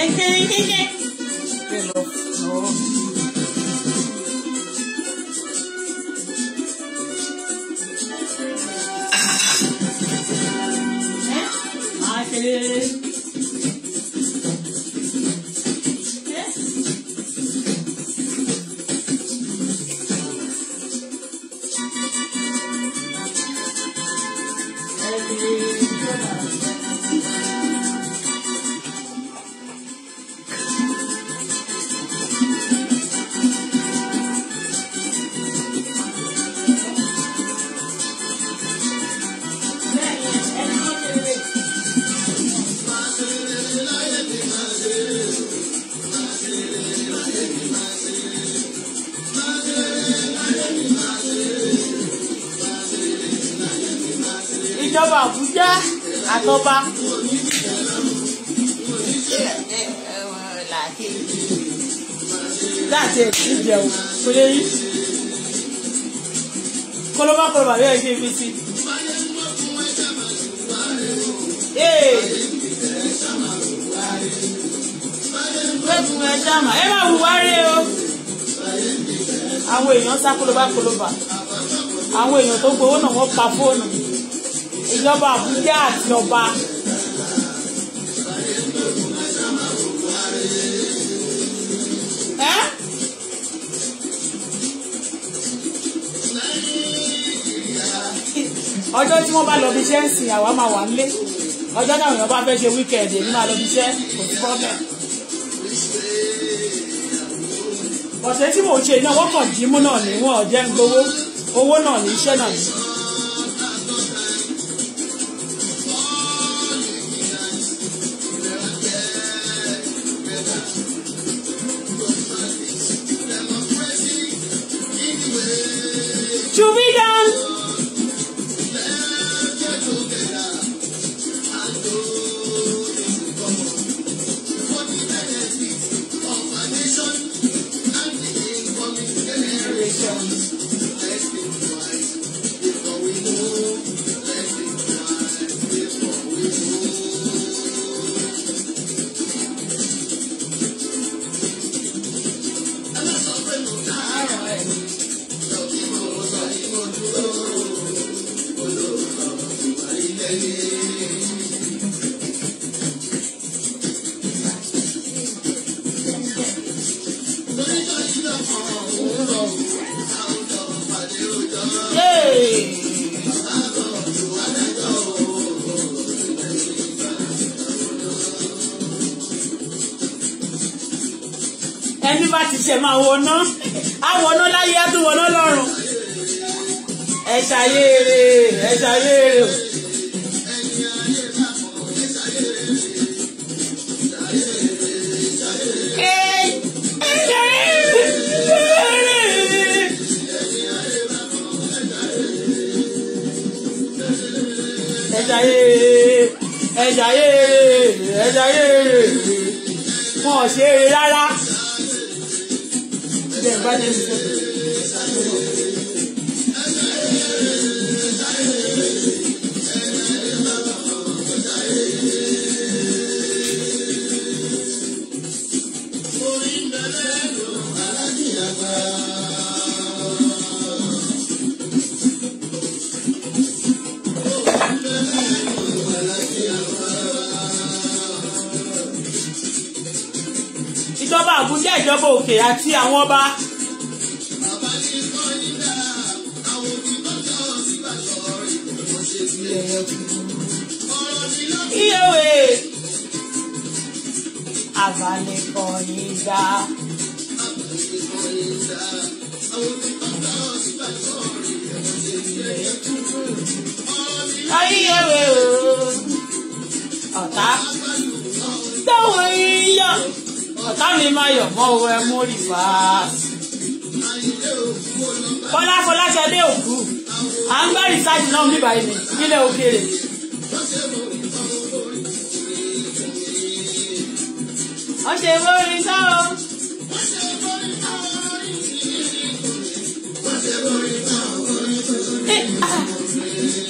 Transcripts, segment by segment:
Excelente, gente. Thank you. kò yẹ yí kọlọ́bà yóò yẹ kí n fi ẹ dáàmà ẹ máa rí o. Àwọn èèyàn sá kọlọ́bà kọlọ́bà. Àwọn èèyàn tó gbowó náà wọ́n pa fóònù. Ìjọba Àbújá àti ọba. ọjọ́ tí wọ́n bá lọ bí iṣẹ́ ń sìn àwa máa wà nílé ọjọ́ náà èèyàn bá fẹ́ ṣe wíkẹ̀ẹ̀dì èmi máa lọ bí iṣẹ́ kò sí problem. ọ̀sẹ̀ tí mò ń ṣe iná wọ́n kàn jí mú náà ní wọn ò ń gbowó owó náà ní iṣẹ́ náà ní. tiẹ̀ máa wọná ọ̀tá táwọn èèyàn ọ̀tá mi máa yọ̀ mọ́ owó ẹ mórí fàásì. Bọ́lá Fọláṣadé òkú à ń gbá rìsáàjì náà níbà yìí nílẹ̀ òkèèrè. Wọ́n ṣe mórí sáwọ́. Ah,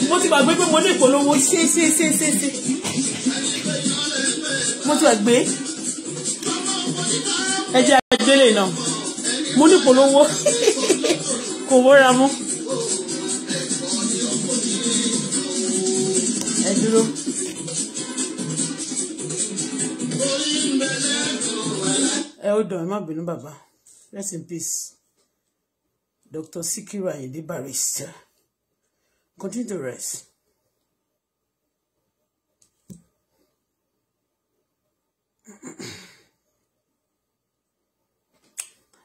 mo ti gbàgbé pé mo ní ìpolówó ṣe ṣe ṣe ṣe ṣe mo ti wẹ̀ gbé ẹ jẹ́ náà mo ní polówó kò wọ́ra mú. ẹ dúró. ẹ ó dàn ẹ má bínú bàbá rest in peace Dr. Sikiru Ayinde Barrister continue to rest.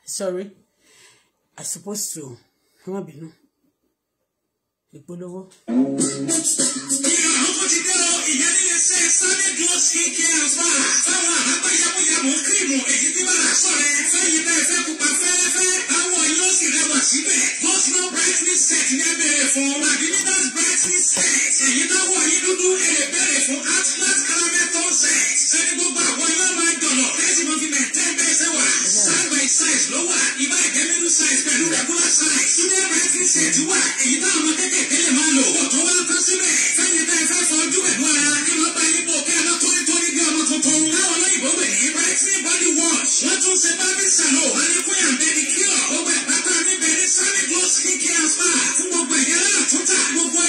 sorry I supposed to má bínú ìpolówó. Báwo àgbẹ̀yàwó yàwó ẹ̀ sẹ́yìn náà ẹ̀ fẹ́ pupa fẹ́ẹ́rẹ́fẹ́ bá ti ló sì rẹwà síbẹ̀ National Brightening Set ní ẹbẹ̀rẹ̀ fún Magnitas Brightening Set èyí náà wọ̀ yí dúdú ẹ̀ẹ́bẹ̀rẹ̀ fún Atlas Caramel Tone Set sẹ́ni gbogbo àwọn iná máa ń dọ̀nà tẹ́sí mọ́ fi mẹ́tẹ́ bẹ́ẹ̀ sẹ́wà side by size ló wà ibà ìjẹ́ middle size pẹ̀lú regular size Sunday Brightening Set wà èyí náà ọmọ kékèké lè máa lò ọ̀tọ̀ wá kọ́ síbẹ̀ fẹ́ni bẹ́ẹ̀ fẹ́ fọ ojú pẹ̀lú ara kí wọ́n bá yín bò kí ẹ lọ tónítóní bí ọmọ tuntun láwọn olóyìnbó pè ní brightening body wash wọ́n tún ṣe bábí sàlọ̀ wọn ní kúnyà bẹ́ẹ̀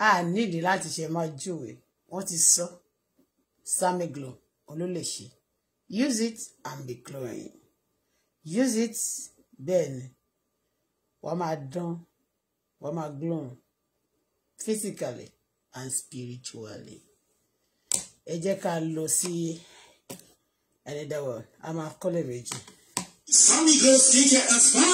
a nídìí láti ṣe máa júwe wọ́n ti sọ samiglo olólèṣe use it and be glowing use it bẹ́ẹ̀ ni wàá máa dán wàá máa glowing physically and spiritually ẹ jẹ́ ká lọ sí ẹni dáwọ̀ a máa kọ́lé méjì. samiglo skincare and spa.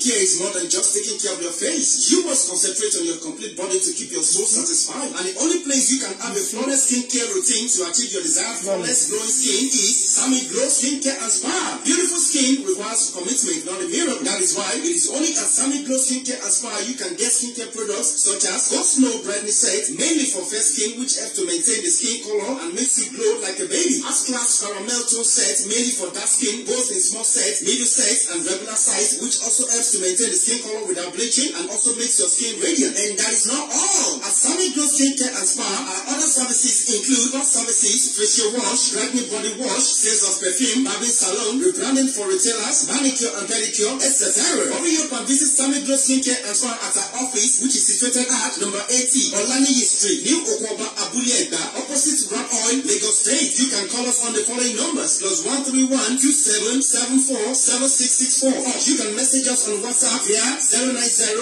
care is more than just taking care of your face. You must concentrate on your complete body to keep your soul satisfied. And the only place you can have a flawless skincare routine to achieve your desired flawless glowing skin is Sami Glow Skincare and Spa. Beautiful skin requires commitment, not a miracle. That is why it is only at Sami Glow Skincare and Spa you can get skincare products such as Ghost Snow Brightening Set, mainly for fair skin, which helps to maintain the skin color and makes it glow like a baby. As class caramel tone set, mainly for dark skin, both in small set, medium set, and regular size, which also helps to maintain the skin color without bleaching and also makes your skin radiant. And that is not all. At Summit Glow Care and Spa, our other services include bath services, facial wash, brightening body wash, sales of perfume, barbing salon, rebranding for retailers, manicure and pedicure, etc. Or you can visit Summit Glow Skin Care and Spa at our office, which is situated at number 80 Olaniyi Street, New Okoba, Abule opposite Grand Oil, Lagos State. You can call us on the following numbers, plus 131 2774 7664. Or you can message us on WhatsApp here,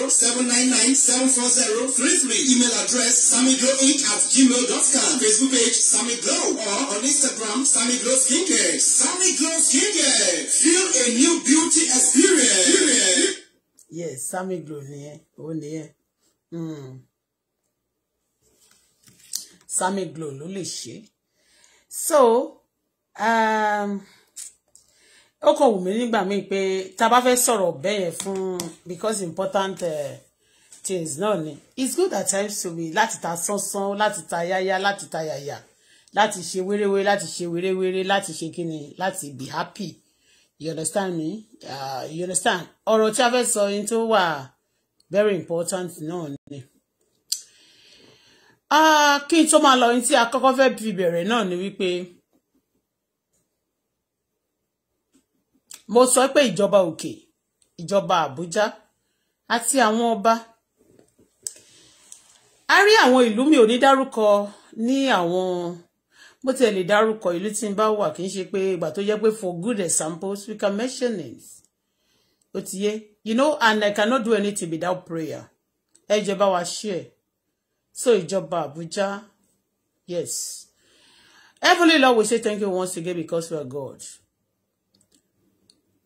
090-799-74033. Email address, sammyglowic at gmail.com. Facebook page, Sammy Glow. Or on Instagram, Sammy Glow Skincare. Sammy Glow Skincare. Feel a new beauty experience. Yes, Sammy Glow nìyẹn. Ó nìyẹn. Mm. Sammy Glow ló So, um, ó kàn wù mí nígbà míì pé tá a bá fẹ́ sọ̀rọ̀ bẹ́ẹ̀ fún because important uh, things náà ni it's good at times to be láti ta sánsán láti ta yáyá láti ta yàyà láti ṣe wéréwéré láti ṣe wéréwéré láti ṣe kíni láti be happy you understand me uh, you understand ọ̀rọ̀ tí a fẹ́ sọ yín tó wà very important náà ni. Ah, kí n tó máa lọ yín tí a kọ́kọ́ fẹ́ fi náà ni wípé. mo sọ pé ìjọba òkè ìjọba àbújá àti àwọn ọba a rí àwọn ìlú mi ò ní dárúkọ ní àwọn bó tiẹ̀ lè dárúkọ ìlú tí n bá wà kì í ṣe pé ìgbà tó jẹ́ pé for good examples we can mention it ó ti yé you know and I cannot do anything without prayer ẹ jẹ́ bá wa share so ìjọba àbújá yes heavenly Lord we say thank you once again because we are God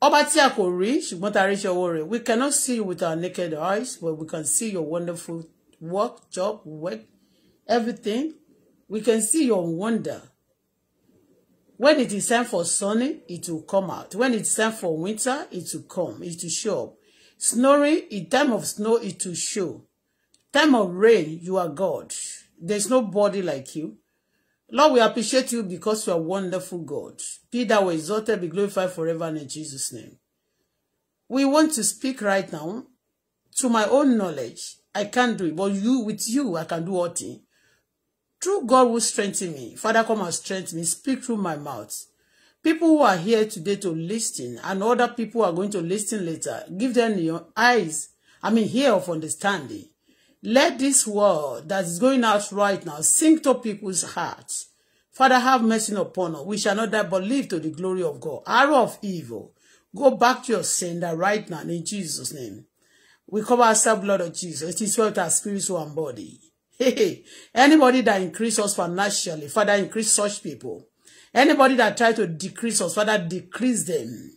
ọba tí a kò rí ṣùgbọ́n tá a rí iṣẹ́ ọwọ́ rẹ̀ we cannot see you with our naked eyes but we can see your wonderful work job work everything we can see your wonder when it is time for sunny it will come out when it is time for winter it will come it will show up snowing in time of snow it will show time of rain you are God there is body like you Lord, we appreciate you because you are wonderful God. Be thou exalted, be glorified forever in Jesus' name. We want to speak right now. To my own knowledge, I can't do it, but you, with you, I can do all things. True God will strengthen me. Father, come and strengthen me. Speak through my mouth. People who are here today to listen, and other people who are going to listen later, give them your eyes, I mean, hear of understanding Let this word that is going out right now sink to people's hearts. Father, have mercy upon us. We shall not die but live to the glory of God. Arrow of evil, go back to your sender right now in Jesus' name. We cover ourselves, blood of Jesus. It is well with our spirit, soul, and body. Hey, anybody that increase us financially, Father, increase such people. Anybody that try to decrease us, Father, decrease them.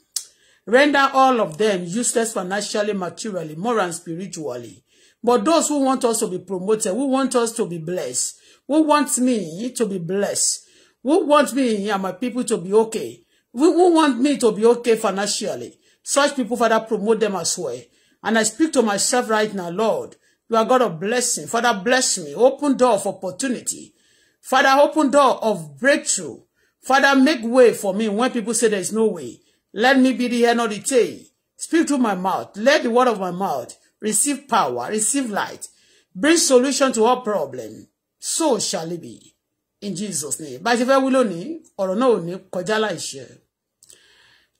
Render all of them useless financially, materially, moral, and spiritually. But those who want us to be promoted, who want us to be blessed, who want me to be blessed, who want me and my people to be okay, who, who want me to be okay financially, such people, Father, promote them as well. And I speak to myself right now, Lord, you are God of blessing. Father, bless me. Open door of opportunity. Father, open door of breakthrough. Father, make way for me when people say there is no way. Let me be the end not the tail. Speak through my mouth. Let the word of my mouth receive power, receive light, bring solution to all problem. So shall it be. In Jesus' name. By the way, fẹ́ wí lónìí, ọ̀rọ̀ náà ò ní kọjá láìṣẹ.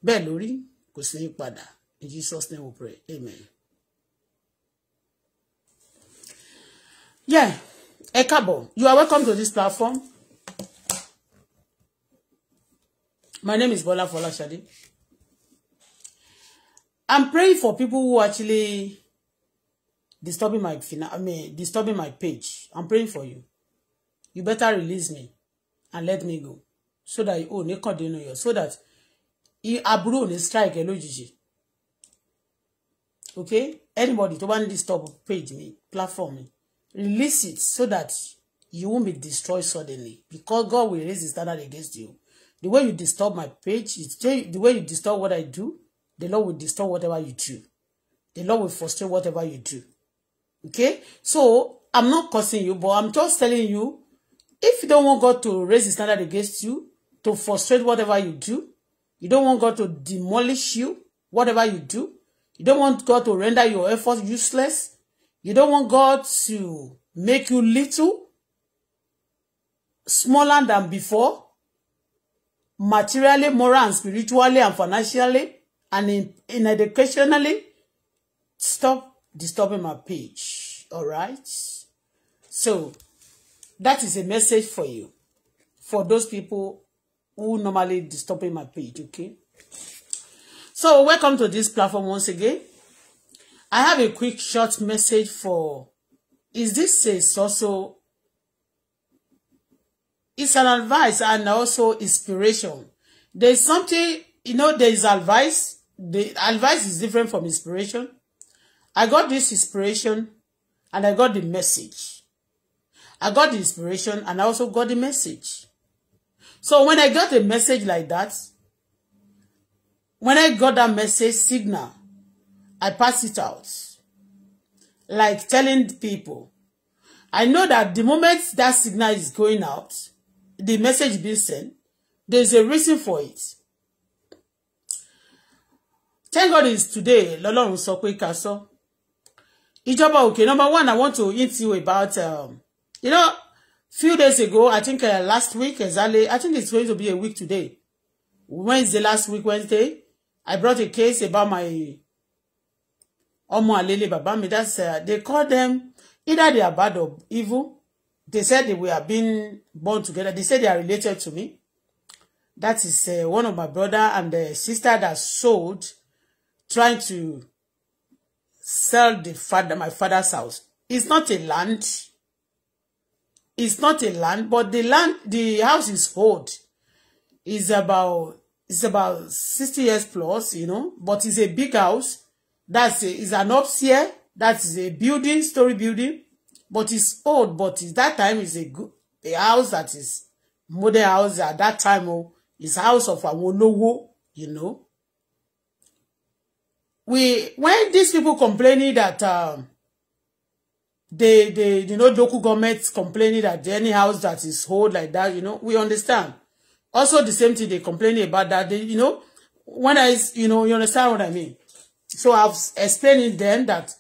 Bẹ́ẹ̀ lórí, kò In Jesus' name we pray. Amen. Yeah, Ekabo, you are welcome to this platform. My name is Bola Shadi. I'm praying for people who actually disturbing my I mean disturbing my page. I'm praying for you. You better release me and let me go so that you ní kàn dínú yọ so that aburú ò ní strike ẹ lójijì okay anybody to want to disturb page me, platform me, release it so that you won't be destroyed suddenly because God will raise his standard against you the way you disturb my page the way you disturb what I do the Lord will disturb whatever you do the Lord will frustrate whatever you do Okay? So, I'm not cursing you, but I'm just telling you, if you don't want God to raise his standard against you, to frustrate whatever you do, you don't want God to demolish you, whatever you do, you don't want God to render your efforts useless, you don't want God to make you little, smaller than before, materially, morally, and spiritually and financially and in, in educationally, stop disturbing my page. All right. So that is a message for you. For those people who normally disturbing my page. Okay. So welcome to this platform once again. I have a quick short message for is this is also it's an advice and also inspiration. There's something, you know, there is advice. The advice is different from inspiration. I got this inspiration and I got the message. I got the inspiration and I also got the message. So when I got a message like that, when I got that message signal, I pass it out. Like telling people. I know that the moment that signal is going out, the message being sent, there's a reason for it. Thank God it's today, Lolo sọ Castle. Ijoba, okay. Number one, I want to interview you about, um, you know, few days ago, I think uh, last week, exactly, I think it's going to be a week today. Wednesday, last week, Wednesday, I brought a case about my Omo Alele Babami. That's, uh, they call them, either they are bad or evil. They said they were being born together. They said they are related to me. That is uh, one of my brother and the uh, sister that sold, trying to sell the father, my father's house. It's not a land. It's not a land, but the land, the house is old. It's about it's about 60 years plus, you know, but it's a big house. That's a, it's an upstairs. That is a building, story building, but it's old. But it's, that time is a good a house that is modern house at that time. Oh, is house of a olówó, you know we when these people complaining that um, they they you know local government complaining that any house that is hold like that you know we understand also the same thing they complaining about that they you know when I you know you understand what I mean so I've explained it then that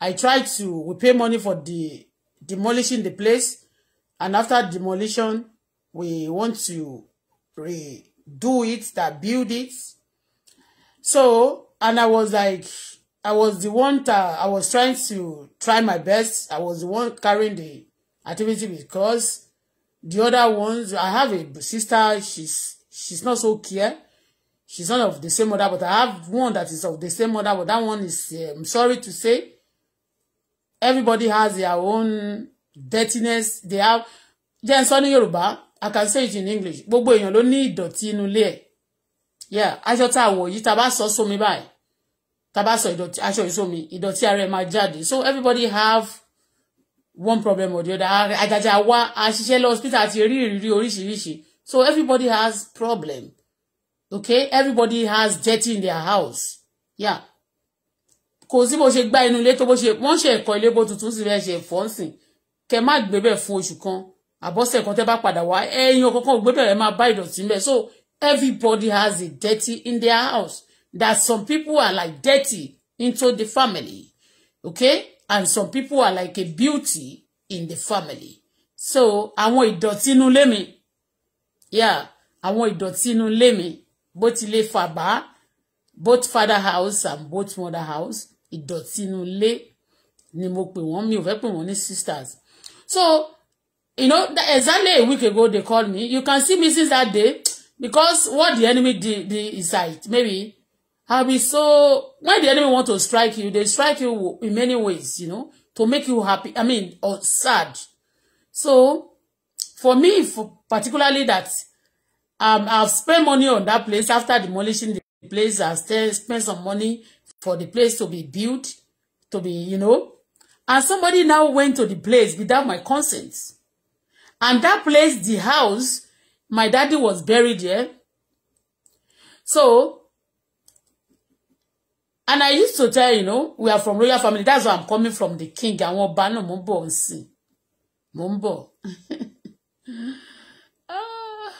I tried to we pay money for the demolishing the place and after demolition we want to redo it that build it so and I was like I was the one that I was trying to try my best. I was the one carrying the activity because the other ones I have a sister. She's she's not so clear. She's not of the same mother, but I have one that is of the same mother. But that one is I'm um, sorry to say. Everybody has their own dirtiness. They have. Then sọ Yoruba. I can say it in English. Gbogbo èèyàn Yeah, aṣọ tá a wọ̀ yìí tá a bá sọ tábà sọ ìdọ̀tí aṣọ ìsomi ìdọ̀tí ara ẹ̀ máa jáde so everybody have one problem or the other àjàjà wa àṣìṣe lọ hospital àti rí ìrírí oríṣiríṣi so everybody has problem okay everybody has dirty in their house yeah kò sí bó ṣe gbá inú ilé tó bó ṣe wọ́n ṣe ẹ̀kọ́ ilé bó tuntun sì fẹ́ ṣe fọ́nsìn kẹ má gbé bẹ́ẹ̀ fún oṣù kan àbọ̀sẹ̀ kan tẹ́ bá padà wá ẹ̀yin ọ̀kọ̀ọ̀kan ò gbé bẹ́ẹ̀ máa bá ìdọ̀tí so everybody has a dirty in their house that some people are like dirty into the family okay and some people are like a beauty in the family so I àwọn ìdọ̀tí inú ilé mi yeah I àwọn ìdọ̀tí inú ilé mi both le fàbá both father house and both mother house ìdọ̀tí inú ilé ni mo pè wọ́n mi ò fẹ́ pè sisters so you know that exactly a week ago they called me you can see me since that day because what the enemy did, did is like maybe I'll be so when the enemy want to strike you, they strike you in many ways, you know, to make you happy. I mean, or sad. So for me, for particularly that um, I've spent money on that place after demolishing the place. I still spent some money for the place to be built, to be, you know. And somebody now went to the place without my consent. And that place, the house, my daddy was buried there. So and I used to tell you know we are from royal family that's why I'm coming from the king àwọn ọba náà mo ń bọ̀ sí mo ń bọ̀ ah.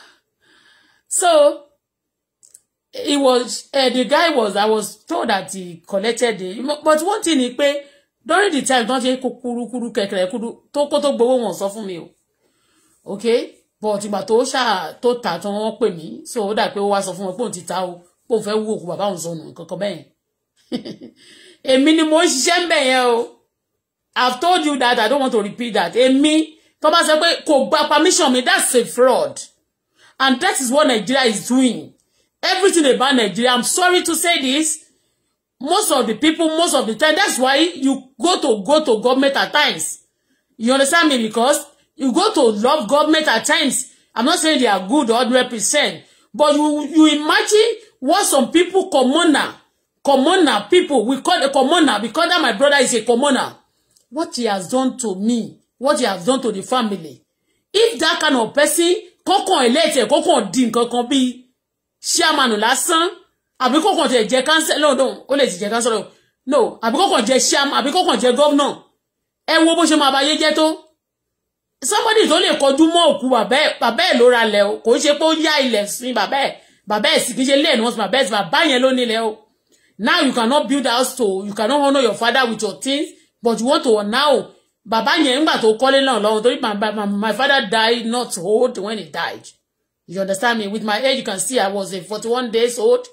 so it was uh, the guy was I was told that he collected the but one thing ni pé during the time don ṣe kúrúkúrú kẹkẹrẹ kuru tó kó tó gbowó wọn sọ fún mi o okay but ìgbà tó ṣáà tó tà tán wọn pè mí so ó dà pé ó wá sọ fún wọn pé òun ti ta o pé òun fẹ́ wú òkú bàbá òun sọnù nǹkan kan bẹ́ẹ̀ yẹn èmi ni mo ń ṣiṣẹ́ ń bẹ̀ yẹn o I've told you that I don't want to repeat that èmi tó bá sọ pé kò gba permission mi that's a fraud and that is what Nigeria is doing everything about Nigeria I'm sorry to say this most of the people most of the time that's why you go to go to government at times you understand me because you go to love government at times I'm not saying they are good or represent, but you you imagine what some people come on now commoner people we call a commoner because that my brother is a commoner what he has done to me what he has done to the family if that kind of person kọkàn ẹlẹ́tẹ̀ kọkàn di nǹkan kan bíi ṣíàmánù lásán àbí kọkàn tẹ̀ jẹ́ kánsẹ́lọ̀ ọ̀dọ̀n ó lè ti jẹ́ kánsẹ́lọ̀ no àbí kọkàn jẹ́ ṣíàmù àbí kọkàn jẹ́ gọ́vnà ẹ wo bó ṣe máa ba yé jẹ́ tó somebody tó lè kọjú mọ́ òkú bàbá ẹ̀ ló ra lẹ̀ o kò ń ṣe pé ó yá ilẹ̀ sí bàbá ẹ̀ bàbá ẹ̀ sì kì í ṣe ilé ẹ̀ ni wọ́n o now you cannot build house to you cannot honor your father with your things but you want to now Baba, yẹn ńgbà tó kọ́lé náà lọ́wọ́ torí my father died not old when he died you understand me with my age you can see I was a forty-one days old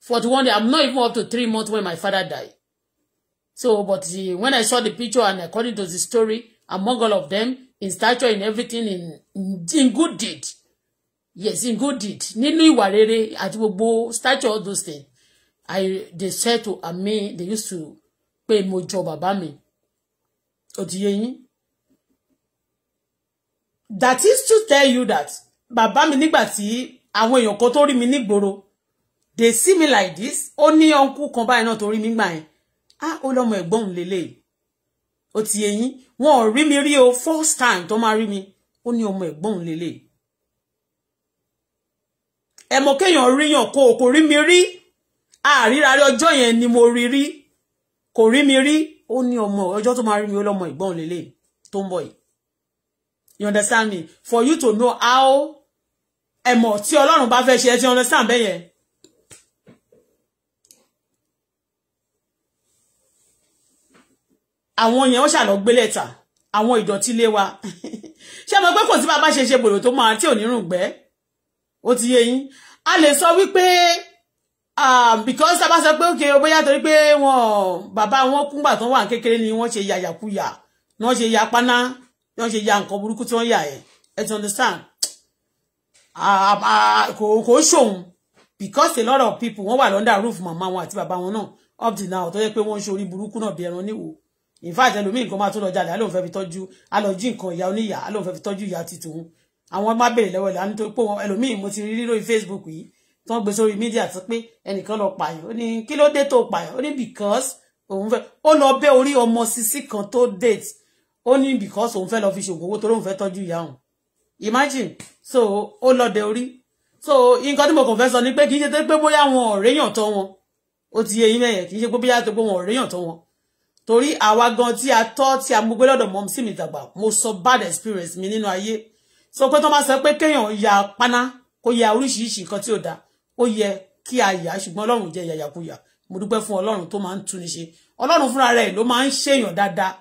forty-one days I'm not even up to three months when my father died so but the, eh, when I saw the picture and according to the story among all of them in stature in everything in in, in good deed yes in good deed nínú ìwà rere àti gbogbo stature all those things I they said to Ami they used to pay mo job, bàbá me. ó that is to tell you that bàbá mi n'igbati, tí àwọn èèyàn kan tó mi nígboro they see me like this Only uncle ọ̀nkú kan báyìí náà tó rí mi gbà yẹn ah ó lọ́mọ ẹ̀gbọ́n lele. ó ti yé yín wọn mi rí o first time to máa rí mi ó ní ọmọ lele. E ẹ̀mọ́ kéèyàn ríyàn kó o kò rí mi rí àrírarí ọjọ́ yẹn ni mo rí rí kò rí mi rí ó ní ọmọ ọjọ́ tó máa rí mi ó lọ́mọ ìgbọ́n lélẹ̀ tó ń bọ̀ yìí you understand me for you to know how ẹ̀mọ̀ tí ọlọ́run bá fẹ́ ṣe ẹ ti understand bẹ́ẹ̀ yẹn. àwọn yẹn wọ́n ṣàlọ́ gbé lẹ́tà àwọn ìdọ̀tí lé wa ṣé mo pé kò sí bàbá ṣe ṣe gbòòrò tó máa tí ò ní rùn gbẹ́ ó ti yé yín a lè sọ wípé um, because tá a bá sọ pé òkè bóyá torí pé wọn bàbá wọn kúngbà tó wà kékeré ni wọn ṣe yàyàkuyà ni wọn ṣe ya paná ni wọn ya nǹkan burúkú tí wọn yà ẹ ẹ ti understand kò kò ṣòun because a lot of people wọn wa under roof màmá wọn àti baba, wọn náà up to now tó yẹ pé wọn ń ṣe orí burúkú náà bí ẹran níwò in fact ẹlòmíì nǹkan máa tó lọ jalè á lóun fẹ́ fi tọ́jú á lọ jí nǹkan ìyá oníyà á lóun fẹ́ fi tọ́jú ìyá ti tòun àwọn má bèrè lọ́wọ́ ìlànà tó pọ̀ wọn ẹlòmíì mo ti rí lórí Facebook yìí tó gbé sórí mídíà ti pé ẹnìkan lọ pààyàn ó ní kí ló dé tó pààyàn ó ní because òun fẹ́ ó lọ bẹ́ orí ọmọ sisi kan tó date ó ní because òun fẹ́ lọ fi ṣògùn owó torí òun fẹ́ tọ́jú ìyá òun imagine so ó lọ dẹ orí so nǹkan tí mo kàn fẹ́ sọ ni pé kì í ṣe pé bóyá wọn ọ̀rẹ́ yàn tọ́ wọn ó ti yẹ yín mẹ́yẹn kì í ṣe pé bóyá tó pé wọn ọ̀rẹ́ yàn tọ́ wọn torí àwa gan tí a tọ́ tí a mú gbé lọ́dọ̀ mọ́ sí mi dàgbà mo sọ bad experience mi nínú ayé sọ pé tó máa sọ pé kéèyàn ya paná kó ya oríṣiríṣi nǹkan tí ò dáa ó yẹ kí a yà ṣùgbọ́n ọlọ́run jẹ́ yàyàkuyà mo dúpẹ́ fún ọlọ́run tó máa ń tuni ṣe ọlọ́run fúnra rẹ̀ ló máa ń ṣèyàn dáadáa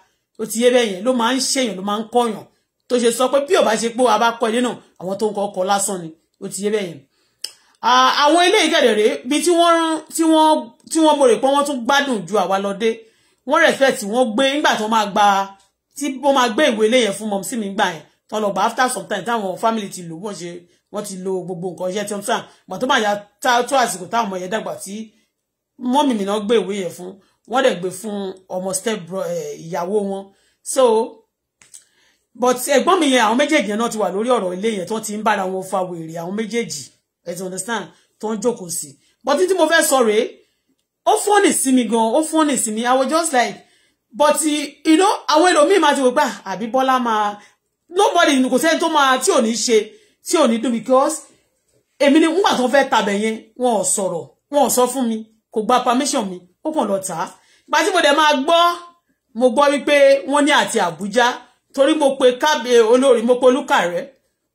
ó ti yé bẹ́ẹ̀ yẹn ló máa ń ṣèyàn ló máa ń kọ̀yàn tó ṣe sọ pé bí ò bá ṣe pé wàá bá kọ́ ilé náà àwọn tó ń kọ́ ọkọ̀ lásán ni ó ti yé bẹ́ẹ̀ yẹn. àwọn ilé ìkẹ́dẹ̀rẹ́ bí tí wọ́n tí wọ́n tí wọ́n mo rè pé wọ́n tún gbádùn ju àwa lọ dé wọ́n respect wọ́n gbé nígbà tí wọ́n máa gba tí wọ́n máa gbé ìwé ilé yẹn fún mọ̀ sí mi gbà yẹn tọ́lọ̀ after some time táwọn family ti lò wọ́n ṣe wọ́n ti lo gbogbo nǹkan iṣẹ́ tí wọ́n sàn gbà tó máa ya tó àsìkò táwọn ọmọ yẹn dàgbà tí mọ́mì mi náà gbé ìwé yẹn fún wọ́n dẹ̀ gbé fún ọmọ step ìyàwó wọn so but ẹ̀gbọ́n mi yẹn àwọn méjèèjì yẹn náà ti wà lórí ọ̀rọ̀ ilé yẹn tó ti ń bára wọn fa wèrè àwọn méjèèjì ẹ ti understand tó ń jókòó sí but tí mo fẹ́ sọ rèé ó fọ́nì sí mi gan ó fọ́nì sí mi i was just like but you know àwọn ẹlòmíì máa ti wò gbà ah, àbí Bọ́lá máa nobody kò sẹ́ni tó máa tí ò ní ṣe tí ò ní dùn because èmi ni nígbà tó fẹ́ tabẹ̀ yẹn wọn ò sọ̀rọ̀ wọn ò sọ fún mi kò gba permission mi ó kàn lọ tà á ìgbà mo dẹ̀ máa gbọ́ mo gbọ́ pe, wọ́n ní àti Àbújá torí mo pe kábíyè eh, olori mo pe Olúkàrẹ́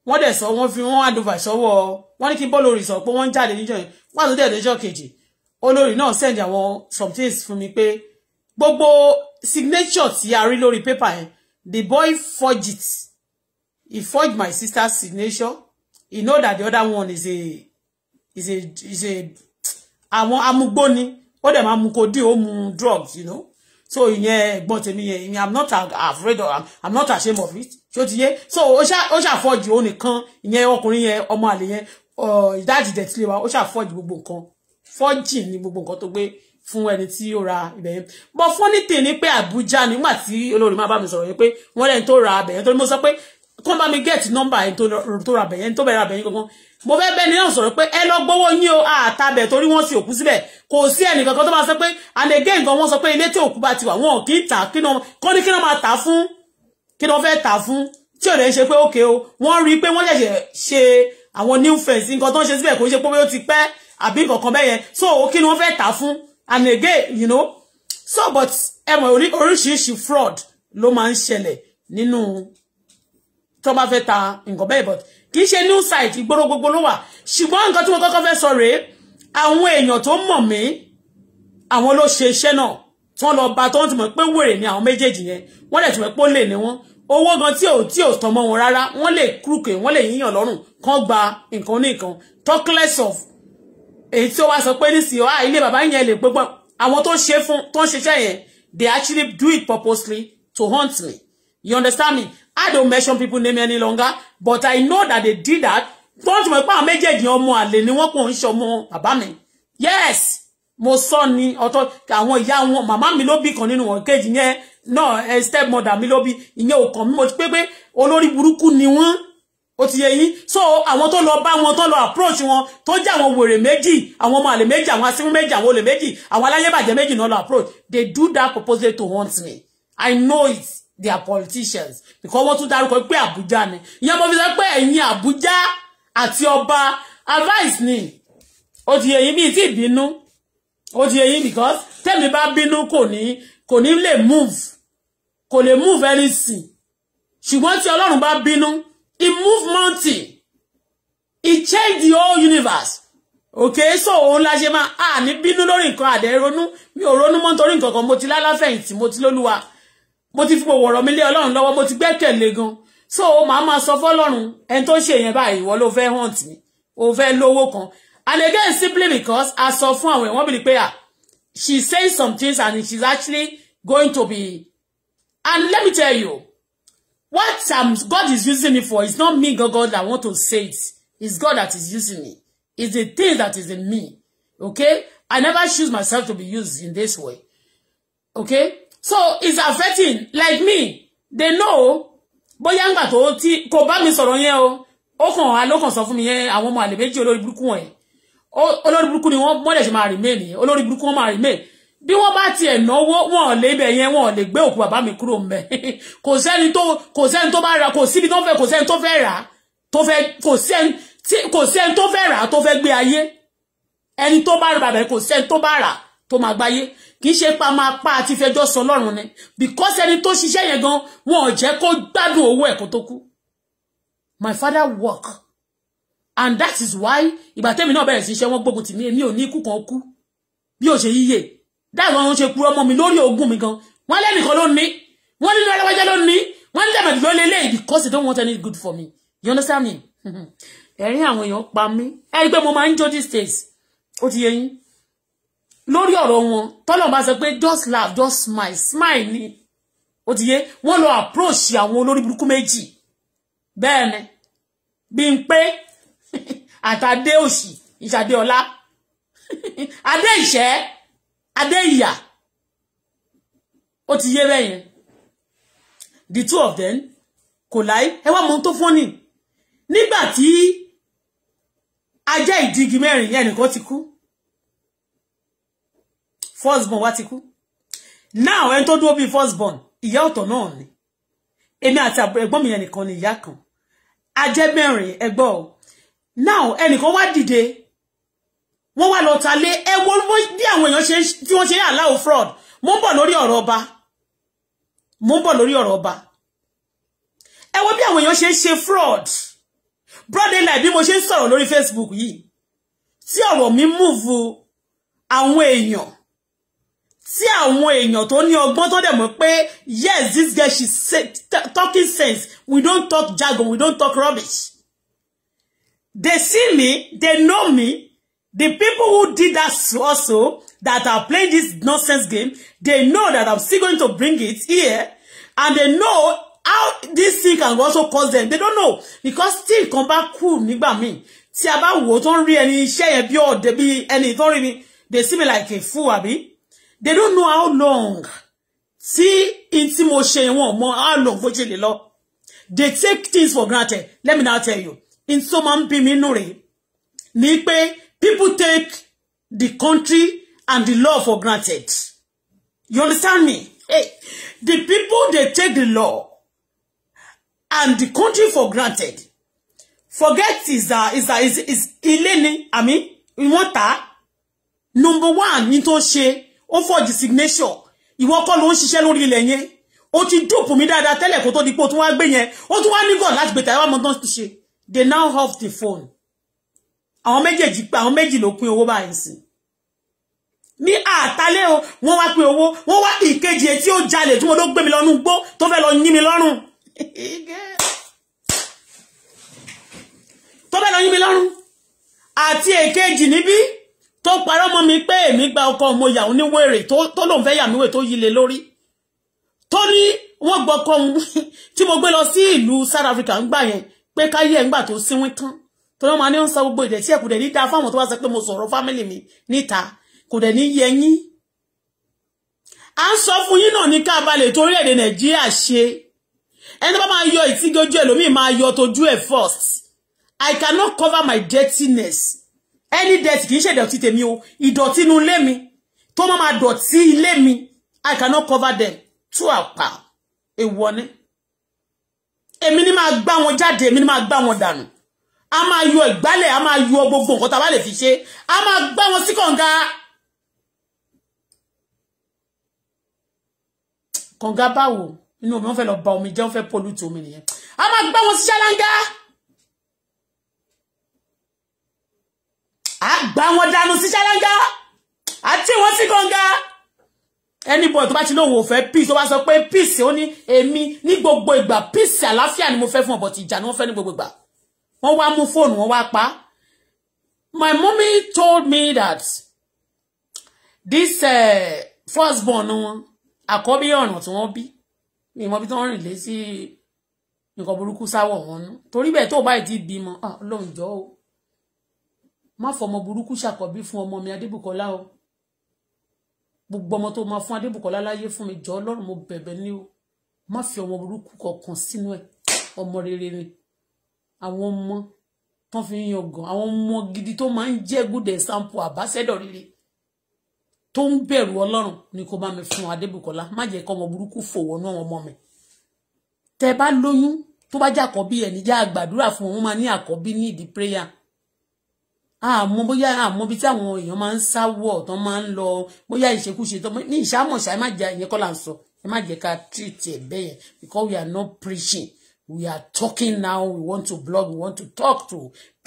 wọ́n dẹ̀ sọ wọ́n fi wọ́n àdùnfà sọ́wọ́ wọ́n ní kí bọ́ọ̀lù orin sọ pé wọ́n ń jáde níjọ́ yẹn wọ́n àtúntò ẹ̀dẹ́jọ́ kejì olórí náà send àwọn some things fún mi pé gbogbo signature tí a rí paper yẹn the boy forged it he forged my sister's signature he know that the other one is a is a is a àwọn amugbó ni ó dẹ̀ máa mu kodi ó drugs you know so ìyẹn ẹ̀gbọ́n tèmi yẹn ìyẹn i'm not afraid of i'm not ashamed of it So ti yé so ó ṣá forged ṣá forge òun nìkan ìyẹn ọkùnrin yẹn ọmọ àlè yẹn ìdájì dẹ̀ tilé wa ó ṣá forging ni gbogbo nǹkan tó gbé fún ẹni tí ó ra ibẹ̀ but funny thing ni pé Àbújá nígbà tí olórí máa bá mi sọ̀rọ̀ yẹn pé wọ́n lẹ́ni tó ra ibẹ̀ yẹn mo sọ pé kọ́ bá mi gẹ́ẹ̀tì nọ́mbà ẹni tó ra bẹ̀yẹn tó bẹ̀rẹ̀ abẹ̀yẹn gangan mo fẹ́ bẹ́ẹ̀ ni náà sọ̀rọ̀ pé ẹ lọ gbowó yín o àtàbẹ̀ torí wọ́n sì òkú síbẹ̀ kò sí ẹnìkan kan tó bá sọ pé and again gan wọ́n sọ pé ilé tí òkú bá ti wà wọn kì í tà kí ni kọ́ ni kí ni máa tà fún kí ni wọ́n fẹ́ tà fún tí ò lè ṣe pé ókè o wọ́n rí i pé wọ́n ṣẹ̀ṣẹ̀ ṣe àwọn new fence nǹkan tó ń ṣe síbẹ̀ kò ń ṣe pé ó ti pẹ́ àbí nǹkan kan bẹ́yẹn so kí ni wọ́n fẹ́ tà fún and again you know so but ẹ mọ̀ oríṣiríṣi fraud ló máa ń ṣẹlẹ̀ nínú tó bá fẹ́ ta nǹkan bẹ́ẹ̀ but kì í ṣe new site ìgboro gbogbo ló wà ṣùgbọ́n nǹkan tí mo kọ́kọ́ fẹ́ sọ rèé àwọn èèyàn tó mọ̀ mí àwọn ló ṣe iṣẹ́ náà tí wọ́n lọ bá tó wọ́n ti mọ̀ pé wèrè ni àwọn méjèèjì yẹn wọ́n dẹ̀ ti mọ̀ pé ó lè ní wọ́n owó gan tí ò tí ò tán mọ́ wọn rárá wọ́n le kúrúkè wọ́n lè yíyàn lọ́rùn kán gba nǹkan ní nǹkan talkless of èyí tí ó So sọ pé nísìnyí wá ah, ilé bàbá yẹn lè gbégbọ́ àwọn tó ṣe fún tó ń ṣiṣẹ́ yẹn they actually do it purposely to haunt me you understand me I don't mention people name any longer, but I know that they did that. Don't ti mọ̀ pé àwọn méjèèjì ọmọ àlè ni wọ́n pọ̀ ń ṣọmọ bàbá mi. Yes, mo sọ ni ọ̀tọ̀ àwọn ìyá wọn, màmá mi ló bí kan nínú wọn kejì yẹn náà step mother mi ló bí ìyẹn ò kàn mí mo ti pé pé olórí burúkú ni wọ́n ó ti yé yín so àwọn tó lọ bá wọn tó lọ approach wọn tó jẹ́ àwọn wèrè méjì àwọn ọmọ àlè méjì àwọn asínú méjì àwọn olè méjì àwọn aláyébàjẹ́ méjì no lọ approach they do that purpose to haunt me I know it they are politicians because wọ́n tún dárúkọ pé Abuja? ni ìyẹn mo fi sọ pé ẹ̀yin Àbújá àti ọba advice ni ó ti yẹ yín mi ti bínú ó ti yẹ yín because tẹ́mi bá bínú kò ní kò ní lè move kò lè move anything ṣùgbọ́n tí Ọlọ́run bá bínú he move mountain he change the whole universe okay so òun la ṣe máa à ní bínú lórí nǹkan àdẹ ronú mi ò ronú mọ́ nítorí nǹkan kan mo ti lálàfẹ̀yìntì mo ti lólúwa mo ti fi gbogbo mi le ọlọ́run lọ́wọ́ mo ti gbẹ́kẹ̀lé gan so màá máa sọ fọ́lọ́run ẹni tó ṣe yẹn báyìí ìwọ ló fẹ́ hàn tì o fẹ́ lowo kan and again simply because a so fún àwọn ẹ̀wọ̀n bìrì pé à ah, she says some things and she's actually going to be and let me tell you what um, God is using me for is not me God that want to say it is God that is using me it's the thing that is in me okay I never choose myself to be used in this way okay so it's affecting like me they know bóyá ńgbà tó tí kò bá mi sọ̀rọ̀ yẹn o ó kàn á ló kàn sọ fún mi yẹn àwọn ọmọ àlè méjì olórí burúkú wọn olórí burúkú ni wọ́n mọ́lẹ̀ ṣe máa remain nìyẹn olórí burúkú wọn máa remain bí wọ́n bá tiẹ̀ náwó wọn ò lè ibẹ̀ yẹn wọn ò lè gbé òkú bàbá mi kúrò mbẹ̀ kò sẹ́ni tó kò sẹ́ni tó bá ra kò síbi tó fẹ́ kò sẹ́ni tó fẹ́ rà tó fẹ́ kò sẹ́ni kò sẹ́ni tó fẹ́ rà tó fẹ́ gbé ayé ẹni tó bá ra bàbá kò sẹ́ni tó bá rà tó máa gbáyé kì í ṣe pa máa pa àti fẹjọ́ sọ lọ́rùn ni because ẹni tó ṣiṣẹ́ yẹn gan wọn ò jẹ́ kó gbádùn owó ẹ̀ kó tó kú my father work and that is why ìgbà tẹ́mi náà bẹ̀rẹ̀ sí iṣẹ́ wọn gbógun tì mí èmi ò ní ikú kan kú bí ò ṣe yíyè dáìwọ̀n wọn ṣe kú ọmọ mi lórí ogún mi gan wọ́n lẹ́nìkan ló ní wọ́n ní lọ́wọ́jẹ́ ló ní wọ́n ní dàbẹ̀dì ló lélẹ̀ because they don't want any good for me you understand me ẹ̀rín àwọn èèyàn pa mí ẹ̀rí pé mo máa ń jó these days ó ti yẹ yín lórí ọ̀rọ̀ wọn tọ́lọ̀ bá sọ pé just laugh just smile smile ni ó ti yé wọ́n lọ approach àwọn olórí burúkú méjì bẹ́ẹ̀ ni bí n pé àtàdé òsì ìṣàdé ọlá adé ìṣẹ́ adé ìyà ó ti yé bẹ́ẹ̀ yẹn the two of them kò láì ẹ wá mọ ohun tó fọ́n ni nígbà tí ajá ìdígi mẹ́rin ẹnìkan ti kú first born wa ti kú now ẹni tó dúró bíi first born ìyá ọ̀tọ̀ náà ni Emi ati ẹ̀gbọ́n mi yẹn nìkan ni ìyá kan ajẹ́ mẹ́rin ẹgbọ́ o now ẹnìkan wá dìde wọ́n wá lọ ta lé ẹ wo bí àwọn èèyàn tí wọ́n ṣe allow fraud mo ń bọ̀ lórí ọ̀rọ̀ ọba mo ń bọ̀ lórí ọ̀rọ̀ ọba wo bi àwọn èèyàn ṣe ń fraud brother like bi mo ṣe ń sọ̀rọ̀ Facebook yi. tí ọ̀rọ̀ mi múvu àwọn èèyàn tí àwọn èèyàn tó ní ọgbọ́n tó dẹ̀ mọ̀ pé yes this girl she say talking sense we don't talk jargon we don't talk rubbish they see me they know me the people who did that also that are playing this nonsense game they know that I'm still going to bring it here and they know how this thing can also cause them they don't know because still come back cool nígbà míì tí a bá wò ó tó ń rí ẹni iṣẹ́ yẹn bí ọ̀dẹ̀ bí ẹni tó ń rí mi they see me like a fool àbí they don't know how long tí in tí mo ṣe wọn mọ how long bó ṣe lè they take things for granted let me now tell you in tó máa ń mi nù ni pé people take the country and the law for granted you understand me hey, the people they take the law and the country for granted forget is that uh, is that uh, is is ilé ni àmì ìwọ́n ta number one ní tó ṣe ó forge signature ìwọ kọ́ ló ń ṣiṣẹ́ lórí ilẹ̀ yẹn ti dùpù mí dáadáa tẹ́lẹ̀ kó tó di pé ó tún wá gbé yẹn ó tún wá ní gàn láti gbé tàyẹ̀wò àmọ́ tán they now have the phone àwọn méjèèjì pé àwọn méjì ló pín owó báyìí sí ní àtàlẹ́ o wọ́n wá pín owó wọ́n wá ìkejì tí ó jalè tí mo ló gbé mi lọ́nu gbó tó fẹ́ lọ yín mi lọ́rùn tó fẹ́ lọ yín mi lọ́rùn àti èkejì níbí tó parọ́ mọ́ mi pé èmi gba ọkọ mo yà ní wèrè tó lòun fẹ́ yà mí wèrè tó yile lórí tó ní wọ́n gbọ́ ọkọ òun tí mo gbé lọ sí ìlú South Africa ń gbà yẹn pé káyé ẹ̀ ń gbà tó síwín tán tó náà máa ní ń san gbogbo ìdẹ̀tí ẹ̀kú dẹ̀ ní dáa fáwọn tó wá sọ pé mo sọ̀rọ̀ fámìlì mi níta kò dẹ̀ ní yẹ yín à ń sọ fún yín náà ní ká balẹ̀ tó orílẹ̀-èdè Nàìjíríà ṣe ẹni tó bá máa yọ ìtígójú ẹlòmíì máa yọ tójú ẹ̀ first I cannot cover my dirtiness any death kì í ṣe ìdọ̀tí tèmi o ìdọ̀tí inú ilé mi tó máa ma dọ̀tí ilé mi i cannot cover them tú àpà èèwọ̀ ni èmi ni máa gbá wọn jáde èmi ni máa gbá wọn dànù a máa yọ ìgbálẹ̀ a máa yọ gbogbo nǹkan tá a bá lè fi ṣe a máa gbá wọn sí kànga kànga báwo inú omi wọn fẹ́ lọ ba omi jẹ́ wọn fẹ́ pollute omi nìyẹn a máa gbá wọn sí ṣáláńgá. a gbá wọn dànù sí ṣáláńgá àti wọn sí kànga anybody tó bá ti lóun ò fẹ́ peace ó bá sọ pé peace ó ní èmi ní gbogbo ìgbà peace àlàáfíà ni mo fẹ́ fún ọ̀bọ̀ tí ìjà ni wọ́n fẹ́ ní gbogbo ìgbà wọ́n wá mú fóònù wọ́n wá pa my mommy told me that this uh, born, wọn àkọ́bí ọ̀ràn tí wọ́n bí ní ìmọ̀ bí tí wọ́n rìn lé sí nǹkan burúkú sáwọ̀ wọn nú torí bẹ́ẹ̀ tó bá ìdí má fọmọ burúkú ṣàkọ́bí fún ọmọ mi adébùkọ́lá o gbogbo ọmọ tó máa fún adébùkọ́lá láyé fún mi jọ ọlọ́run mo bẹ̀bẹ̀ ní o má fi ọmọ burúkú kọ̀ọ̀kan sínú ẹ̀ ọmọ rere ni àwọn ọmọ tán fi ń yangàn àwọn ọmọ gidi tó máa ń jẹ́ good example àbáṣẹ́dọ̀ rere tó ń bẹ̀rù ọlọ́run ni kò bá mi fún adébùkọ́lá má jẹ́ kọ́ ọmọ burúkú fòwọ́nú àwọn ọmọ mi tẹ bá lóyún tó bá jẹ́ àkọ́bí ẹ̀ níjà àgbàdúrà fún wọn máa ní àkọ́bí ní ìdí prayer àmọ́ bóyá àmọ́ bí tí àwọn èèyàn máa ń sáwọ tó máa ń lọ bóyá ìṣekúṣe tó ní ìṣàmọ̀ṣà ẹ má jẹ ìyẹn kọ́ là ń sọ ẹ má jẹ ká treat ẹ bẹ́ẹ̀ because we are not preaching we are talking now we want to blog we want to talk to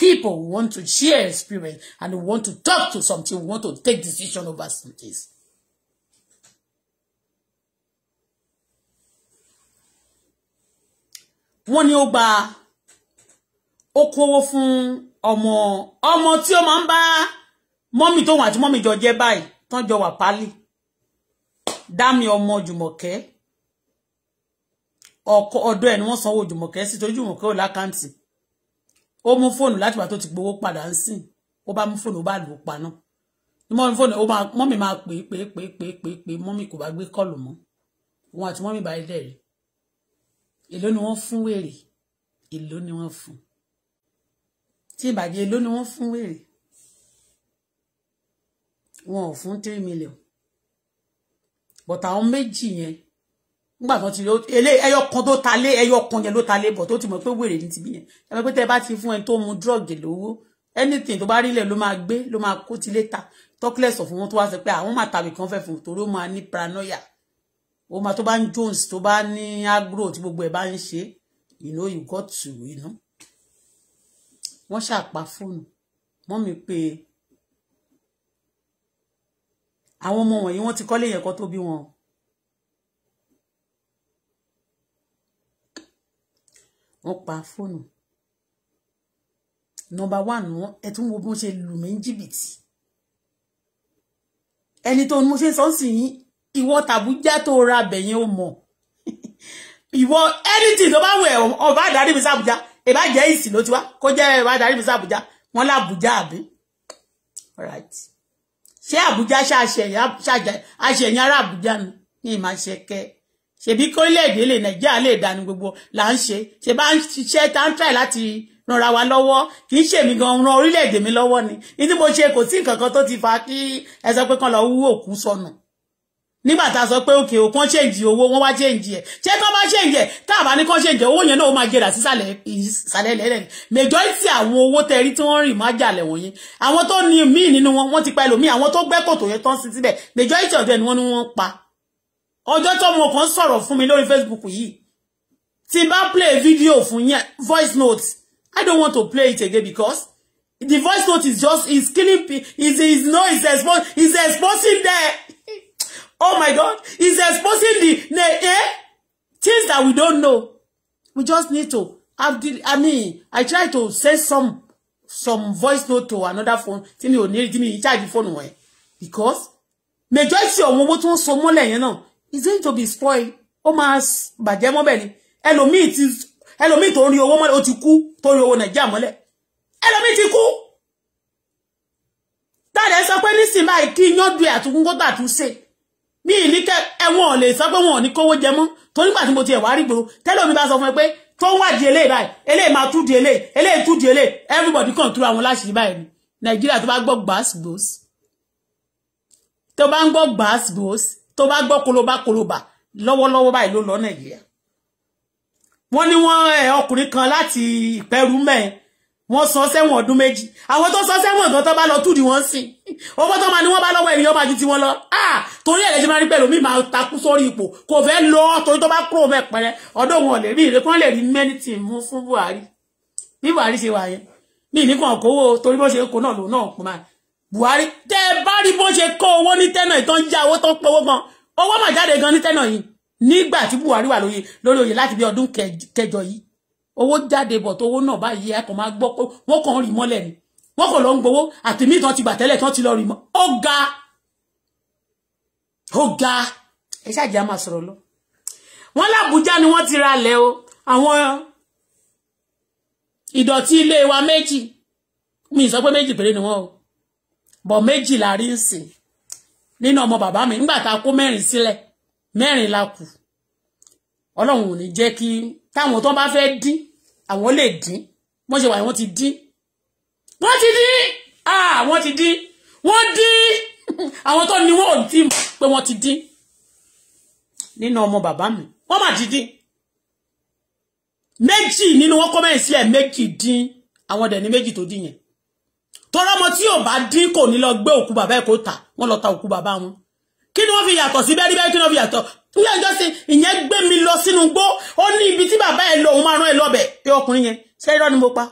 people we want to share experience and we want to talk to something we want to take decision over some things. wọ́n ní ó gba ó kówó fún ọmọ ọmọ tí ó máa ń bá mọ́mì tóun àti mọ́mì jọ jẹ́ báyìí tán jọ wà pálí dámi ọmọ jùmọ̀kẹ́ ọkọ ọ̀dọ̀ ẹ̀ ni wọ́n sanwó jùmọ̀kẹ́ sí torí jùmọ̀kẹ́ ò lákàǹtì ó mú fóònù láti wà tó ti gbowó padà ń sìn ó bá mú fóònù ó bá lù ú pa náà ni mọ́mì fóònù ó máa mọ́mì máa pè é pè é pè é pè é pè é pè é mọ́mì kò bá gbé kọ́ọ̀lù mọ́ òun àti mọ́mì bá rí èló ni wọ́n fún wèrè èló ni wọ́n fún tí ìbàjẹ́ ló ni wọ́n fún wèrè wọn ò fún three million but àwọn méjì yẹn nígbà tó ti lé ẹyọ kan tó ta lé ẹyọ kan yẹn ló ta lé But tó ti mọ̀ pé wèrè ní ti bí yẹn ẹ mọ̀ pé tẹ́ ẹ bá ti fún ẹni tó mu drug lówó anything tó bá rílẹ̀ ló máa gbé ló máa kó ti léta talkless of wọn tó wá sọ pé àwọn ah, máa tàbí kan fẹ́ fún torí ó máa ní paranoia ó máa tó bá ń Jones tó bá ní agro tí gbogbo ẹ̀ bá ń ṣe you know you got to you know wọ́n ṣàpá fóònù wọ́n mi pé àwọn ọmọ wọ̀nyí wọ́n ti kọ́lé yẹn kọ́ tó bí wọn. wọ́n pa fóònù nọ́mbà wàn wọn ẹ tún wo bó ṣe lù mí jìbìtì ẹni tó mo ṣe sọ sí yín ìwọ tàbújá tó ra bẹ̀yẹn ó mọ̀ ìwọ anything tó bá wẹ̀ ọba àdárí mi Eba jẹ́ ìsìn ló ti wá kó jẹ́ ìbá darí mi sí Àbújá wọ́n lábùjá àbí ṣé Àbújá ṣàṣẹ̀yìn ará Àbújá ni ní ìmọ̀ ṣẹkẹ́ ṣèbí kórílẹ̀-èdè lè Nàìjíríà lè dànù gbogbo là ń ṣe ṣe bá ń ṣiṣẹ́ tá ń try láti ranra wa lọ́wọ́ kì í ṣèmi gan ran orílẹ̀-èdè mi lọ́wọ́ ni ní mo ṣe kò sí nǹkan kan tó ti fa kí ẹ sọ pé kán lọ wú òkú sọnù nígbà tá a sọ pé òkè o kàn ṣèǹjì owó wọn wá ṣèǹjì ẹ ṣé tó bá ṣèǹjì ẹ tá a bá ní kàn ṣèǹjì owó yẹn náà ó máa jẹrà sísàlẹ̀ ìsàlẹ̀ lẹlẹ majority àwọn owó tẹrí tí wọ́n rìn má jalè wọ̀nyí àwọn tó ní míì nínú wọn wọ́n ti pa ẹlòmíì àwọn tó gbẹ́ kòtò yẹn tán sí síbẹ̀ majority ọdẹ ni wọ́n ní wọ́n pa ọjọ́ tó mo kàn sọ̀rọ̀ fún mi lórí Facebook yìí tí bá play video fún yẹn voice note I don't want to play it again because the voice note is just is killing is is no is is exposing there. Oh my God, he's exposing the, the eh, things that we don't know. We just need to have the, I mean, I try to send some some voice note to another phone tí mi ò me, charge the phone away. because majority ọ̀wọ́n owó tí wọ́n so mọ́lẹ̀ you know is going to be spoil ó máa bàjẹ́ mọ́bẹ̀ ni ẹlòmíì ti to tó ń rí owó mọ́lẹ̀ ó ti kú tó rí owó nàìjíríà mọ́lẹ̀ ẹlòmíì ti kú táàdẹ̀ sọ pé nísìnyí báyìí kí go du to say mi ì ní kẹ ẹwọn ò lè sọ pé wọn ò ní kówó jẹ mọ́ torí gbà tí mo ti ẹwà rí gbòòrò tẹ́lẹ̀ omi bá sọ fún ẹ pé tó ń wádìí eléyìí báyìí eléyìí máa tú di eléyìí eléyìí tú di eléyìí everybody kàn tú àwọn láṣìí báyìí ni nàìjíríà tó bá gbọ́ gbàásì gbòòsì tó bá ń gbọ́ gbàásì gbòòsì tó bá gbọ́ koloba koloba lọ́wọ́lọ́wọ́ báyìí ló lọ nàìjíríà wọ́n ní wọ́n ọkùnrin kan láti ìpẹ́rú mẹ́ẹ̀ wọ́n sọ sẹ́wọ̀n ọdún méjì àwọn tó sọ sẹ́wọ̀n gan tó bá lọ túdì wọ́n sìn owó tó máa ní wọ́n bá lọ́wọ́ ènìyàn máa ju ti wọn lọ ah! torí ẹ̀lẹ́jẹ́ máa rí pẹ̀lú mi máa takú sórí ipò kò fẹ́ lọ torí tó bá kúrò bẹ́ẹ̀ pẹ̀rẹ́ le, wọn lè rí ìrẹ́kọ́ lè rí mẹ́nìtì mú fún Buhari bí Buhari ṣe wà yẹn mi ní kàn kówó torí bó ṣe kó náà lòun náà kó máa Buhari tẹ́ ẹ bá rí bó ṣe kó owó tena tẹ́nà ìtọ́ ń já owó tó pọwó gan owó mà jáde gan ní tẹ́nà yìí nígbà tí Buhari wà lórí oyè láti bí ọdún kẹjọ yìí owó jáde bọ̀ tó owó náà báyìí a kàn máa gbọ́ pé wọ́n kàn rí mọ́lẹ̀ ni wọ́n kàn lọ ń gbowó àtìmí tán ti gbà tẹ́lẹ̀ tán ti lọ rí mọ́ ó ga ó ga ẹ ṣáàjì á máa sọ̀rọ̀ lọ. wọ́n lábújá ni wọ́n ti ra lẹ̀ o àwọn ìdọ̀tí ilé wa méjì mi sọ pé méjì péré ni wọ́n o bọ̀ méjì la rí ń sìn nínú ọmọ bàbá mi nígbà tá a kó mẹ́rin sílẹ̀ mẹ́rin la kù ọlọ́run ò ní jẹ́ kí táwọn tó bá fẹ́ dín àwọn lè dín wọ́n ṣe wà wọ́n ti dín wọ́n ti dín ah, wọ́n ti dín wọ́n dín àwọn tó ní wọ́n ò tí mọ̀ pé wọ́n ti dín nínú ọmọ bàbá mi wọ́n mà ti dín méjì nínú wọn kọ́mẹ́ǹtì sílẹ̀ méjì dín àwọn dẹ̀ ní méjì tó dín yẹn tọ́rọ́mọ tí ò bá dín kò ní lọ gbé òkú bàbá ẹ̀ kó tà wọ́n lọ ta òkú bàbá wọn kí ni wọ́n fi yàtọ̀ sí bẹ́ẹ̀ bẹ́ẹ̀ kí ni wọ́n fi yàtọ̀ ní ọjọ́ sí ìyẹn gbé mi lọ sínú gbó ó ní ibi tí bàbá ẹ̀ lọ òun máa rán ẹ lọ́bẹ̀ pé ọkùnrin yẹn ṣé ni mo pa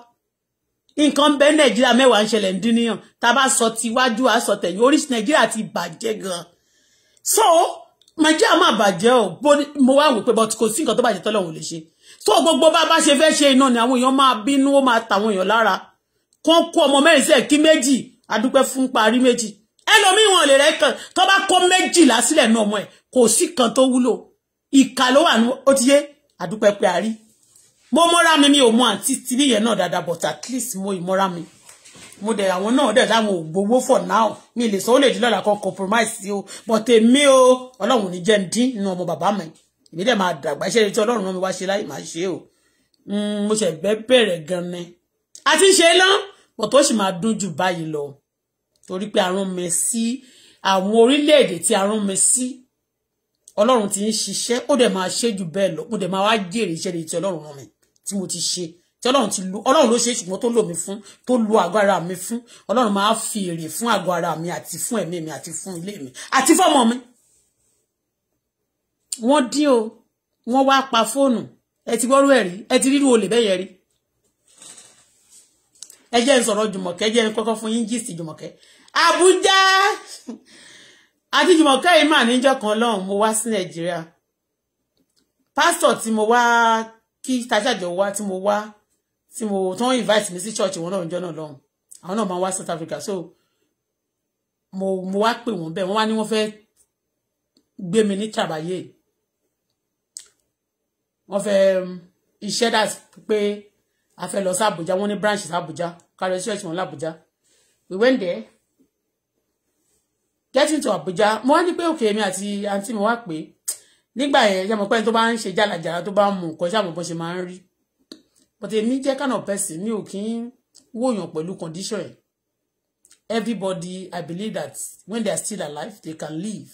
nǹkan bẹ́ẹ̀ nàìjíríà mẹ́wàá ń ṣẹlẹ̀ ń dín níyàn a bá sọ ti iwájú a sọ oríṣi nàìjíríà ti bàjẹ́ gan so nàìjíríà máa bàjẹ́ o mo wá wò pé but kò sí nǹkan tó bàjẹ́ tọ́lọ́run lè ṣe so gbogbo bá a bá ṣe fẹ́ ṣe iná ni àwọn èèyàn máa bínú ó máa tàwọn èèyàn lára kán kó ọmọ mẹ́rin sí ẹ̀kí méjì adúpẹ́ fún parí méjì ẹlòmíì wọn lè rẹ kàn tó bá kó méjìlá sílẹ̀ náà ọmọ ẹ̀ kò sí kan tó wúlò ìka ló wà ní ó ti yé àdúpẹ́ pé a rí mo mọ́ra mi mi ò mọ àǹtí tìbí yẹn náà dáadáa but at least mo ìmọ́ra mi mo dẹ̀ àwọn náà dẹ̀ láwọn ò gbowó for now mi lè sọ ó lè dín lọ́la kan compromise sí o but èmi o ọlọ́run ní jẹ́ ń dín nínú ọmọ bàbá mi èmi dẹ̀ máa dàgbà iṣẹ́ tí ọlọ́run náà mi wá ṣe láì máa ṣe o hmm, mo ṣẹ̀ bẹ́ bẹ̀rẹ̀ gan ni àti ṣe lọ́n but ó sì máa dún jù báyìí lọ torí pé a rán mi sí àwọn orílẹ̀-èdè tí a rán mi sí ọlọ́run ti ń ṣiṣẹ́ ó dẹ̀ máa ṣe jù bẹ́ẹ̀ lọ mo dẹ̀ máa wá jèrè iṣẹ́ rẹ̀ tí ọlọ́run rán mi tí mo ti ṣe tí ọlọ́run ti lu ọlọ́run ló ṣe ṣùgbọ́n tó lò mí fún tó lu àgọ́ ara mi fún ọlọ́run máa fi èrè fún àgọ́ ara mi àti fún ẹ̀mí mi àti fún ilé mi àti fọ́mọ mi. wọ́n dín o wọ́n wá pa fóònù ẹ ti gbọ́rú ẹ̀rí ẹ ti rírú olè bẹ́ẹ̀ yẹn rí. ẹ jẹ́ ń sọ̀rọ̀ jùmọ̀kẹ́ ẹ jẹ́ ń kọ́kọ́ fún yín jùmọ̀kẹ́ Abuja àti Jùmọ̀kẹ́ ìmà níjọ́ kan lọ́hùn mo wá sí Nàìjíríà pásítọ̀ tí mo wá kí tájàjọ wá tí mo wá tí mo tán invite mi sí church wọn náà níjọ́ náà lọ́hùn àwọn náà máa wá South Africa so mo mo wá pè wọ́n bẹ́ẹ̀ wọ́n wá ní wọ́n fẹ́ gbé mi ní tàbáyé wọ́n fẹ́ iṣẹ́ dà pé a fẹ́ lọ sí Àbújá wọ́n ní branch sí Àbújá kárí ṣọ́ọ̀ṣì wọn lábújá we went there getting to Abuja mo wá ní pé òkè mi àti àǹtí mi wá pé nígbà yẹn yẹn mo pẹ́ tó bá ń ṣe jàlàjàlà tó bá ń mu nǹkan ṣàmọ̀ bó ṣe máa ń rí but èmi jẹ́ kind of person mi ò kí ń wòyàn pẹ̀lú condition yẹn everybody I believe that when they are still alive they can live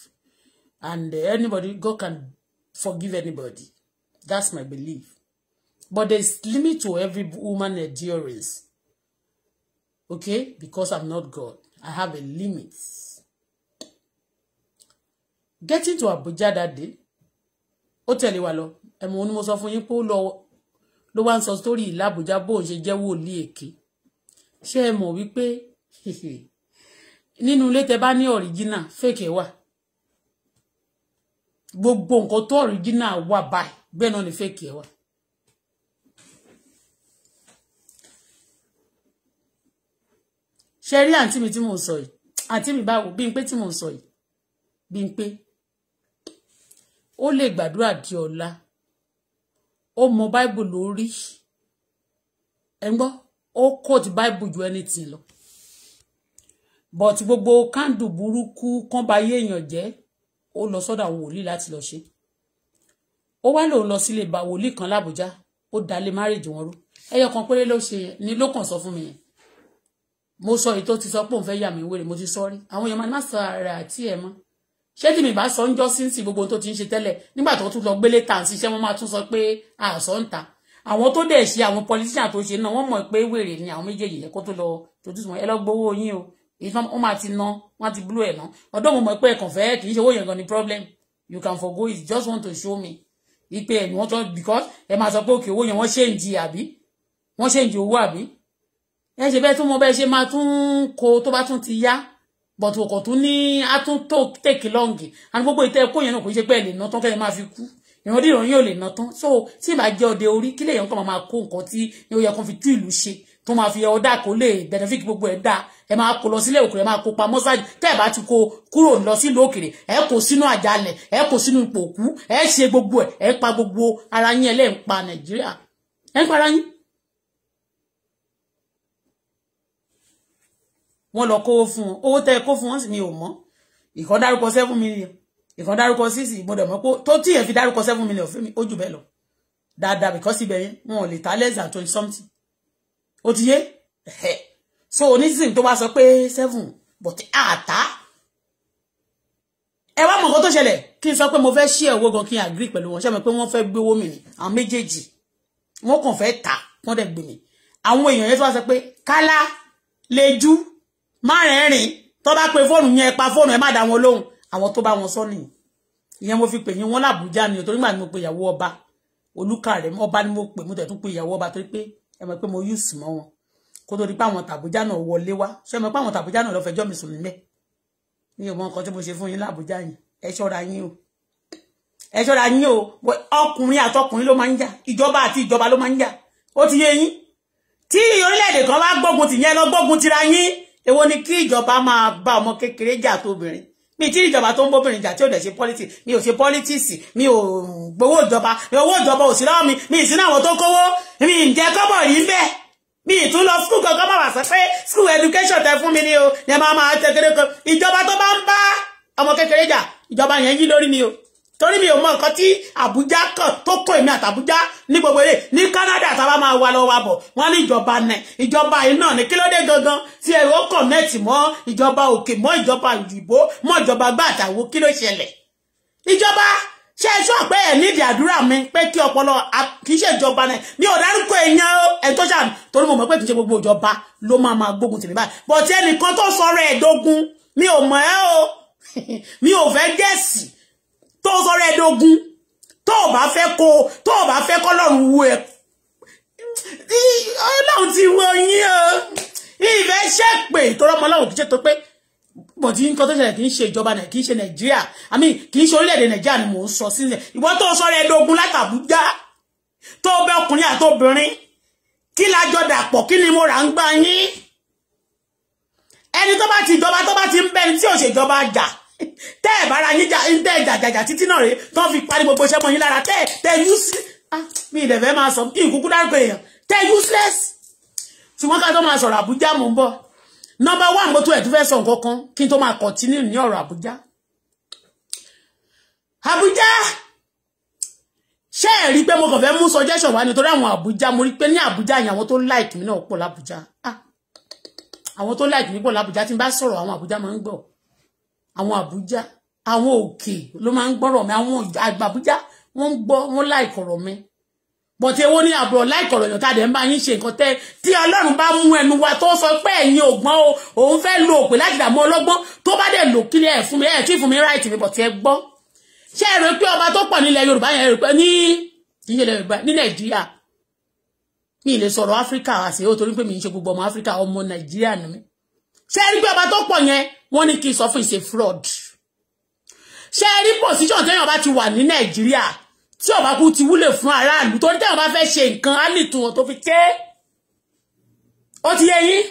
and uh, anybody God can forgive anybody that's my belief but there is limit to every woman endurance okay because I'm not God I have a limit getting to Abuja that day ó tẹ̀lé wa lọ ẹ̀mọ̀ oní mo sọ fún yín pé ó lọ ló wá ń sọ sórí ìlà Abuja bóun ṣe jẹ́ wòlíì èké ṣé ẹ mọ̀ wípé nínú ilé tẹ bá ní ọ̀ríjínà fèkè wà gbogbo nǹkan tó ọ̀ríjínà wà báyìí bẹ́ẹ̀ náà ni fèkè wà. ṣe rí àǹtí mi tí mò ń sọ yìí àǹtí mi báwo bí n pé tí mò ń sọ yìí bí n pé ó lè gbàdúrà di ọ̀la ó mọ bible lórí ẹ ń gbọ́ ó quote bible ju anything lọ but gbogbo kándù burúkú kán ba yé èèyàn jẹ́ ó lọ sọ́dọ̀ àwọn wòlíì láti lọ ṣe ó wá lòun lọ sílé ba wòlíì kan làbújá ó dalé márèjì wọn rú ẹyọ kan péré ló ṣe ni ló kàn sọ fún mi yẹn mo sọ èyí tó ti sọ pé òun fẹ́ yà mí wèrè mo ti sọ rí àwọn èèyàn máa ná sọ àti ẹ̀ mọ́ ṣé tí mi bá sọ ń jọ sí sí gbogbo tó ti ń ṣe tẹ́lẹ̀ nígbà tó tún lọ gbélé tà ń ṣiṣẹ́ wọ́n máa tún sọ pé àṣọ ń ta àwọn tó dẹ̀ ṣe àwọn politician tó ṣe náà wọ́n mọ̀ pé wèrè ni àwọn méjèèjì yẹ kó tó lọ tójú sùn ẹ lọ gbowó yín o èyí tí wọ́n máa ti ná wọ́n ti búlò ẹ̀ ná ọ̀dọ́ mo mọ̀ pé ẹ̀kàn fẹ́ kì í ṣe owó yẹn gan ni problem you can forgo it just want to show me ipe ẹ̀ ni wọ́n tọ́ because ẹ máa sọ pé òkè owó yẹn wọ́n ṣe ń di àbí wọ́n ṣe ń di owó àbí ẹ ṣe bẹ́ẹ̀ tún mọ bẹ́ẹ̀ ṣe máa tún ko tó bá tún ti yá but òkò tún ní a tún tó take long and gbogbo ìtẹ́ ẹ̀kọ́ yẹn náà kò ṣe pé ẹ̀ lè ná tán kẹ́lẹ́ máa fi kú ìrandí ìròyìn ò lè ná tán so tí ìbá jẹ́ ọdẹ orí kí lèèyàn kàn máa kó nǹkan tí ó yẹ kàn fi tú ìlú ṣe tó máa fi ọdá kó lè benefit gbogbo ẹ̀ dáa ẹ máa kó lọ sílé òkèrè ẹ máa kó pamọ́ sáájú tẹ́ ẹ bá ti kó kúrò lọ sílé òkèrè ẹ kó sínú àjálẹ̀ ẹ kó sínú ipò òkú ẹ ṣe gbogbo ẹ ẹ pa gbogbo ara yín ẹlẹ́ ń pa Nàìjíríà ẹ ń pa ara yín wọ́n lọ kówó fún wọn owó tẹ́ kó fún wọn sì mi ò mọ̀ ìkan dárúkọ seven million ìkan dárúkọ six mo dẹ̀ mọ̀ pé tó tí yẹn fi dárúkọ seven million fún mi ó jù bẹ́ẹ̀ lọ because ibẹ̀ yẹn wọn ò lè ta less than twenty something ó ti yé so onísìn tó wá sọ pé seven but àtá ẹ wá mọ̀ nǹkan tó ṣẹlẹ̀ kí n sọ pé mo fẹ́ ṣí ẹ̀wọ́ gan kí n agree pẹ̀lú wọn ṣé mo pé wọ́n fẹ́ gbé owó mi ni àwọn méjèèjì wọ́n kàn fẹ́ tà wọ́n dẹ̀ gbé mi àwọn èèyàn yẹn tó wá sọ pé kálá lè márẹ̀ẹ̀rin tó bá pe fóònù yẹn pa fóònù ẹ má dá wọn lóhùn àwọn tó bá wọn sọ nìyí ìyẹn mo fi pè yín wọn làbújá ni torí màá mo pe ìyàwó ọba olúkàrẹ ọba ni mo pè mo tẹ̀ tún pe ìyàwó ọba torí pé ẹ mọ̀ pé mo yùs mọ́ wọn kó tó di pé àwọn tàbújá náà wọlé wá ṣé ẹ mọ̀ pé àwọn tàbújá náà lọ fẹjọ́ mi sùn ni mi ò mọ nǹkan tí mo ṣe fún yín làbújá yẹn ẹ ṣọ́ra yín o ẹ ṣọ́ra yín o ọkùnrin àtọkùnrin ló máa ń jà ìjọba àti ìjọba ló máa ń ti yé yín tí orílẹ̀-èdè kan bá gbógun tì yẹn lọ gbógun tira yín èwo ni kí ìjọba máa bá ọmọ kékeré jà tó obìnrin mi tí ìjọba tó ń bóbìnrin jà tí ò dẹ̀ ṣe pọ́lítì mi ò ṣe pọ́lítìsì mi ò gbowó ìjọba owó ìjọba ò sí lọ́wọ́ mi mi ìsìn àwọn tó kówó mi ì jẹ́ kọ́bọ̀ rí ń bẹ́ẹ̀ mi ì tún lọ skul kankan má bà sọ pé skul education tẹ fún mi ni o ni ma ma máa tẹkẹrẹ kan to ba bá ń bá ọmọ kékeré jà ìjọba yẹn ni o torí mi ò mọ nǹkan tí Àbújá kàn tó kọ èmi àtàbújá ní gbogbo eré ní Canada tábà máa wà lọ́wọ́ bọ̀ wọ́n ní ìjọba nẹ̀ ìjọba iná ní kí ló dé gangan tí ẹ̀rọ kọ̀nẹ́ẹ̀tì mọ́ ìjọba òkè mọ́ ìjọba òyìnbó mọ́ ìjọba gbà àtàwọ kí ló ṣẹlẹ̀ ìjọba ṣe é sọ pé ẹ̀ nídìí àdúrà mi pé kí ọpọlọ kì í ṣe ìjọba náà mi ò dárúkọ èèyàn ẹ̀tọ́ ṣàmì torí mo mọ̀ pé kì í ṣe gbogbo ìjọba ló máa máa gbógun tèmi báyìí bọ̀tí ẹnìkan tó sọ̀rọ̀ ẹ̀ẹ́dógún mi ò mọ̀ ẹ́ o mi ò fẹ́ gẹ̀ẹ́sì tó sọ̀rọ̀ ẹ̀dógún tó o bá fẹ́ kó tó o bá fẹ́ kọ́lọ́run wo ẹ̀ ọlọ́run ti wọ yín o ìfẹ́ ṣẹ́pè tọ́lọ́mọ ọlọ́run kìí ṣe tó pé bọ̀ tí nǹkan tó ṣẹlẹ̀ kì í ṣe ìjọba náà kì í ṣe nàìjíríà àmì kì í ṣe orílẹ̀-èdè nàìjíríà ni mò ń sọ sílẹ̀ ìwọ tó sọ̀rọ̀ ẹ̀dógún látàbújá tó bẹ ọkùnrin àtobìnrin kí lájọ dàpọ̀ kí ni mo rà ń gbá yín ẹni tó bá ti ìjọba tó bá ti ń bẹ́ni tí ò ṣèjọba jà tẹ́ ẹ̀ bára yín jà ń tẹ́ ẹ̀ jàjàjà títí náà rèé tán fi parí gbogbo iṣẹ́ mọ́ yín lára tẹ́ ẹ̀ tẹ́ useless ah, mi ì dẹ̀fẹ́ máa sọ kí ìkúkú dárúkọ èèyàn tẹ́ useless ṣùgbọ́n ká tó máa sọ̀rọ̀ Àbújá mò ń bọ̀ nọmba wà mo tó ẹ̀ tó fẹ́ sọ nǹkan kan kí n tó máa continue ní ọ̀rọ̀ Àbújá Àbújá ṣé ẹ rí pé mo kàn fẹ́ mú suggestion wá nítorí àwọn Àbújá mo rí pé ní Àbújá yẹn àwọn tó like mi náà pọ̀ l'Àbújá ah, àwọn tó like mi pọ̀ l'Àbújá tí n bá sọ̀rọ̀ àwọn Àbújá máa ń gbọ́ àwọn Abuja, àwọn òkè ló máa ń gbọ́rọ̀ mi àwọn àgbà Àbújá wọ́n ń gbọ́ wọ́n láìkọ̀ ọ̀rọ̀ mi bọ̀tẹ̀ wo ni àbúrò láìkọ̀ ọ̀rọ̀ yọ̀tá dẹ̀ ń bá yín ṣe nǹkan tẹ́ tí Ọlọ́run bá mú ẹnu wa tó sọ pé ẹ̀yin ògbọ́n o òun fẹ́ lo òpè láti dààmú ọlọ́gbọ́n tó bá dẹ̀ lò kí ẹ̀ fún mi ẹ̀ tí fún mi ráìtì mi bọ̀tẹ̀ gbọ́ ṣé ẹ rò pé ọba tó pọ̀ nílẹ̀ Yorùbá yẹn rò pé ní ìṣẹ̀lẹ̀ Yorùbá ní Nàìjíríà mi ì lè sọ̀rọ̀ Áfíríkà àṣeyọ́ torí pé mi ń ṣe gbogbo ọmọ Áfíríkà ọmọ Nàìjíríà ni mi Sherry, rí pé ọba tó pọ̀ yẹn wọ́n ní kí n sọ fraud Sherry, rí position téèyàn bá ti wà ní Nigeria. tí ọba kú ti wúlò fún aráàlú torí téèyàn bá fẹ́ ṣe nǹkan á lè tún wọn tó fi ṣe é ó ti yé yín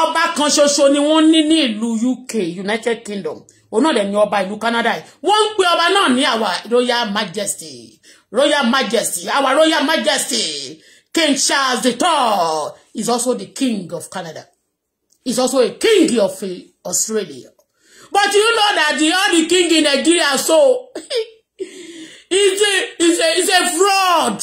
ọba kan ṣoṣo ni wọ́n ní ní ìlú UK United Kingdom òun náà dẹ̀ ní ọba ìlú Canada wọ́n ń pe ọba náà ní àwa Royal Majesty Royal Majesty our Royal Majesty King Charles the third is also the king of Canada is also a king of Australia. But you know that the only king in Nigeria, so it's a, it's a, it's a fraud.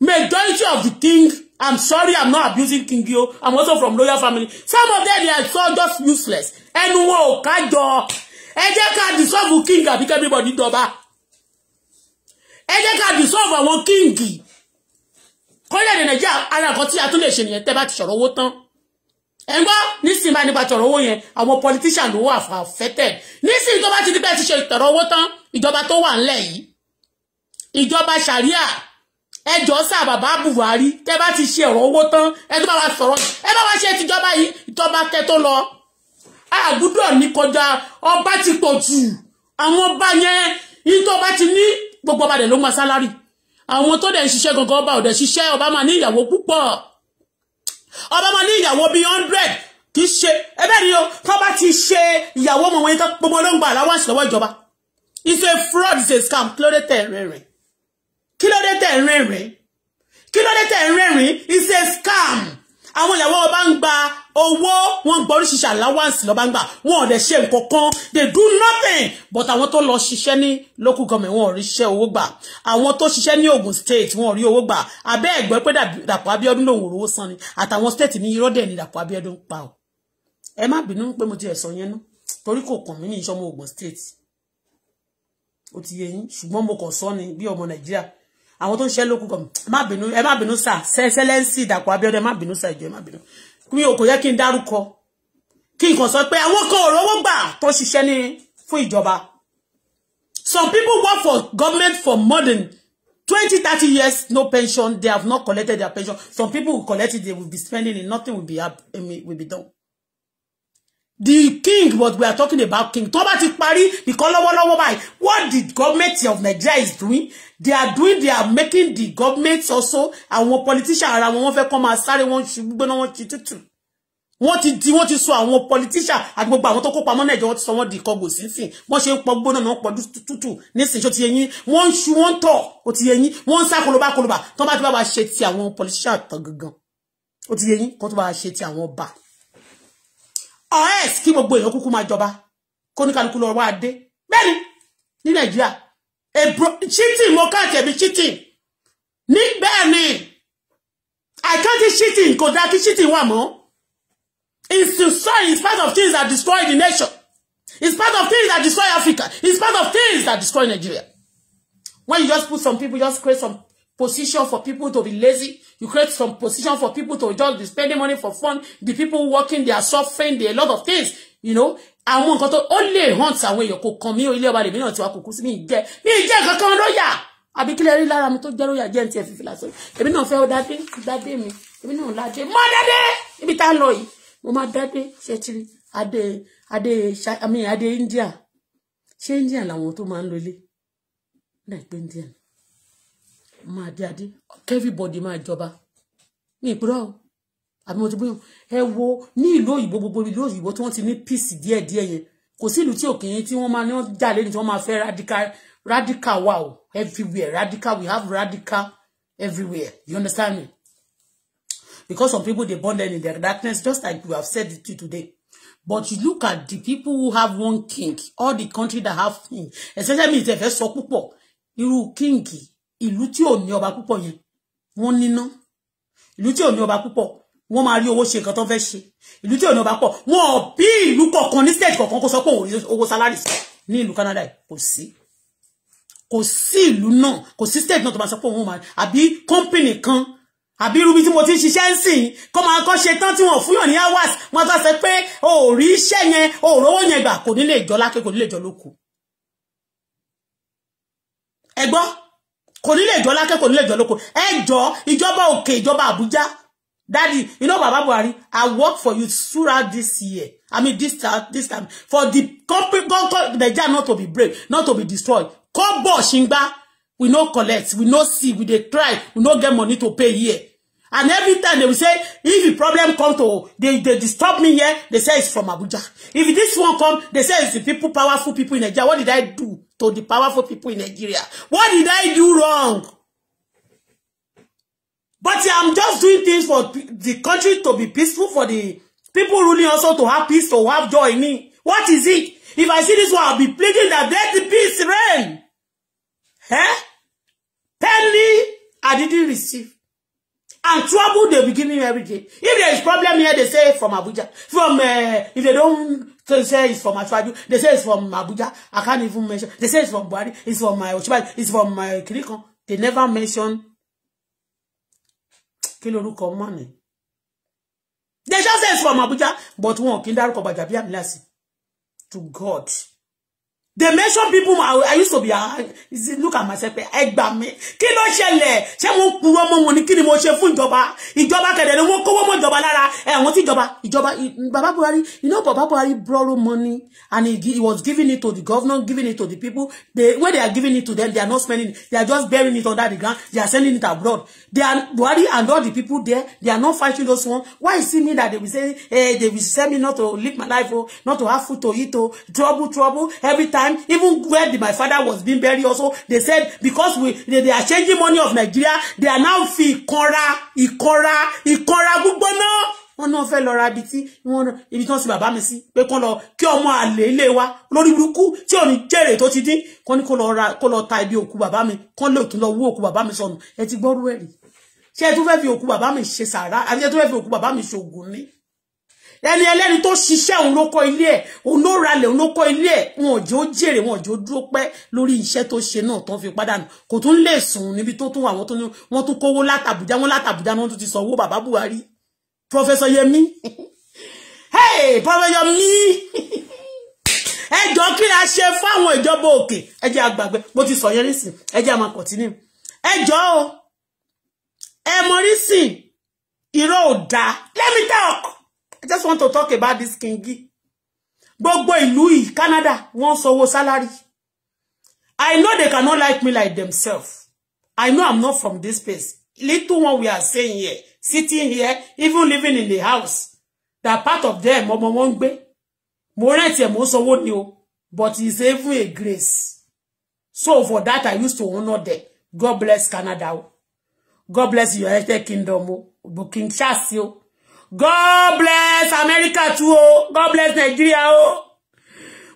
Majority of the king, I'm sorry, I'm not abusing King Yo. I'm also from royal family. Some of them, they are so just useless. Ẹnu wọn ò kájọ. Ẹ jẹ́ ká dissolve king àbí kí everybody dọba. Ẹ jẹ́ ká dissolve àwọn king. Kọ́lẹ̀ ní Nàìjíríà, ara nǹkan tí a tún lè ṣe nìyẹn tẹ́ bá ti sọ̀rọ̀ owó tán ẹ gbọ́ nísìnyí bá nípa tọ̀rọ̀ owó yẹn àwọn politician ló wà fẹ́tẹ̀ nísìnyí tó bá ti dípẹ́ ti ṣe ìtọ̀rọ̀ owó tán ìjọba tó wà ńlẹ̀ yìí ìjọba sàríà ẹjọ́ sà bàbá Buhari tẹ́ bá ti ṣe ọ̀rọ̀ owó tán ẹ bá wa sọ̀rọ̀ ẹ bá wa ṣe tìjọba yìí ìjọba kẹ́ tó lọ àgùdọ̀ ní kọjá ọba ti pọ̀ jù àwọn ọba yẹn yìí tó bá ti ní gbogbo ọba dẹ̀ ló ń gba sálárì àwọn tó dẹ̀ ń ṣiṣẹ́ gangan ọba ò dẹ̀ ṣiṣẹ́ ọba máa ní ìyàwó púpọ̀ ọba máa ní ìyàwó bíi hundred kì í ṣe ẹbẹ́ ni o tó bá ti ṣe ìyàwó ọmọ wọn yẹn tó gbogbo ló ń gba allowance ìjọba it's a fraud it's a scam kí ló dé tẹ̀ rẹ̀rìn kí ló dé tẹ̀ rẹ̀rìn kí ló dé tẹ̀ rẹ̀rìn it's a scam àwọn ìyàwó ọba ń gba owó wọn gba oríṣiríṣi allowance lọ́ba ń gbà wọn ò dẹ̀ ṣe nǹkan kan they do nothing but àwọn tó lọ ṣiṣẹ́ ní local government wọn ò rí iṣẹ́ owó gbà àwọn tó ṣiṣẹ́ ní Ògùn state wọn ò rí owó gbà abẹ́ ẹ̀gbẹ́ pé Dàpọ̀ Abíọ́dún lòun ò rówó san ni àtàwọn state ní irọ́ dẹ̀ ni Dàpọ̀ Abíọ́dún pa ọ́ ẹ má bínú pé mo ti ẹ̀ sọ yẹn ná torí kò kàn mí ní ìṣọmọ Ògùn state ó ti yẹ yín ṣùgbọ́n mo kàn sọ ni bí ọmọ Nàìjíríà àwọn tó ń ṣe lókun kan ẹ má bínú ẹ má bínú sà sẹsẹlẹǹsì Dàpọ̀ Abíọ́dún ẹ má bínú sà ìjọ ẹ má bínú mi ò kò yẹ kí n dárúkọ kí n kàn sọ pé àwọn kan ò rówó gbà tó ṣiṣẹ́ ní fún ìjọba some people work for government for more than twenty thirty years no pension they have not collected their pension some people who collect it they will be spending it nothing will be, will be done the king but we are talking about king tó bá the parí nìkan lọ́wọ́lọ́wọ́ by. what the government of Nigeria is doing they are doing they are making the government also àwọn politician ara wọn wọ́n fẹ́ kọ́ máa sáré wọn ṣe gbóná wọn ṣe tútù wọ́n ti di wọ́n ti sọ àwọn politician àti gbogbo àwọn tó kópa mọ́ Nàìjíríà wọ́n ti sọ wọ́n di ìkọgò sínsìn wọ́n ṣe ń pọ gbóná náà pọ̀ tútù nísìnyí tó ti yẹyìn wọ́n ń ṣu wọ́n ń tọ̀ ó ti yẹyìn wọ́n ń sá kolobá kolobá tó bá ti bá wa ṣe ti àwọn politician tán gangan ó ti yẹyìn kó tó bá wa ṣe ti àwọn ọba or else kí gbogbo èèyàn kúkú máa jọba kó ní kálukú lọ wá dé bẹ́ẹ̀ni ní nàìjíríà èbro cheating mo káàtì ẹ̀mí cheating ní bẹ́ẹ̀ ni àìkáàtì cheating kò dá kí cheating wà mọ́ it's to soil it's part of things that destroy the nation it's part of things that destroy Africa it's part of things that destroy Nigeria when you just put some people just create some position for people to be lazy. You create some position for people to just be spending money for fun. The people working, they are suffering, they are a lot of things, you know. Àwọn nǹkan tó ó lè hunt àwọn èèyàn kò kàn mí ilé ọba lèmi náà ti wá kúkú sí mi jẹ́ mi jẹ́ kankan lóyà. Àbí kílẹ̀ rí lára mi tó jẹ́ lóyà jẹ́ ní ti ẹ̀fí fìlà sórí. Èmi náà fẹ́ dádé dádé mi. Èmi náà ládé mọ́ dádé ibi tá a lọ yìí. Mo máa dádé ṣe tiri adé adé ṣá àmì adé India. Ṣé India làwọn tó máa ń lo ilé? Ó dà pé India ni máa dé adé kẹ́fíbọ̀dì máa jọba ní ìpínlẹ̀ ọ̀hún àbí mo ti bóyá ẹ wo ní ìlú òyìnbó gbogbo ìlú òyìnbó tí wọ́n ti ní píìsì díẹ̀díẹ̀ yẹn kò sí ìlú tí òkè yín tí wọ́n máa ní wọ́n jà lẹ́nu tí wọ́n máa fẹ́ radical radical wà o everywhere radical we have radical everywhere you understand me because some people dey born then in their darkness just like we have said it to today but you look at the people who have one king all the country that have king especially me ìtẹ̀fẹ́ sọ púpọ̀ irú kíngì ìlú tí ò ní ọba púpọ̀ yẹn wọ́n níná ìlú tí ò ní ọba púpọ̀ wọ́n máa rí owó ṣe nǹkan tó fẹ́ ṣe ìlú tí ò ní ọba pọ̀ wọn ò bí ìlú kọ̀ọ̀kan ní state kọ̀ọ̀kan kó sọ pé owó salary ní ìlú Canada kò sí kò sí ìlú náà kò sí state náà tó máa sọ pé òun máa àbí company kan àbí irú bí tí mo ti ń ṣiṣẹ́ ń sìn kó máa kọ́ ṣe tán tí wọ́n fúyàn ní hours wọ́n tó ṣe pé o ò rí iṣẹ́ yẹn o yẹn gbà kò ní lè lákè kò ní lè lóko. ẹ gbọ́ kò ní lè jọ lákẹ́ kò ní lè jọ lóko ẹ jọ ìjọba òkè ìjọba Àbújá Daddy, you know Baba Buhari, I work for you throughout this year. I mean this time, this time for the company Nigeria not to be break, not to be destroyed. Kobo Shingba, we no collect, we no see, we dey try, we no get money to pay here. And every time they will say, if the problem come to, they, they disturb me here, they say it's from Abuja. If this one come, they say it's the people, powerful people in Nigeria. What did I do to the powerful people in Nigeria? What did I do wrong? But I'm just doing things for the country to be peaceful, for the people ruling also to have peace, to have joy in me. What is it? If I see this one, I'll be pleading that let the peace reign. Eh? Penny, I didn't receive and trouble they be giving everything. If there is problem here, they say from Abuja. From uh, if they don't say it's from Atwaju, they say it's from Abuja. I can't even mention. They say it's from Buhari, it's from my uh, Oshibai, it's from my uh, Kirikon. They never mention kí lorúkọ money. They just say it's from Abuja, but one kí n dárúkọ Gbajabiamila sí. To God they mention people I, used to be a ah, look at myself ẹ gbà mí kí ló ṣẹlẹ̀ ṣé mo purọ́ mọ́ wọn ni kí ni mo ṣe fún ìjọba ìjọba kede ni wọ́n kówó mọ́ ìjọba lára ẹ̀wọ̀n tí ìjọba ìjọba Baba Buhari you know Baba Buhari borrow money and he, he was giving it to the governor giving it to the people they where they are giving it to them they are not spending it they are just burying it under the ground they are sending it abroad they are Buhari and all the people there they are not fighting those one why you see me that they will say hey eh, they will send me not to live my life oh not to have food to eat oh trouble trouble every time time, even where the, my father was being buried also, they said because we they, they are changing money of Nigeria, they are now fi ìkanra, Ikora Ikora gbogbo náà. Wọ́n náà fẹ́ lọ ra ibi tí wọ́n ibi tí wọ́n sì bàbá mi sí pé kán lọ kí ọmọ àlè ilé wa lórí burúkú tí ò ní jèrè tó ti dín kán ní kó lọ ra kó lọ ta ibi òkú bàbá mi kán lè tún lọ wú òkú bàbá mi sọnù ẹ ti gbọ́rú ẹ̀rí ṣé ẹ tún fẹ́ fi òkú bàbá mi ṣe sàrà àbí ẹ tún fẹ́ fi òkú bàbá mi ṣoògùn ni ẹni ẹlẹ́ni tó ṣiṣẹ́ òun ló kọ́ ilé ẹ̀ òun ló ralẹ̀ òun ló kọ́ ilé ẹ̀ wọn ò ó jèrè wọn ò ó dúró pẹ́ lórí iṣẹ́ tó ṣe náà tán fi pàdánù kò tún lè sùn níbi tó tún àwọn tó ní wọ́n tún kówó látàbújá wọn látàbújá wọn tún ti sanwó bàbá Buhari Professor Yemi hey Professor Yemi ẹ jọ kí la ṣe fáwọn ìjọba òkè ẹ jẹ́ àgbàgbẹ mo ti sọ yẹn nísìn ẹ àmà continue ẹ jọ o ẹ mọ rí sìn ò dáa let me talk. I just want to talk about this Kingi. Gbogbo ìlú yìí Canada wọ́n sanwó salary. I know they cannot like me like themselves. I know I'm not from this place. Little one we are saying here, sitting here, even living in the house. That part of them, ọmọ wọn gbé. Mo rent e mo sanwó ni o, but it's even a grace. So for that I used to honor them. God bless Canada. God bless United Kingdom. King Chasio. God bless America too. Oh. God bless Nigeria. Oh.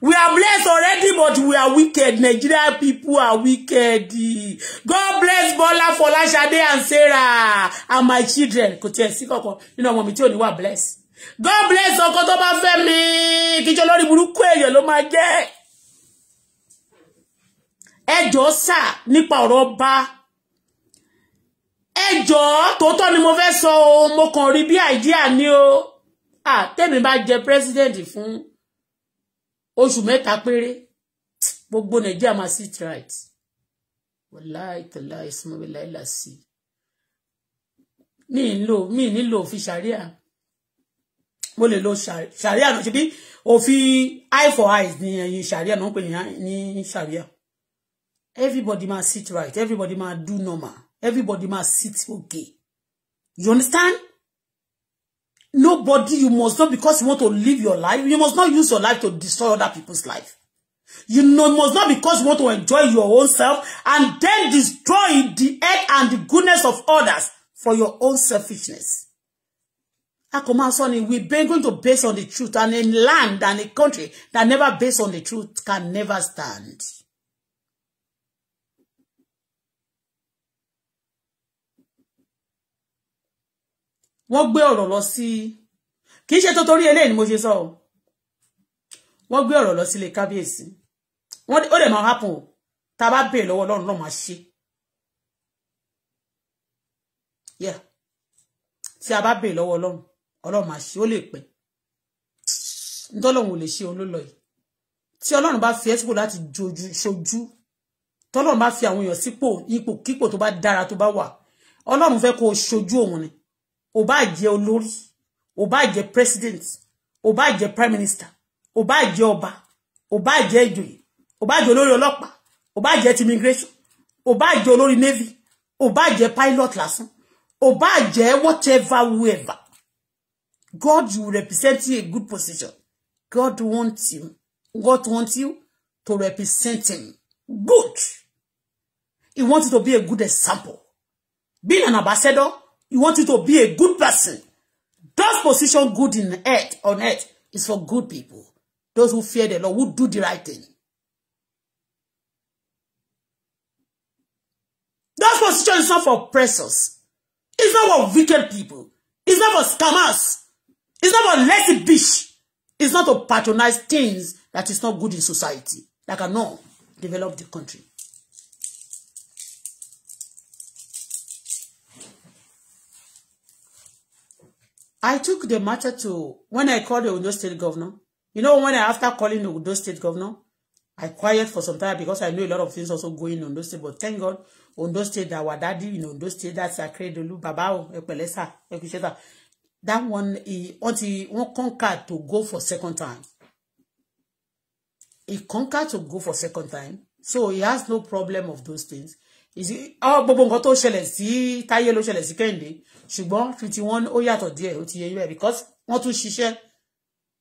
We are blessed already, but we are wicked. Nigeria people are wicked. God bless Bola Folashade and Sarah and my children. You know sí kankan nínú ọmọ mi tí ò bless. God bless ọkọ tó bá fẹ́ mi. Kíjọ lórí burúkú èèyàn ló máa jẹ́. Ẹjọ́ ẹ jọ̀ọ́ tòótọ́ ni mo fẹ́ sọ o mo kàn rí bí àìdíà ni o ah tèmi bá jẹ president fún oṣù mẹ́ta péré gbogbo nàìjíríà máa sit right wàláì tàlá ìsúnmọ́bí láìlà sí mi nílò mi nílò òfin ṣàríà mo lè lo ṣàríà náà ṣebí òfin eye for eyes ni ẹyin ṣàríà náà ń pè ní ṣàríà everybody máa sit right everybody máa do normal everybody must sit okay. You understand? Nobody, you must not, because you want to live your life, you must not use your life to destroy other people's life. You know, must not because you want to enjoy your own self and then destroy the earth and the goodness of others for your own selfishness. I command, Akomasoni, we've been going to base on the truth and a land and a country that never based on the truth can never stand. wọ́n gbé ọ̀rọ̀ lọ sí kì í ṣe tótórí eléyìí ni mo ṣe sọ o wọ́n gbé ọ̀rọ̀ lọ sílé kábíyèsí wọ́n ó dẹ̀ máa hápùn o tá a bá bèèrè lọ́wọ́ ọlọ́run náà máa ṣe yeah tí a bá bèèrè lọ́wọ́ ọlọ́run ọlọ́run máa ṣe ó lè pẹ́ ntọ́lọ́run ò lè ṣe òun ló lọ yìí tí ọlọ́run bá fi ẹ́sìpò láti jojú ṣojú tọ́lọ́run bá fi àwọn èèyàn sípò ipò kípò tó bá dára tó bá wà ọlọ́run fẹ́ kó o ṣojú òun ni ò bá jẹ́ olórí ò bá jẹ́ president ò bá jẹ́ prime minister ò bá jẹ́ Oba ò bá jẹ́ ìjòyè ò bá jẹ́ olórí ọlọ́pàá ò bá jẹ́ immigration ò bá jẹ́ olórí navy ò bá jẹ́ pilot lásán ò bá jẹ́ whatever whoever God will represent you a good position God wants you God wants you to represent him good he wants you to be a good example being an ambassador He wants you to be a good person. Those position good in earth, on earth, is for good people. Those who fear the Lord, who do the right thing. Those position is not for oppressors. It's not for wicked people. It's not for scammers. It's not for lazy bitch. It's not to patronize things that is not good in society. Like I know, develop the country. I took the matter to, when I called the Ondo State governor, you know, when I, after calling the Ondo State governor, I quiet for some time because I knew a lot of things also going on those State, but thank God, Ondo State, that our daddy in Ondo State, that's Akeredolu, Babao, Epelesa, Ekusheta. That one, he, until he won conquer to go for second time. He conquered to go for second time. So he has no problem of those things. Oh, gbogbo nǹkan tó ṣẹlẹ̀ sí táyé ló ṣẹlẹ̀ sí kẹ́hìndé ṣùgbọ́n fifty one ó yàtọ̀ díẹ̀ ó ti yẹ yẹ because wọ́n tún ṣiṣẹ́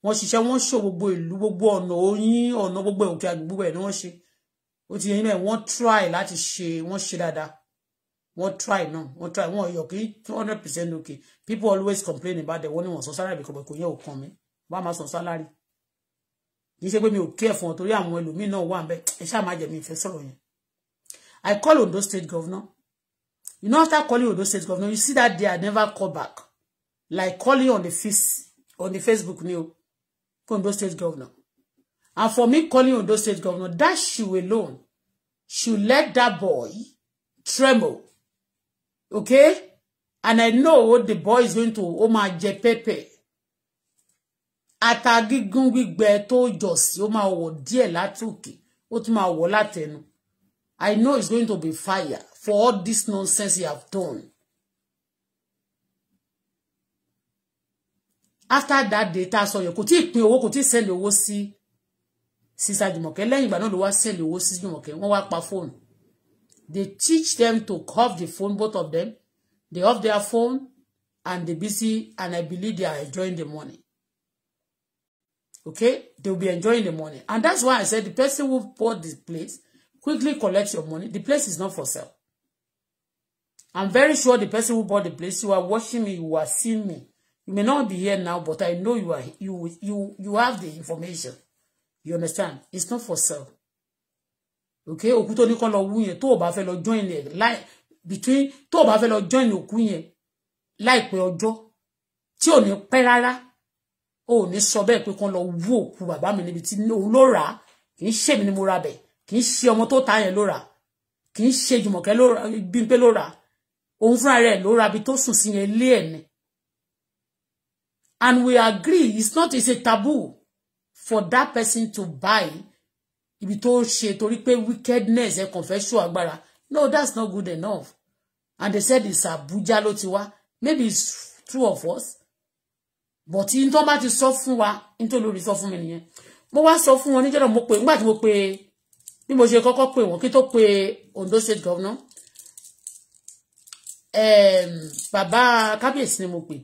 wọ́n ṣiṣẹ́ wọ́n ṣò gbogbo ìlú gbogbo ọ̀nà oyin ọ̀nà gbogbo òkè àgbègbè ẹ̀ ni wọ́n ṣe ó ti yẹ yẹ wọ́n try láti ṣe wọ́n ṣe dáadáa wọ́n try náà wọ́n try wọ́n yọ kí two hundred percent okay people always complain about the wọ́n ní wọ́n sọ sálárì kọ̀ọ̀kan kò yẹ òkan mi wọ́n á máa sọ sálárì kì í ṣe pé mi ò kí ẹ̀fọn torí àwọn ẹlòmíín náà wà ń bẹ́ẹ̀ ẹ ṣáà má jẹ́ ìfẹ́ sọ̀rọ̀ yẹn I call Ondo State Governor. You know, after calling Ondo State Governor, you see that they are never call back. Like calling on the face, on the Facebook new Ondo State Governor. And for me calling Ondo State Governor, that she alone should let that boy tremble. Okay? And I know what the boy is going to Oma máa atagi pẹ́pẹ́. Ata gígún gbígbẹ tó jọ sí ó máa wọ̀ díẹ̀ látòkè ó tún máa I know it's going to be fire for all this nonsense you have done. After that data, so you could take kò tí ì pín owó kò tí ì sẹ́ndì owó sí sísá Jùmọ̀kẹ́ lẹ́yìn ìgbà náà ló wá sẹ́ndì owó sí Jùmọ̀kẹ́ wọ́n They teach them to off the phone both of them they off their phone and they busy and I believe they are enjoying the money. Okay, they will be enjoying the money and that's why I said the person who bought this place Quickly collect your money. The place is not for sale. I'm very sure the person who bought the place, you are watching me, you are seeing me. You may not be here now, but I know you are you you you have the information. You understand? It's not for sale. Okay? Òkú tó ní kó lọ wú yẹn tó bá join ẹ like between to bá fẹ́ lọ join òkú yẹn láìpẹ́ ọjọ́ tí ò ní pẹ́ rárá. o ni sọ bẹ́ẹ̀ pé kó lọ wú òkú bàbá mi níbi tí òun ló rà kì í ṣèmi ni mo ra bẹ́ẹ̀ kì í ṣe ọmọ tó ta yẹn ló rà kì í ṣe jùmọ̀kẹ́ ló rà Bímpé ló rà òun fúnra rẹ̀ ló ra ibi tó sùn sí yẹn ẹ̀ ni and we agree it's not it's a taboo for that person to buy ibi tó ṣe torí pé wickedness ẹ kàn fẹ́ ṣó agbára no that's not good enough and they said it's Abuja ló ti wá maybe it's true of us but in tó bá ti sọ fún wa in tó lórí sọ fún mi nìyẹn mo wá sọ fún wọn níjọ́dọ̀ mo pè nígbà tí mo pè é bí mo ṣe kọ́kọ́ pè wọ́n kí tó pe Ondo state governor ehm, bàbá kábíyèsí ni mo pè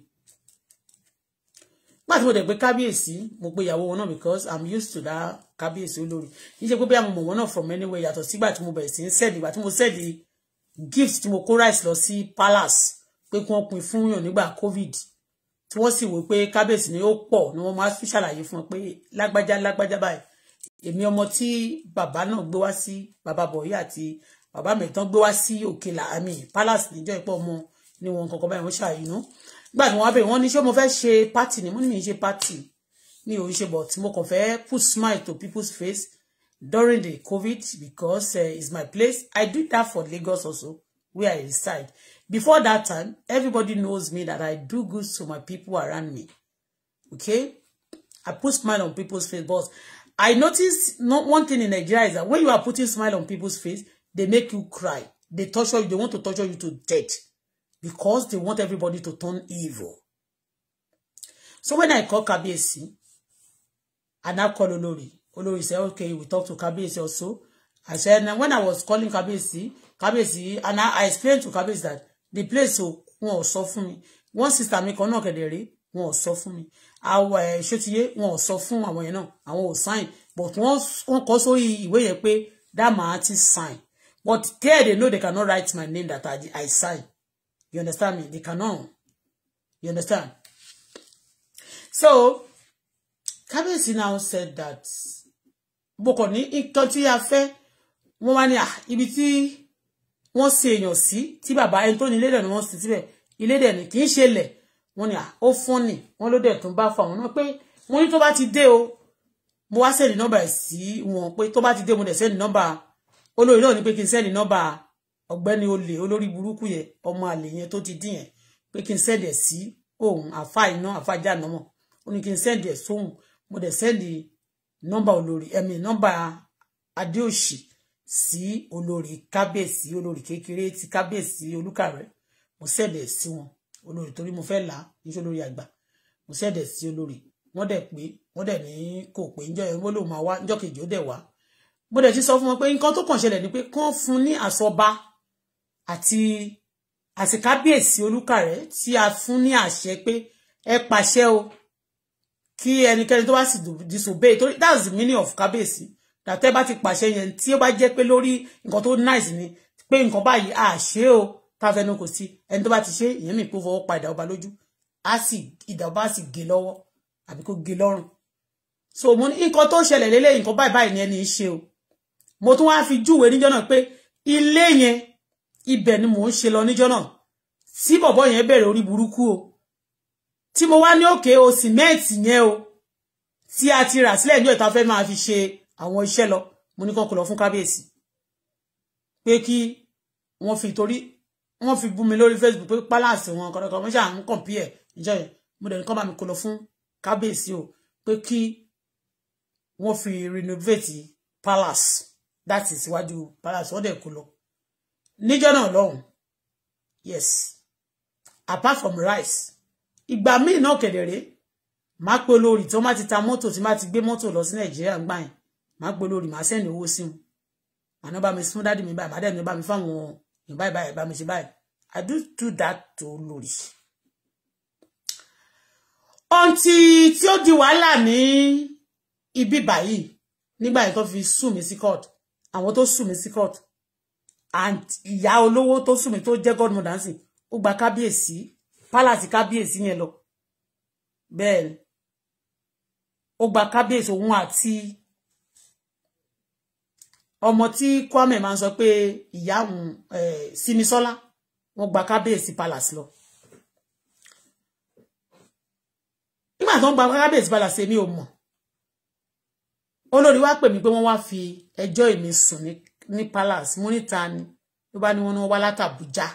nígbà tí mo dẹ̀ pé kábíyèsí mo pe ìyàwó wọn náà because i'm used to that kábíyèsí olórí kì í ṣe pé bí àwọn wọn náà from anywhere yàtọ̀ sígbà tí mo bẹ̀rẹ̀ sí ń sẹ́ẹ̀dì ìgbà tí mo sẹ́ẹ̀dì gift tí mo kó rice lọ sí palace pé kí wọ́n pin fún yàn nígbà covid tí wọ́n sì wò pé kábíyèsí ni ó pọ̀ ni wọ́n máa fi ṣàlàyé fún wọn pé lágbájá lágbájá báyìí èmi ọmọ tí bàbá náà gbé wá sí bàbá bọ̀yí àti bàbá mẹ́tàn gbé wá sí òkèlà àmì palace níjọ́ ìpọ̀ ọmọ ni wọn kankan báyìí wọ́n ṣàyínú gbà tí wọ́n bẹ̀rẹ̀ wọ́n ní ṣé mo fẹ́ ṣe party ni mo ní mi ṣe party mi ò ṣe but mo kàn fẹ́ put smile to people's face during the COVID because uh, it's my place I do that for Lagos also where I reside before that time everybody knows me that I do good to my people around me okay I put smile on people's face but I noticed not one thing in Nigeria is that when you are putting smile on people's face, they make you cry. They torture you. They want to torture you to death because they want everybody to turn evil. So when I call Kabiyesi, and I call Olori, Olori said, okay, we talk to Kabiyesi also. I said, and when I was calling Kabiyesi, Kabiyesi, and I, I explained to Kabiyesi that the place wọn ò suffer me, mi. One sister mi kan náà kedere, wọn ò sọ fún mi àwọ ẹ ṣótiyé wọn ò sọ fún àwọn yẹn náà àwọn ò sign but wọn wọn kọ sórí ìwé yẹn pé that man ti sign but there they know they cannot write my name that I, I sign you understand me they cannot you understand so kábíyèsí now said that bọkọ ní nǹkan tí a fẹ́ wọ́n wá ní à ah, ibi tí wọ́n sin èèyàn sí tí bàbá ẹni tó ní ilé dẹ̀ ni wọ́n sin síbẹ̀ ilé dẹ̀ ni kì í ṣe lẹ̀ wọ́n ní ó fún ni wọ́n ló dẹ̀ tún bá fún àwọn náà pé mo ní tó bá ti dé o mo wá sẹ́ni nọ́mbà ẹ̀ sí wọn pé tó bá ti dé mo dẹ̀ sẹ́ni nọ́mbà olórí náà ni pé kí n sẹ́ni nọ́mbà ọ̀gbẹ́ni olè olórí burúkú yẹn ọmọ àlè yẹn tó ti dín yẹn pé kí n sẹ́ni ẹ̀ sí òun àfa iná àfa jáàná mọ̀ ó ní kí n sẹ́ni ẹ̀ sóhun mo dẹ̀ sẹ́ni nọ́mbà olórí ẹ̀mí nọ́mbà adéòṣì sí olórí kábíyèsí olórí kékeré ti kábíyèsí olúkàrẹ́ mo sẹ́ni ẹ̀ sí wọn olórí torí mo fẹ́ là á níṣẹ́ olórí àgbà mo ṣẹ̀dẹ̀ sí olórí wọ́n dẹ̀ pé wọ́n dẹ̀ ní kò pé ńjọ́ yẹn wọ́n lòun máa wá ńjọ́ kejì ó dẹ̀ wá mo dẹ̀ ti sọ fún wọn pé nǹkan tó kàn ṣẹlẹ̀ ni pé kán fún ní àsọba àti àti kábíyèsí olúkàrẹ́ tí a fún ní àṣẹ pé ẹ pàṣẹ o kí ẹnikẹ́ni tó bá sì disobey torí that's the meaning of kábíyèsí dàtẹ́ bá ti pàṣẹ yẹn tí ó bá jẹ́ pé lórí nǹkan tó nice ni pé nǹkan báyìí àṣẹ o tá fẹnu kò sí ẹni tó bá ti ṣe ìyẹn mi kó fọwọ́ pa ìdá ọba lójú á sì ìdá ọba sì gé lọ́wọ́ àbí kó gé lọ́rùn so mo ní nǹkan tó ṣẹlẹ̀ lélẹ̀ nǹkan báyìí báyìí ni ẹni ṣe o mo tún wáá fi júwe níjọ́ náà pé ilé yẹn ibẹ̀ ni mò ń ṣe lọ níjọ́ náà tí bọ̀bọ̀ yẹn bẹ̀rẹ̀ orí burúkú o tí mo wá ní òkè o sìmẹ́ǹtì yẹn o tí a ti rà sílẹ̀ níjọ́ ìta fẹ́ máa fi ṣe àwọn iṣẹ́ lọ mo ní kọ́kọ́ lọ fún kábíyèsí pé kí wọ́n fi torí wọ́n fi bú mi lórí facebook pé palace wọn kọ̀dọ̀kọ̀ wọ́n ṣà ń kàn pí ẹ̀ ìjọ yẹn mo dẹ̀ ní kọ́ bá mi kó lọ fún kábíyèsí o pé kí wọ́n fi renovate palace that is iwájú palace wọ́n dẹ̀ kó lọ níjọ́ náà lọ́hùn yes apart from rice ìgbà míì náà kedere máa pe olórí tí wọ́n bá ti ta mọ́tò tí wọ́n bá ti gbé mọ́tò lọ sí nàìjíríà gbà yẹn máa pe olórí máa sẹ́ni owó sí wọn àná bá mi sún dádì mi báyìí má dẹ̀ mi bá mi fáwọn báyìí báyìí bá mi ṣe báyìí I do do that to olórí. ọ̀ǹtì tí ó di wàhálà ni ibi bayi. nígbà yìí tó fi sùn mí sí court àwọn tó sùn mí sí court and ìyá olówó tó sùn mí tó jẹ́ godmother sí ó gba kábíyèsí palace kábíyèsí yẹn lọ Ben, ó gba kábíyèsí òun àti ọmọ tí Kwame máa ń sọ pé ìyá òun Simisola wọ́n gba kábíyèsí palace lọ nígbà tó ń gba kábíyèsí palace èmi ò mọ̀ olórí wa pè mí pé wọ́n wá fi ẹjọ́ èmi sùn ní palace mo níta ni ló bá ní wọn wá látàbújá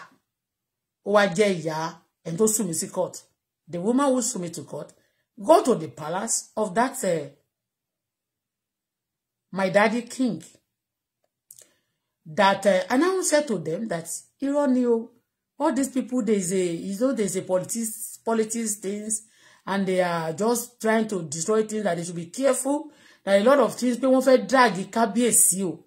ó wá jẹ́ ìyá ẹni tó sùn mí sí court the woman who sue me to court go to the palace of that uh, my daddy king that uh, and I said to them that irọ́ ni o all these people they say you know they say politics politics things and they are just trying to destroy things that they should be careful that a lot of things people want to drag kábíyèsí o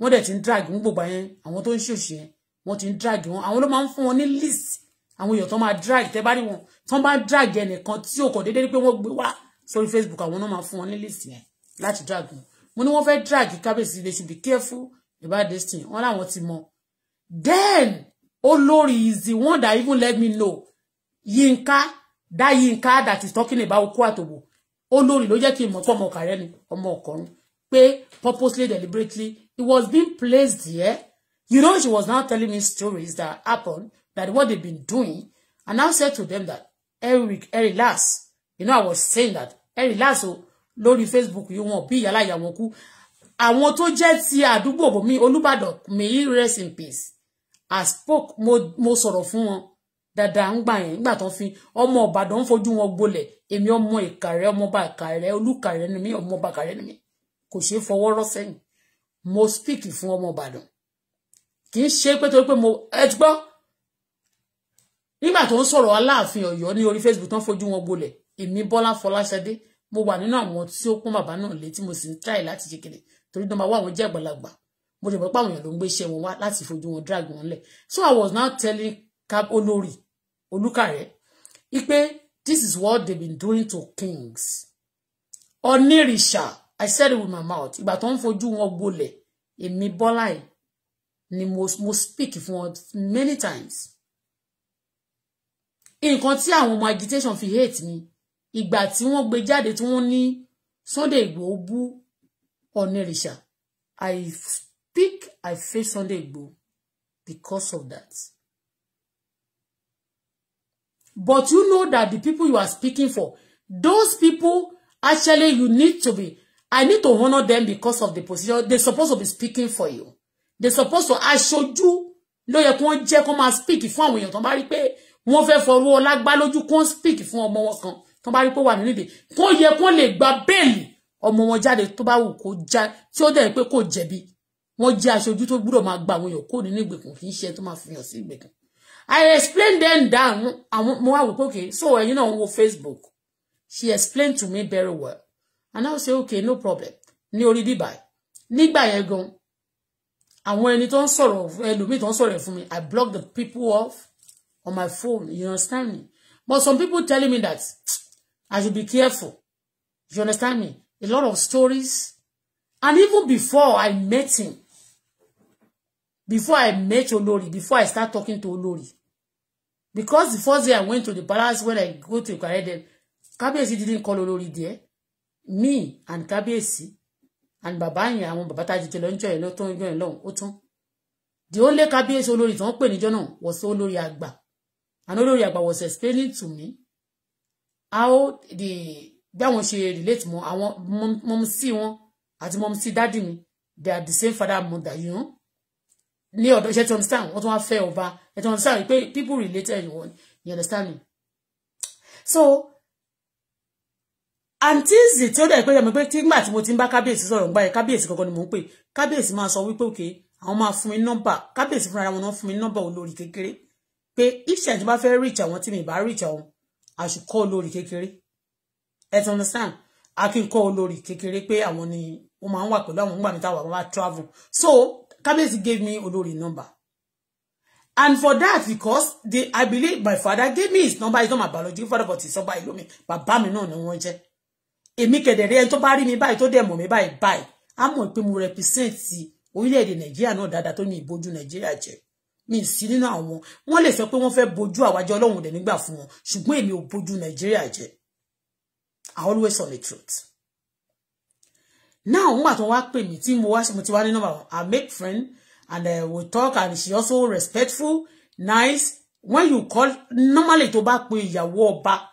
wọ́n dẹ̀ ti ń drag ń gbogbo yẹn àwọn tó ń ṣòṣì yẹn wọ́n ti ń drag wọn àwọn ló máa ń fún wọn ní list àwọn èèyàn tó máa drag tẹ́ bá rí wọn tó bá drag ẹnìkan tí ò kàn déédéé rí pé wọ́n gbé wá sórí Facebook àwọn náà máa fún wọn ní list yẹn láti drag wọn mo ní wọ́n fẹ́ drag kábíyèsí they should be careful about this thing wọn làwọn ti mọ then oh Lord, is the one that even let me know Yinka that Yinka that is talking about Okuatobo olórí ló jẹ́ kí n mọ̀ pé ọmọ ọ̀kàrẹ́ ni ọmọ ọ̀kọ̀run pé purposely deliberately it was being placed there you know she was now telling me stories that happened that what they've been doing and I said to them that Eric Eric last. you know I was saying that Eric last. o oh, Lord, Facebook you wọn be ìyá láyà wọn kú àwọn tó jẹ́ ti àdúgbò mi Olúbàdàn may he rest in peace I spoke mo mo sọ̀rọ̀ fún wọn dáadáa ń gbà yẹn nígbà tó ń fi ọmọ Ìbàdàn ń fojú wọn gbolẹ̀ èmi ọmọ Ìkàrẹ́ ọmọọba Ìkàrẹ́ Olúkàrẹ́ ni mí ọmọọba Ìkàrẹ́ ni mí kò ṣeé fọwọ́ rọ́ sẹ́yìn mo speak fún ọmọ Ìbàdàn kì í ṣe pé torí pé mo ẹ ti gbọ́ nígbà tó ń sọ̀rọ̀ Aláàfin Ọ̀yọ́ ní orí Facebook tó ń fojú wọn gbolẹ̀ èmi Bọ́lá Fọláṣadé mo wà nínú àwọn tí ó pọ́n bàbá náà létí mo sì ń try láti ṣe kiri torí nọ́mbà wà wọ́n jẹ́ àgbàlagbà mo rò pé àwọn èèyàn ló ń gbé iṣẹ́ wọn wá láti fojú wọn drag wọn lẹ̀ so I was now telling cab olórí olùkàrẹ́ ipe this is what they been doing to kings onírìṣà I said it with my mouth ìgbà tó ń fojú wọn gbolẹ̀ èmi bọ́lá yìí ni mo mo speak fún wọn many times nǹkan tí àwọn ọmọ agitation fi hate mi ìgbà tí wọ́n gbé jáde tí wọ́n ní Sunday Igboho bú onírìṣà i speak i face Sunday Igboho because of that but you know that the people you are speaking for those people actually you need to be i need to honor them because of the position they supposed to be speaking for you they supposed to aṣojú ló yẹ kí wọ́n jẹ́ kó máa speak fún àwọn èèyàn tó bá rí pé wọ́n fẹ́ fọwọ́ ọlágbá lójú kó ń speak fún ọmọ wọn kan tó bá rí pé wà nínú ìdè kó yẹ kó lè gba bẹ́ẹ̀lì ọmọ wọn jáde tó bá wù kó já tí ó dẹ̀ pé kò jẹ̀bi wọ́n jẹ́ aṣojú tó gbúdọ̀ máa gba àwọn èèyàn kó nínú ìgbèkùn kì í ṣe tó máa fi hàn sí ìgbèkùn i explain them down àwọn mo wá wò pé okay so ẹ̀yin náà wo facebook she explained to me very well and i say okay no problem ní orí bíbá nígbà yẹn gan àwọn ẹni tó ń sọ̀rọ̀ ẹlòmíì tó ń sọ̀rọ̀ ẹ̀ fún mi i block the people off on my phone you understand me but some people telling me that i should be careful you understand me a lot of stories. And even before I met him, before I met Olori, before I start talking to Olori, because the first day I went to the palace when I go to Ikarede, Kabiyesi didn't call Olori there. Me and Kabiyesi and Baba yẹn àwọn bàbá tá a jẹjẹ lọ ń jọ The only Kabiyesi Olori tí wọ́n pè níjọ́ was Olori Agba. And Olori Agba was explaining to me how the bí àwọn ṣe relate mọ́ àwọn mọmùsí wọn àti mọmùsí dádì mi they are the same father mother you know ní ọ̀dọ̀ iṣẹ́ tí wọ́n understand wọ́n tún wá fẹ́ ọba ẹ̀ tí wọ́n understand pé people related eh, wọn you understand me so àǹtíìsì tí ó dẹ̀ pé ẹ̀mí pé nígbà tí mo ti ń bá kábíyèsí sọ̀rọ̀ ń gbà yẹn kábíyèsí kankan ni mò ń pè kábíyèsí máa sọ wípé òkè àwọn máa fún mi nọ́mbà kábíyèsí fúnra wọn náà fún mi nọ́mbà olórí kékeré pé if ṣàǹtí bá fẹ́ reach àwọn tí mi bá reach àwọn I should call olórí kékeré ẹ ti understand akínkọ́ olórí kékeré pé àwọn ni wọ́n máa ń wà pẹ̀lú àwọn nígbà mi táwọn wá travel so kábíyèsí gave me olórí number and for that because the i believe my father gave me his number he's not my biological father but his son báyìí lómi bàbá mi náà ni wọ́n jẹ́ èmi kẹ̀dẹ̀rẹ́ ẹni tó bá rí mi báyìí tó dẹ̀ mọ̀ mi báyìí báyìí á mọ̀ pé mo represent orílẹ̀-èdè nàìjíríà náà dáadáa tó ní ìbojú nàìjíríà jẹ́ mi sí nínú àwọn wọ́n lè sọ pé wọ́n fẹ́ bojú àwájọ ọlọ́run dẹ̀ nígbà fún wọn ṣùgbọ́n èmi ò bojú nàìjíríà jẹ́ I always on the truth now when I wá pè mí tí mo wá mo ti wá i make friend and uh, we talk and she also respectful nice when you call normally tó bá pe ìyàwó ọba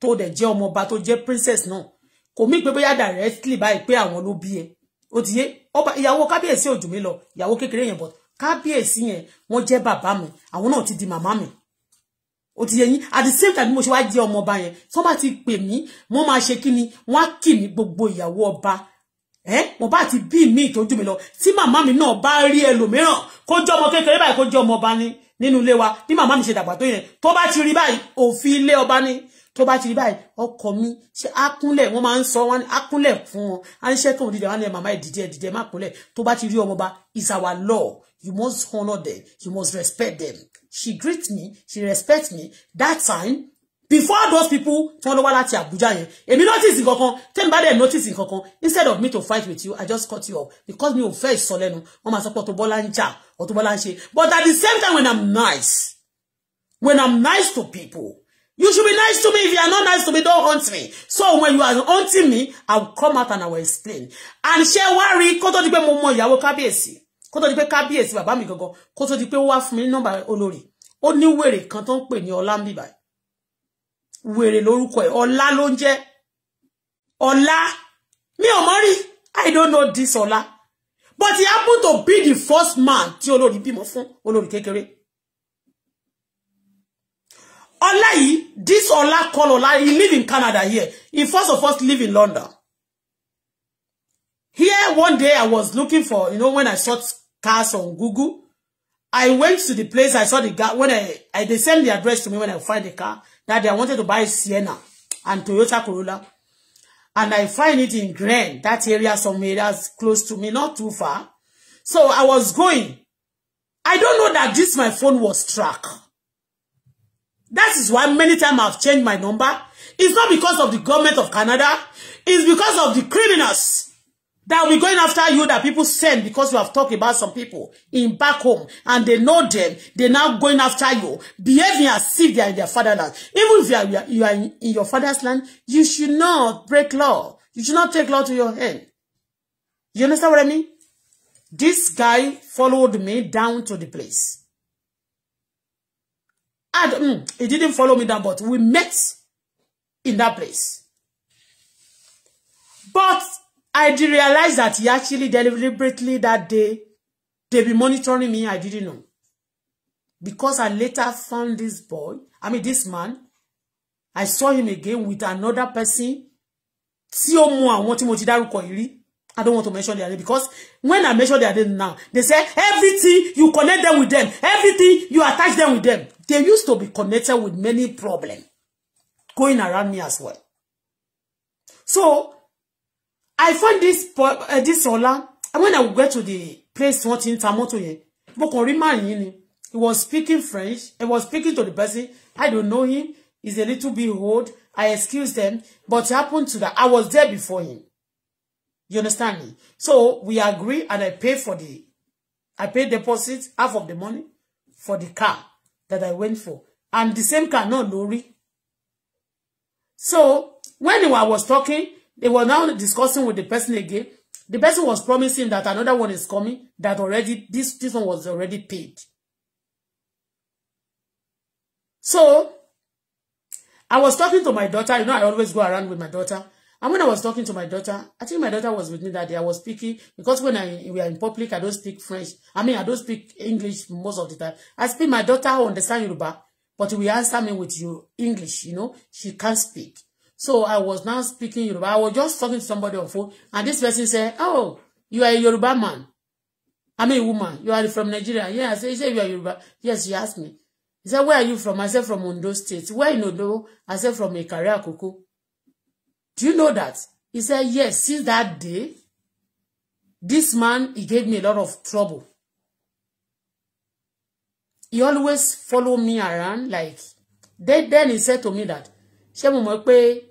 tó dẹ̀ jẹ́ ọmọ ọba to jẹ́ princess no. Come mí people bóyá directly báyìí pé àwọn ló bí ẹ ó ti yé ọba ìyàwó kábíyèsí ò jù mí lọ ìyàwó kékeré yẹn but kábíyèsí yẹn wọ́n jẹ́ bàbá mi àwọn náà ti di màmá mi ó ti yé yín at the same time mo ṣe wá jẹ́ ọmọ ọba yẹn tó bá ti pè mí wọ́n máa ṣe kí ni wọ́n á kì mí gbogbo ìyàwó ọba ẹ mo bá ti bí mi ìtọ́jú mi lọ tí màmá mi náà bá rí ẹlòmíràn kó jẹ́ ọmọ kékeré báyìí kó jẹ́ ọmọ ọba ni nínú ilé wa bí màmá mi ṣe dàgbà tó yẹn tó bá ti rí báyìí òfin ilé ọba ni tó bá ti rí báyìí ọkọ mi ṣe ákúnlẹ̀ wọ́n máa ń sọ wọ́n ákúnlẹ̀ fún wọn à ń ṣẹ́ tóun dídẹ wọn ni màmá ìdíje ìdíje má kúnlẹ̀ tó bá ti rí ọmọ ọba is our law you must honour them you must respect them she greet me she respect me that time before those people turn over lọ wá láti Abuja yẹn èmi notice in kan tẹ́mi bá dẹ̀ notice in kan instead of me to fight with you I just cut you off because me ò very solemn. lẹ́nu wọ́n máa sọ pé or to ń jà but at the same time when I'm nice when I'm nice to people you should be nice to me if you are not nice to me don't haunt me so when you are haunting me I will come out and I will explain and she worry. Koto kó tó di pé mo mọ ìyàwó kábíyèsí kó tó di pé kábíyèsí bàbá mi gangan kó di pé ó wá fún mi ó ní wèrè kan tó ń pè ní ọlá ń bì báyìí wèrè lórúkọ ẹ̀ ọlá ló ń jẹ́ ọlá mi ò mọ̀ rí i don't know this ọlá but he happened to be the first man tí olórí bímọ fún olórí kékeré ọlá yìí this ọlá call ọlá he live in Canada here he first of all live in London here one day I was looking for you know when I search cars on Google I went to the place. I saw the guy. When I, I they sent the address to me when I find the car that they wanted to buy Sienna and Toyota Corolla, and I find it in Grand that area, some areas close to me, not too far. So I was going. I don't know that this my phone was struck. That is why many times I've changed my number. It's not because of the government of Canada. It's because of the criminals that will be going after you that people send because you have talked about some people in back home and they know them. They're now going after you, behaving as if they are in their fatherland. Even if you are, you are in, in your father's land, you should not break law. You should not take law to your hand. You understand what I mean? This guy followed me down to the place. And mm, he didn't follow me down, but we met in that place. But I did realize that he actually deliberately that day, they be monitoring me. I didn't know. Because I later found this boy, I mean this man, I saw him again with another person. Tí ó I don't want to mention their name because when I mention their name now, they say everything you connect them with them, everything you attach them with them. They used to be connected with many problems going around me as well. So I found this uh, this Ola. And when I would go to the place wanting Tamoto yẹn, mo kàn rí man He was speaking French. He was speaking to the person. I don't know him. He's a little bit old. I excuse them. But it happened to that. I was there before him. You understand me? So we agree and I pay for the, I pay deposit, half of the money for the car that I went for. And the same car, not lorry. So when I was talking, They were now discussing with the person again. The person was promising that another one is coming, that already, this, this one was already paid. So, I was talking to my daughter. You know, I always go around with my daughter. And when I was talking to my daughter, I think my daughter was with me that day. I was speaking because when I we are in public, I don't speak French. I mean, I don't speak English most of the time. I speak my daughter understand Yoruba, but we answer me with you English. You know, she can't speak. So I was now speaking Yoruba. I was just talking to somebody on phone, and this person said, "Oh, you are a Yoruba man. I mean, woman. You are from Nigeria." Yeah, I said, "You say you are Yoruba." Yes, she asked me. He said, "Where are you from?" I said, "From Ondo State." Where in Ondo? I said, "From Ikaria Koko." Do you know that? He said, "Yes." Since that day, this man he gave me a lot of trouble. He always follow me around like. Then, he said to me that, "Ṣé mo mọ̀ pé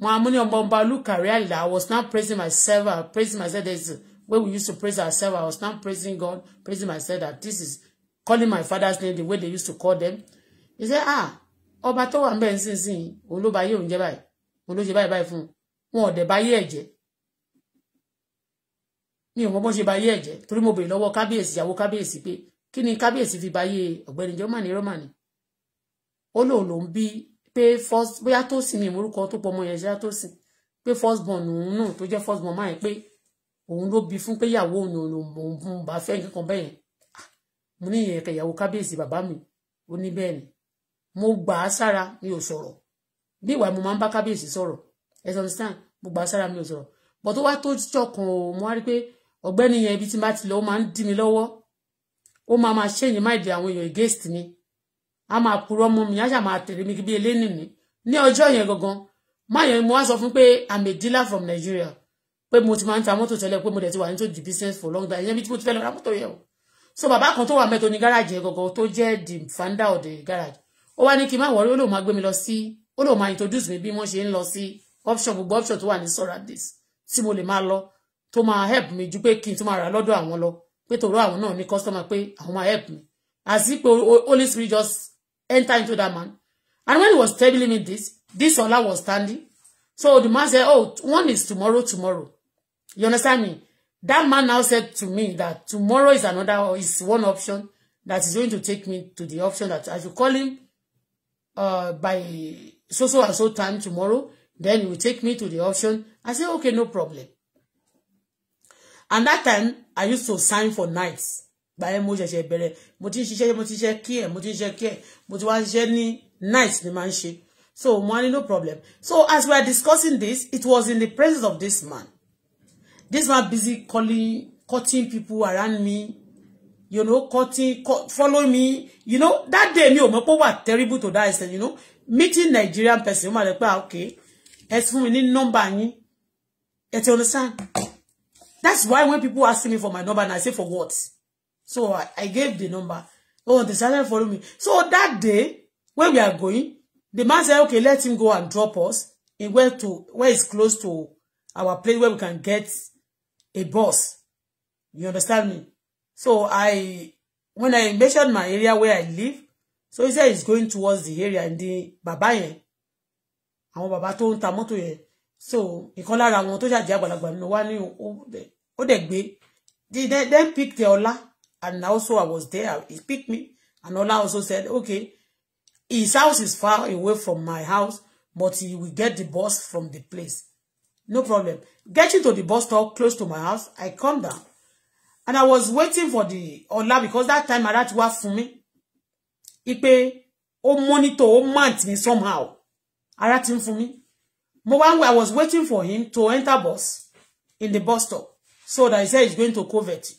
Mwamuni Ombomba Lukaria, I was not praising myself, I was praising myself. There's where we used to praise ourselves. I was not praising God, praising myself that this is calling my father's name the way they used to call them. He said, ah, ọba tó wà ń bẹ̀ ń sìn sìn òun ló ba ayé òun jẹ́ báyìí òun ló ṣe báyìí báyìí fún un wọn ò dẹ̀ ba ayé ẹ̀ jẹ́ mi ò mọ bó ba ayé ẹ̀ jẹ́ mo bèrè lọ́wọ́ kábíyèsí ìyàwó kábíyèsí pé kí ni fi ba ayé ọ̀gbẹ́ni Germany Romani ó lóun lòún bí pé first bóyá tó sì ní orúkọ tó pọ̀ ọmọ yẹn ṣáà tó sì pé first born òun náà tó jẹ́ first born máa yẹn pé òun ló bí fún pé ìyàwó òun òun bá fẹ́ nǹkan bẹ́yẹn ah, mo ní ìyẹn kẹyàwó kábíyèsí bàbá mi ó ní bẹ́ẹ̀ ni mo gbà á sára mi ò sọ̀rọ̀ bí ìwà mo máa ń bá kábíyèsí sọ̀rọ̀ ẹ sọ understand mo gbà á sára mi ò sọ̀rọ̀ bọ̀ tó wá tó jọkàn o mo wá rí pé ọ̀gbẹ́ni yẹn ibi tí má ti lọ ó máa ń dí mi lọ́wọ́ ó máa máa ṣẹ́yìn máìdí àwọn èèyàn against mi a máa purọ́ mú mi a ṣà máa tẹ̀lé mi bí eléni ni ní ọjọ́ yẹn gangan máyọ̀ mo wá sọ fún pé i'm a dealer from Nigeria pé mo ti máa ń ta mọ́tò tẹ́lẹ̀ pé mo dẹ̀ ti wà nítorí the business for long time ìyẹn bí tí mo ti fẹ́ lọ ra mọ́tò yẹn o so bàbá kan tó wà mẹ́tò ní gáràjì yẹn gangan tó jẹ́ the founder of the garage ó wá ní kí n má wọrí ó lóun máa gbé mi lọ sí ó lóun máa introduce mi bí wọ́n ṣe ń lọ sí option gbogbo option tó wà ní surroundings tí mo lè máa lọ tó máa help mi ju pé kí n tó máa rà lọ́dọ̀ àwọn lọ pé tòró àwọn náà ní customer pé àwọn máa help me àti pé holy spirit just enter into that man. And when he was telling me this, this Ola was standing. So the man said, oh, one is tomorrow, tomorrow. You understand me? That man now said to me that tomorrow is another, is one option that is going to take me to the option that I should call him uh, by so so and so time tomorrow. Then he will take me to the option. I said, okay, no problem. And that time, I used to sign for nights gbà mo ṣẹ̀ṣẹ̀ bẹ̀rẹ̀ mo ti ń ṣiṣẹ́ mo ti ṣe kí ẹ̀ mo ti ń ṣe kí ẹ̀ mo ti wá ń ṣiṣẹ́ ní night ni máa ń ṣe so mo á ní no problem so as we are discussing this it was in the presence of this man this man busy calling cutting people around me you know cutting cut, follow me you know that day mi ò mọ̀ pé ó wà terrible to die. you know meeting Nigerian person ó máa lè pé ah, okay ẹ fún mi ní nọ́mbà yín ẹ ti understand that's why when people ask me for my number and I say for what. So I, I gave the number. Oh, they started following me. So that day, when we are going, the man said, okay, let him go and drop us He went to where is close to our place where we can get a bus. You understand me? So I when I measured my area where I live, so he said he's going towards the area and the bàbá yẹn. Àwọn bàbá tó ń ta mọ́tò yẹn. So ìkan lára àwọn tó ṣàjẹ́ àgbàlagbà nínú wa ní ó dẹ̀ gbé. They then picked the ọlá. And also I was there. He picked me. And Ola also said, okay, his house is far away from my house, but he will get the bus from the place. No problem. Getting to the bus stop close to my house, I come down. And I was waiting for the Ola because that time I Ara ti wá fún mi. Ipe, ó monitor, ó mount me somehow. Ara ti ń fún mi. Mo wá, I was waiting for him to enter bus in the bus stop. So that he said he's going to Coventry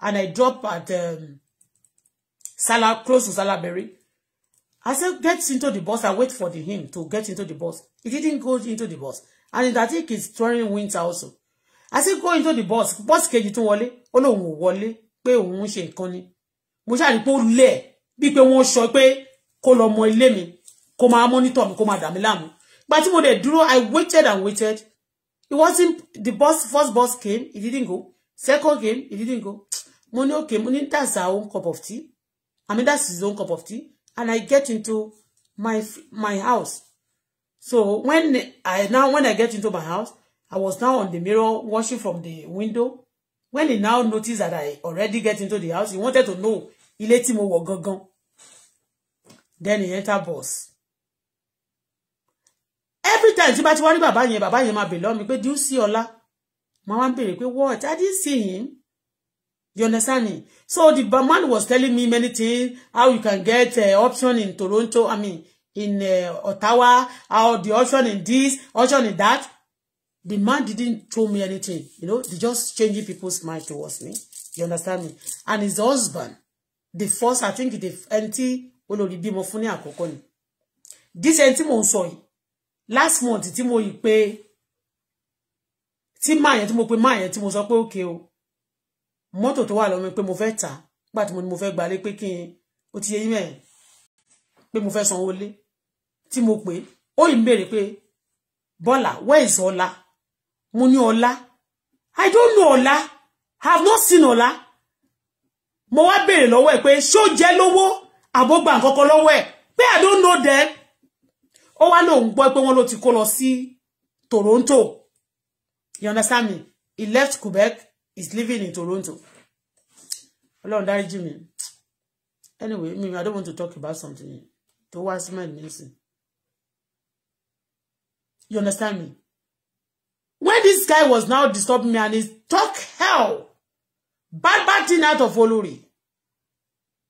and I drop at um, Sala, close to Salaberry. I said, get into the bus. I wait for the, him to get into the bus. He didn't go into the bus. And I think it's during winter also. I said, go into the bus. Bus kejì to wọlé. Ó lóun ò wọlé. Pé òun ṣe nǹkan ni. Mo ṣáà rí pé ó lẹ̀. Bí pé wọ́n sọ pé kó lọ monitor mi. Kó máa dà mí But tí mo dẹ̀ I waited and waited. It wasn't, the bus, first bus came. It didn't go. Second came. It didn't go mo ní okay mo ní that's our own cup of tea I mean that's his own cup of tea and I get into my my house so when I now when I get into my house I was now on the mirror watching from the window when he now noticed that I already get into the house he wanted to know ilé tí mo wọ̀ gangan then he enter bus every time tí bá ti wá rí bàbá yẹn bàbá yẹn máa bè lọ́ pé do you see Ọlá màá wá ń bèrè pé what I didn't see him You understand me? So the man was telling me many things, how you can get uh, option in Toronto, I mean, in uh, Ottawa, how the option in this, option in that. The man didn't tell me anything. You know, they just changing people's mind towards me. You understand me? And his husband, the first, I think, the auntie oloribimo fún ní àkọ́kọ́ ni. This auntie mo ń last month tí mo yìí pé, tí máa yẹn tí mo pe máa yẹn tí mo sọ pé okay mọ́tò tó wà lọ́wọ́ mi pé mo fẹ́ tà nígbà tí mo ní mo fẹ́ gbalé pé kí n ó ti yẹ yín pe, pé mo fẹ́ sanwó lé tí mo pè ó yìí ń béèrè pé where is Ọlá mo ní Ọlá I don't know Ọlá I have not seen Ọlá mo wá béèrè lọ́wọ́ ẹ̀ pé ṣó jẹ́ lówó àbógbà kọ́kọ́ lọ́wọ́ ẹ̀ pé I don't know them ó wá lóun gbọ́ pé wọ́n ló ti kó lọ sí Toronto you understand me he left Quebec is living in Toronto Ọlọ́run dáríjì Jimmy. anyway I don't want to talk about something tó wá sí mẹ́rin nísìn you understand me when this guy was now disturbing me and he talk hell bad bad thing out of Olori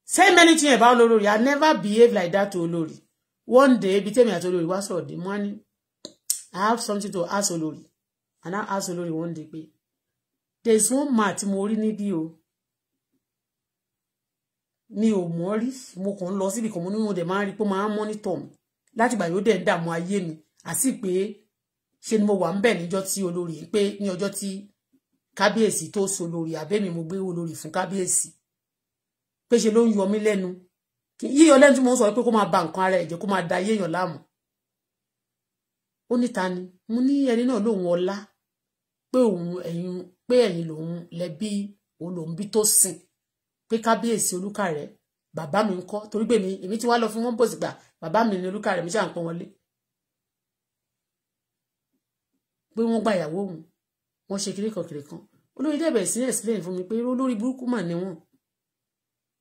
say many things about Olori I never behave like that to Olori one day ibi tẹ́mi àti Olori wá sọ̀rọ̀ dé mo á ní I have something to ask Olori and I ask Olori one day pé there is one man tí mo rí níbí o mi ò mọ̀ rí mo kàn ń lọ síbi kan mo ní mo dẹ̀ máa ń rí pé máa ń mọ́nítọ̀ mi látìgbà yóò dẹ̀ ń dààmú ayé mi àti pé ṣe ni mo wà ń bẹ̀ níjọ́ tí olórí pé ní ọjọ́ tí kábíyèsí tó so olórí àbẹ́mi mo gbé olórí fún kábíyèsí pé ṣe ló ń yọ mí lẹ́nu yíyọ lẹ́nu tí mo ń sọ pé kó máa ba nǹkan ara ẹ̀ jẹ́ kó máa da ayé èèyàn láàmú ó níta mo ní ẹni náà lóun ọlá pé òun ẹ̀yin pé ẹ̀yin lòun lẹ́bí òun lòun bí tó sìn pé kábíyèsí olúkà rẹ̀ bàbá mi ń kọ́ torí pé mi èmi ti wá lọ fún wọn bòsì gbà bàbá mi ní olúkà rẹ̀ mi ṣáà ń pọ́n wọlé pé wọ́n gba ìyàwó òun wọ́n ṣe kiri kan kan olórí dẹ̀bẹ̀ sí explain fún mi pé irú olórí burúkú mà ni wọ́n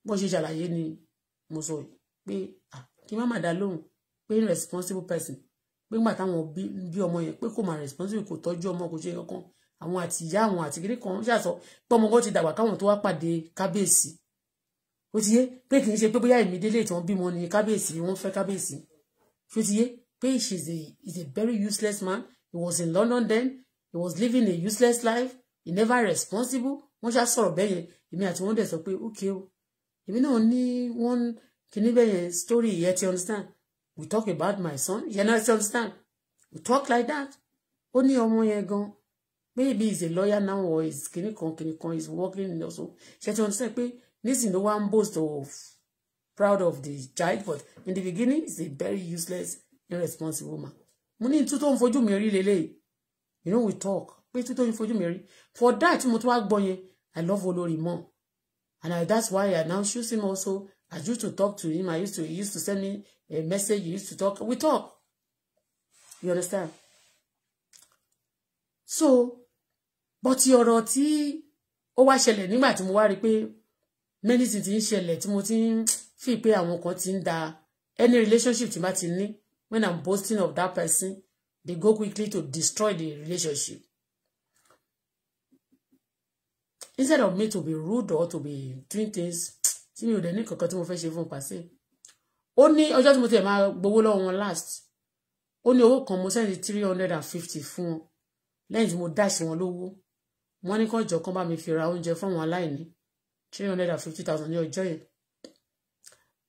bọ́n ṣe ṣàlàyé ni mo sọ pé kí má má dá lóhùn pé irresponsible person pé ńgbà táwọn bí ọmọ yẹn pé kò má responsible kò tọ́jú ọmọ kò ṣe kankan àwọn àtìyá àwọn àtìkiri kan ṣàṣọ pọmọ kan ti dàgbà káwọn tó wá pàdé kábíyèsí ó ti yé pé kì í ṣe pé bóyá èmi délé ìtàn bímọ ni kábíyèsí wọ́n fẹ́ kábíyèsí ó ti yé pé she is a is a very useless man he was in London then he was living a useless life he never responsible wọ́n ṣá sọ̀rọ̀ bẹ́ẹ̀ yẹn èmi àti wọ́n dẹ̀ sọ pé ok o èmi náà ní wọ́n kìíní bẹ́ẹ̀ yẹn story yẹn ti understand we talk about my son yẹn náà ti understand we talk like that ó ní ọmọ yẹn gan-an maybe he's a lawyer now or he's kìnìkan kìnìkan he's working in also ṣe ti understand pé nísìnyí ló wá ń boast of proud of the child but in the beginning he's a very useless irresponsible woman mo ní tútó ń fojú mi rí lele. you know we talk pé tútó ń fojú mi rí for that mo tún wá gbọ́ yẹn I love olórí mọ́ and I, that's why I now choose him also I used to talk to him I used to he used to send me a message he used to talk we talk you understand so bọ́tí ọ̀rọ̀ tí ó wá ṣẹlẹ̀ nígbà tí mo wá rí pé many things ti ń ṣẹlẹ̀ tí mo ti ń fi pé àwọn kan ti ń da any relationship tí n bá ti ní when i'm boasting of that person they go quickly to destroy the relationship instead of me to be rude or to be doing things tí mi ò dẹ̀ ní kankan tí mo fẹ́ ṣe fún pàṣẹ ó ní ọjọ́ tí mo tiẹ̀ máa gbowó lọ́wọ́ wọn last ó ní owó kan mo sẹ́ni three hundred and fifty fún wọn lẹ́yìn tí mo dáṣì wọn lówó wọ́n ní kàn jọ kán bá mi fi ra oúnjẹ fáwọn aláìní three hundred and fifty thousand ní ọjọ́ yẹn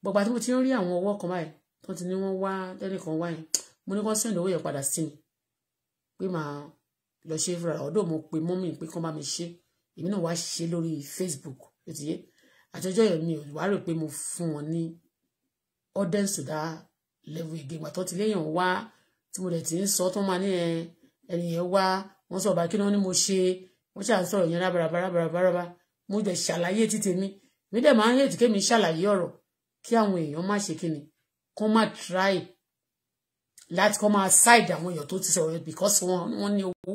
bọ̀gbà tí mo ti ń rí àwọn ọwọ́ kan báyìí tó ti ní wọ́n wá lẹ́nìkan wá yẹn mo ní kàn send owó yẹn padà sí mi pé màá lọ ṣe é fúnra ọ̀dọ̀ mo pe mọ́mì pé kán bá mi ṣe èmi náà wá ṣe lórí Facebook ètìyé àtọjọ́ yẹn mi ò wá rò pé mo fún wọn ní audience to that level ìgbìmọ̀ tó ti léèyàn wá tí mo dẹ̀ ti ń sọ tó máa ní ẹnìyẹn wá wọ́n sọ ọba kí ni wọ́n ní mo ṣe wọ́n ṣáà ń sọ̀rọ̀ yẹn rábàràbàràbàràbà mo jẹ́ ṣàlàyé ti tèmi èmi dẹ̀ máa ń yẹ̀tù kémi ṣàlàyé ọ̀rọ̀ kí àwọn èèyàn má ṣe kíni kó má try láti kó máa side àwọn èèyàn tó ti sọ̀rọ̀ yẹn because wọ́n ní owó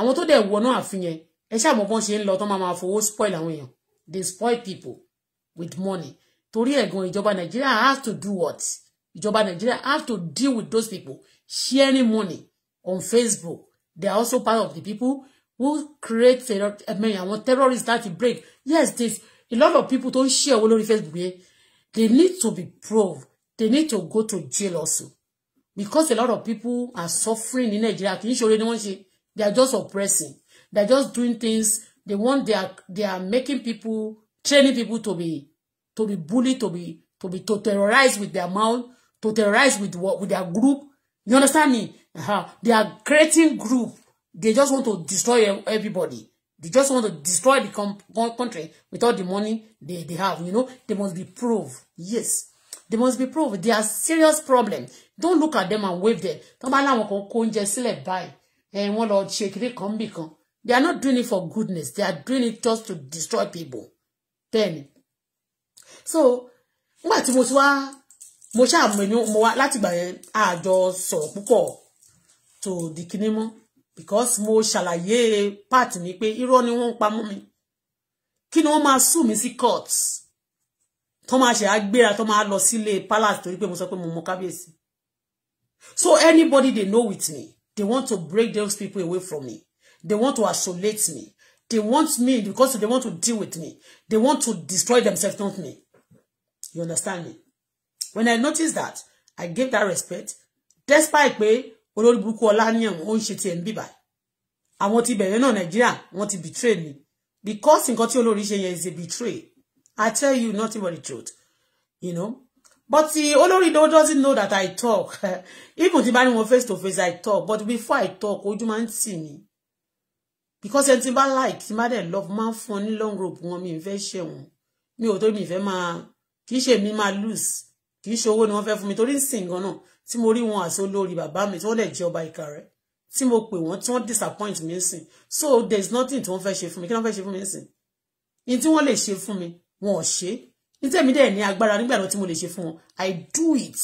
àwọn tó dẹ̀ wọnú ààfin yẹn ẹ ṣáà mọ̀ bọ́n ṣe ń lọ tán máa máa fowó spoil àwọn èèyàn they spoil people with money torí ẹ̀gan ìjọba nàìjíríà have to do what ìjọba nàìjíríà have to deal with those people sharing money on Facebook they are also part of the people who create I mean, àwọn terrorists láti break yes this a lot of people tó share ṣe owó lórí Facebook yẹn they need to be proved they need to go to jail also because a lot of people are suffering in Nigeria kì í ṣoore ni wọ́n ṣe they are just oppressing they are just doing things they want they are they are making people training people to be to be bully to be to be to terrorize with their mouth to terrorize with with their group you understand me uh -huh. they are creating group They just want to destroy everybody. They just want to destroy the country with all the money they, they have. You know, they must be proved. Yes. They must be proved. They are serious problem. Don't look at them and wave them. Tán bá láwọn kan kó oúnjẹ sílẹ̀ báyìí. Ẹ wọ́n lọ ṣe kiri kan They are not doing it for goodness. They are doing it just to destroy people. Then, So, nígbà tí mo ti wá, mo ṣáà mo wá láti gbà yẹn àjọ sọ̀rọ̀ púpọ̀ tó di kinní mọ́ because mo ṣàlàyé part mi pé irọ́ ni wọ́n ń pa mú mi kí ni wọ́n máa sùn mí sí court tó máa ṣe àgbéra tó máa lọ sílé palace torí pé mo sọ pé mo mọ kábíyèsí so anybody they know with me they want to break those people away from me they want to isolate me they want me because they want to deal with me they want to destroy themselves not me you understand me when I noticed that I gave that respect despite pé olórí burúkú ọláníyàn ó ń ṣe tiẹ̀ ń bìbà àwọn ti bẹ̀rẹ̀ náà nàìjíríà wọ́n ti betray mi because nǹkan tí olórí ṣe yẹn is a betray i tell you nothing but the truth you know but olórí no doesn't know that i talk even tí bá ní wọn face to face i talk but before i talk ojú máa ń tì mí because ẹni tí bá like tí má dẹ̀ love máa ń fún ọ ní long rope wọn mi ìfẹ́ ṣe wọn mi ò tó mi ìfẹ́ máa kì í ṣe mi máa lose kì í ṣe owó ni wọ́n fẹ́ fún mi torí ń sìn gan náà tí mo rí wọn àti olórí bàbá mi tí wọ́n dẹ̀ jẹ́ ọba Ìkàrẹ́ tí mo pè wọ́n tí wọ́n disappoint mi sìn so there is nothing tí wọ́n fẹ́ ṣe fún mi kí wọ́n fẹ́ ṣe fún mi sìn ní tí wọ́n lè ṣe fún mi wọn ò ṣe ní tẹ̀mí dẹ̀ ní agbára nígbà tí mo lè ṣe fún wọn I do it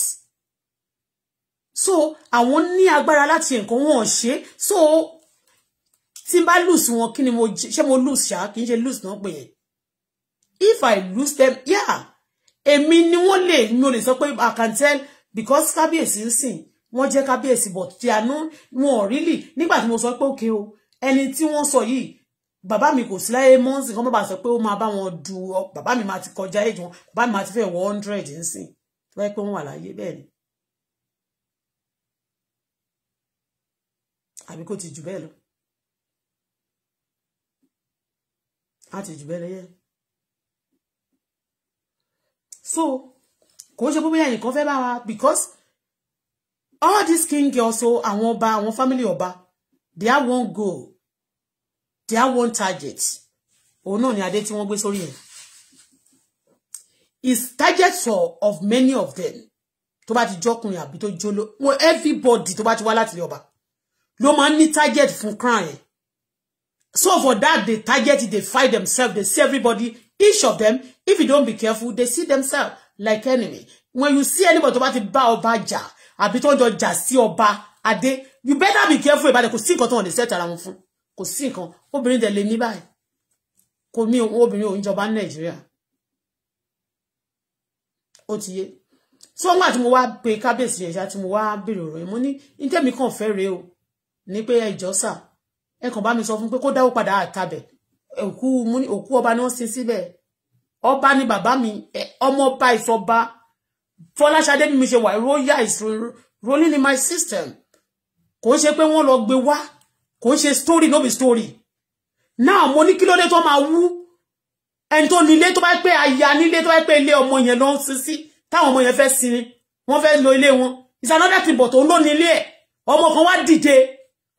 so àwọn ní agbára láti ṣe nǹkan wọn ò ṣe so tí n bá lose wọn kí ni mo ṣe mo lose ṣá kì í ṣe lose náà pè yẹn if I lose them yeah èmi ni wọ́n lè mi ò lè sọ pé I can tell because kábíyèsí ń sìn wọ́n jẹ́ kábíyèsí but ti àánú wọn ò rílì nígbà tí mo sọ pé òkè o ẹni tí wọ́n sọ yìí bàbá mi kò sí láyé mọ́ǹsì kan bàbá sọ pé ó máa bá wọn du bàbá mi máa ti kọjá èjì wọn bàbá mi máa ti fẹ́ wọ hundred ń sìn tó bá yẹ wà láyé bẹ́ẹ̀ ni àbí kò ti jù bẹ́ẹ̀ lọ á ti jù bẹ́ẹ̀ lọ yẹ so kò ń ṣe bóyá nǹkan fẹ́ bá wa because all these king girls o àwọn ọba àwọn family ọba they have one goal they have one target òun náà ni adé tí wọ́n gbé sórí yẹn is target for of many of them tó bá ti jọkùnrin àbí tó jóló wọn everybody tó bá ti wá láti ilé ọba ló máa ń ní target fún crown yẹn so for that they target they fight themselves they see everybody each of them if you don't be careful they see themselves like enemy when you see anybody tó bá buy bá ọba jà àbí tó ń jọ or buy a day. you better be careful about it kò sí nǹkan tó wọn lè set around wọn fún sink on. Who bring the lè by? báyìí kò Who bring you in ní nàìjíríà ó So I'm going to gbà tí mo wá pe kábíyèsí yẹn ṣá tí mo wá béèrè ọ̀rọ̀ yẹn mo ní ntẹ́mi kàn fẹ́ rèé o ní pé ẹjọ́ sà ẹ kàn bá mi sọ fún pé kó dáwó padà àtàbẹ̀ òkú ọba ni ọba ni bàbá mi ọmọọba ìsọba Fọláṣadé bí mi ṣe wà royal is rolling in my system kò ń ṣe pé wọ́n lọ gbé wá kò story no be story now mo ní kí ló dé tó máa wú to tó nílé tó bá pé aya nílé tó bá pé ilé ọmọ yẹn ló ń sin sí táwọn ọmọ yẹn fẹ́ sin wọ́n fẹ́ lo ilé wọn it's another thing but òun ló nílé ẹ̀ ọmọ kan wá dìde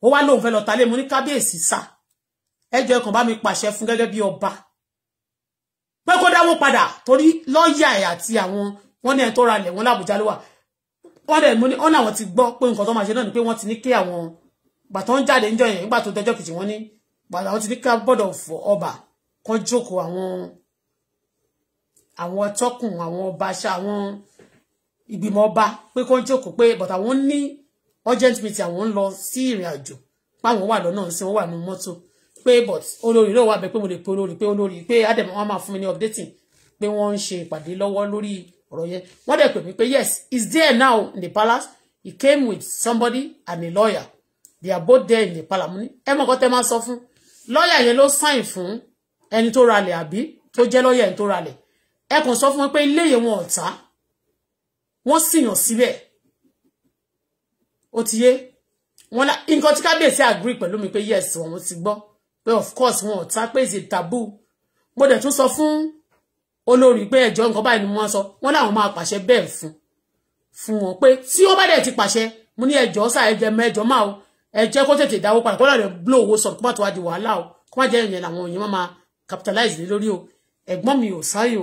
wa wá lóun fẹ́ lọ talé mo ní kábíyèsí sà ẹjọ́ ẹ̀kan bá mi pàṣẹ fún gẹ́gẹ́ bí ọba pé kó dáwó padà torí lọ́ọ̀yà ẹ̀ àti àwọn wọn ní ẹ̀ tó ra lẹ̀ wọn lábùjá ló wà wọn dẹ̀ mú ní ọ́nà àwọn ti gbọ́ pé nǹkan tó máa ṣe náà ni pé wọ́n ti ní kí àwọn gbàtàn jáde ń jọ nígbà tó dọjọ́ kejì wọ́n ní gbàtà wọ́n ti ní ká bọ́dọ̀ fọ ọba kan jókòó àwọn àwọn tọkùn àwọn ọba ṣá àwọn ìgbìmọ̀ ọba pé kan jókòó pé but àwọn ní urgent meeting àwọn ń lọ sí ìrìn àjò páwọn wà lọ́nà sí wọn wà nínú mọ́tò pé but olórí ló wà bẹ́ẹ̀ pé mo lè pe olórí pé olórí pé adam wọn máa fún mi ní updating pé wọ́n ń ṣe ìpàdé lọ́wọ́ lórí ọ̀rọ̀ yẹn wọ́n dẹ̀ pè mí pé yes Is there now in the palace he came with somebody and a lawyer they are both there in the palace mo ní ẹ mọ̀ kọ́ tẹ́ máa sọ fún lọ́ọ̀yà yẹn ló sign fún ẹni tó ralẹ̀ àbí tó jẹ́ lọ́ọ̀yà ẹni tó ralẹ̀ ẹ kàn sọ fún wọn pé ilé yẹn wọn ọ̀tá wọ́n sìyàn síbẹ̀ ó ti yé wọn nǹkan tí kábíyèsí agree pẹ̀lú mi pé yes wọn ti gbọ́ but of course wọn ò ta pé it's a taboo mo dẹ̀ tún sọ fún olórí pé ẹjọ́ nǹkan báyìí ni wọ́n sọ wọ́n láwọn máa pàṣẹ bẹ́ẹ̀ fún fún wọn pé tí ó bá dẹ̀ ti pàṣẹ mo ní ẹjọ́ sáà ẹjẹ mẹ́jọ máa o ẹjẹ́ kó tètè dáwó padà kó lọ́ọ̀rẹ́ blow owó sọ̀rọ̀ kó má tó wá di wàhálà o kó má jẹ́ ìyẹn làwọn èèyàn máa capitalize lé lórí o ẹ̀gbọ́n mi ò sáyò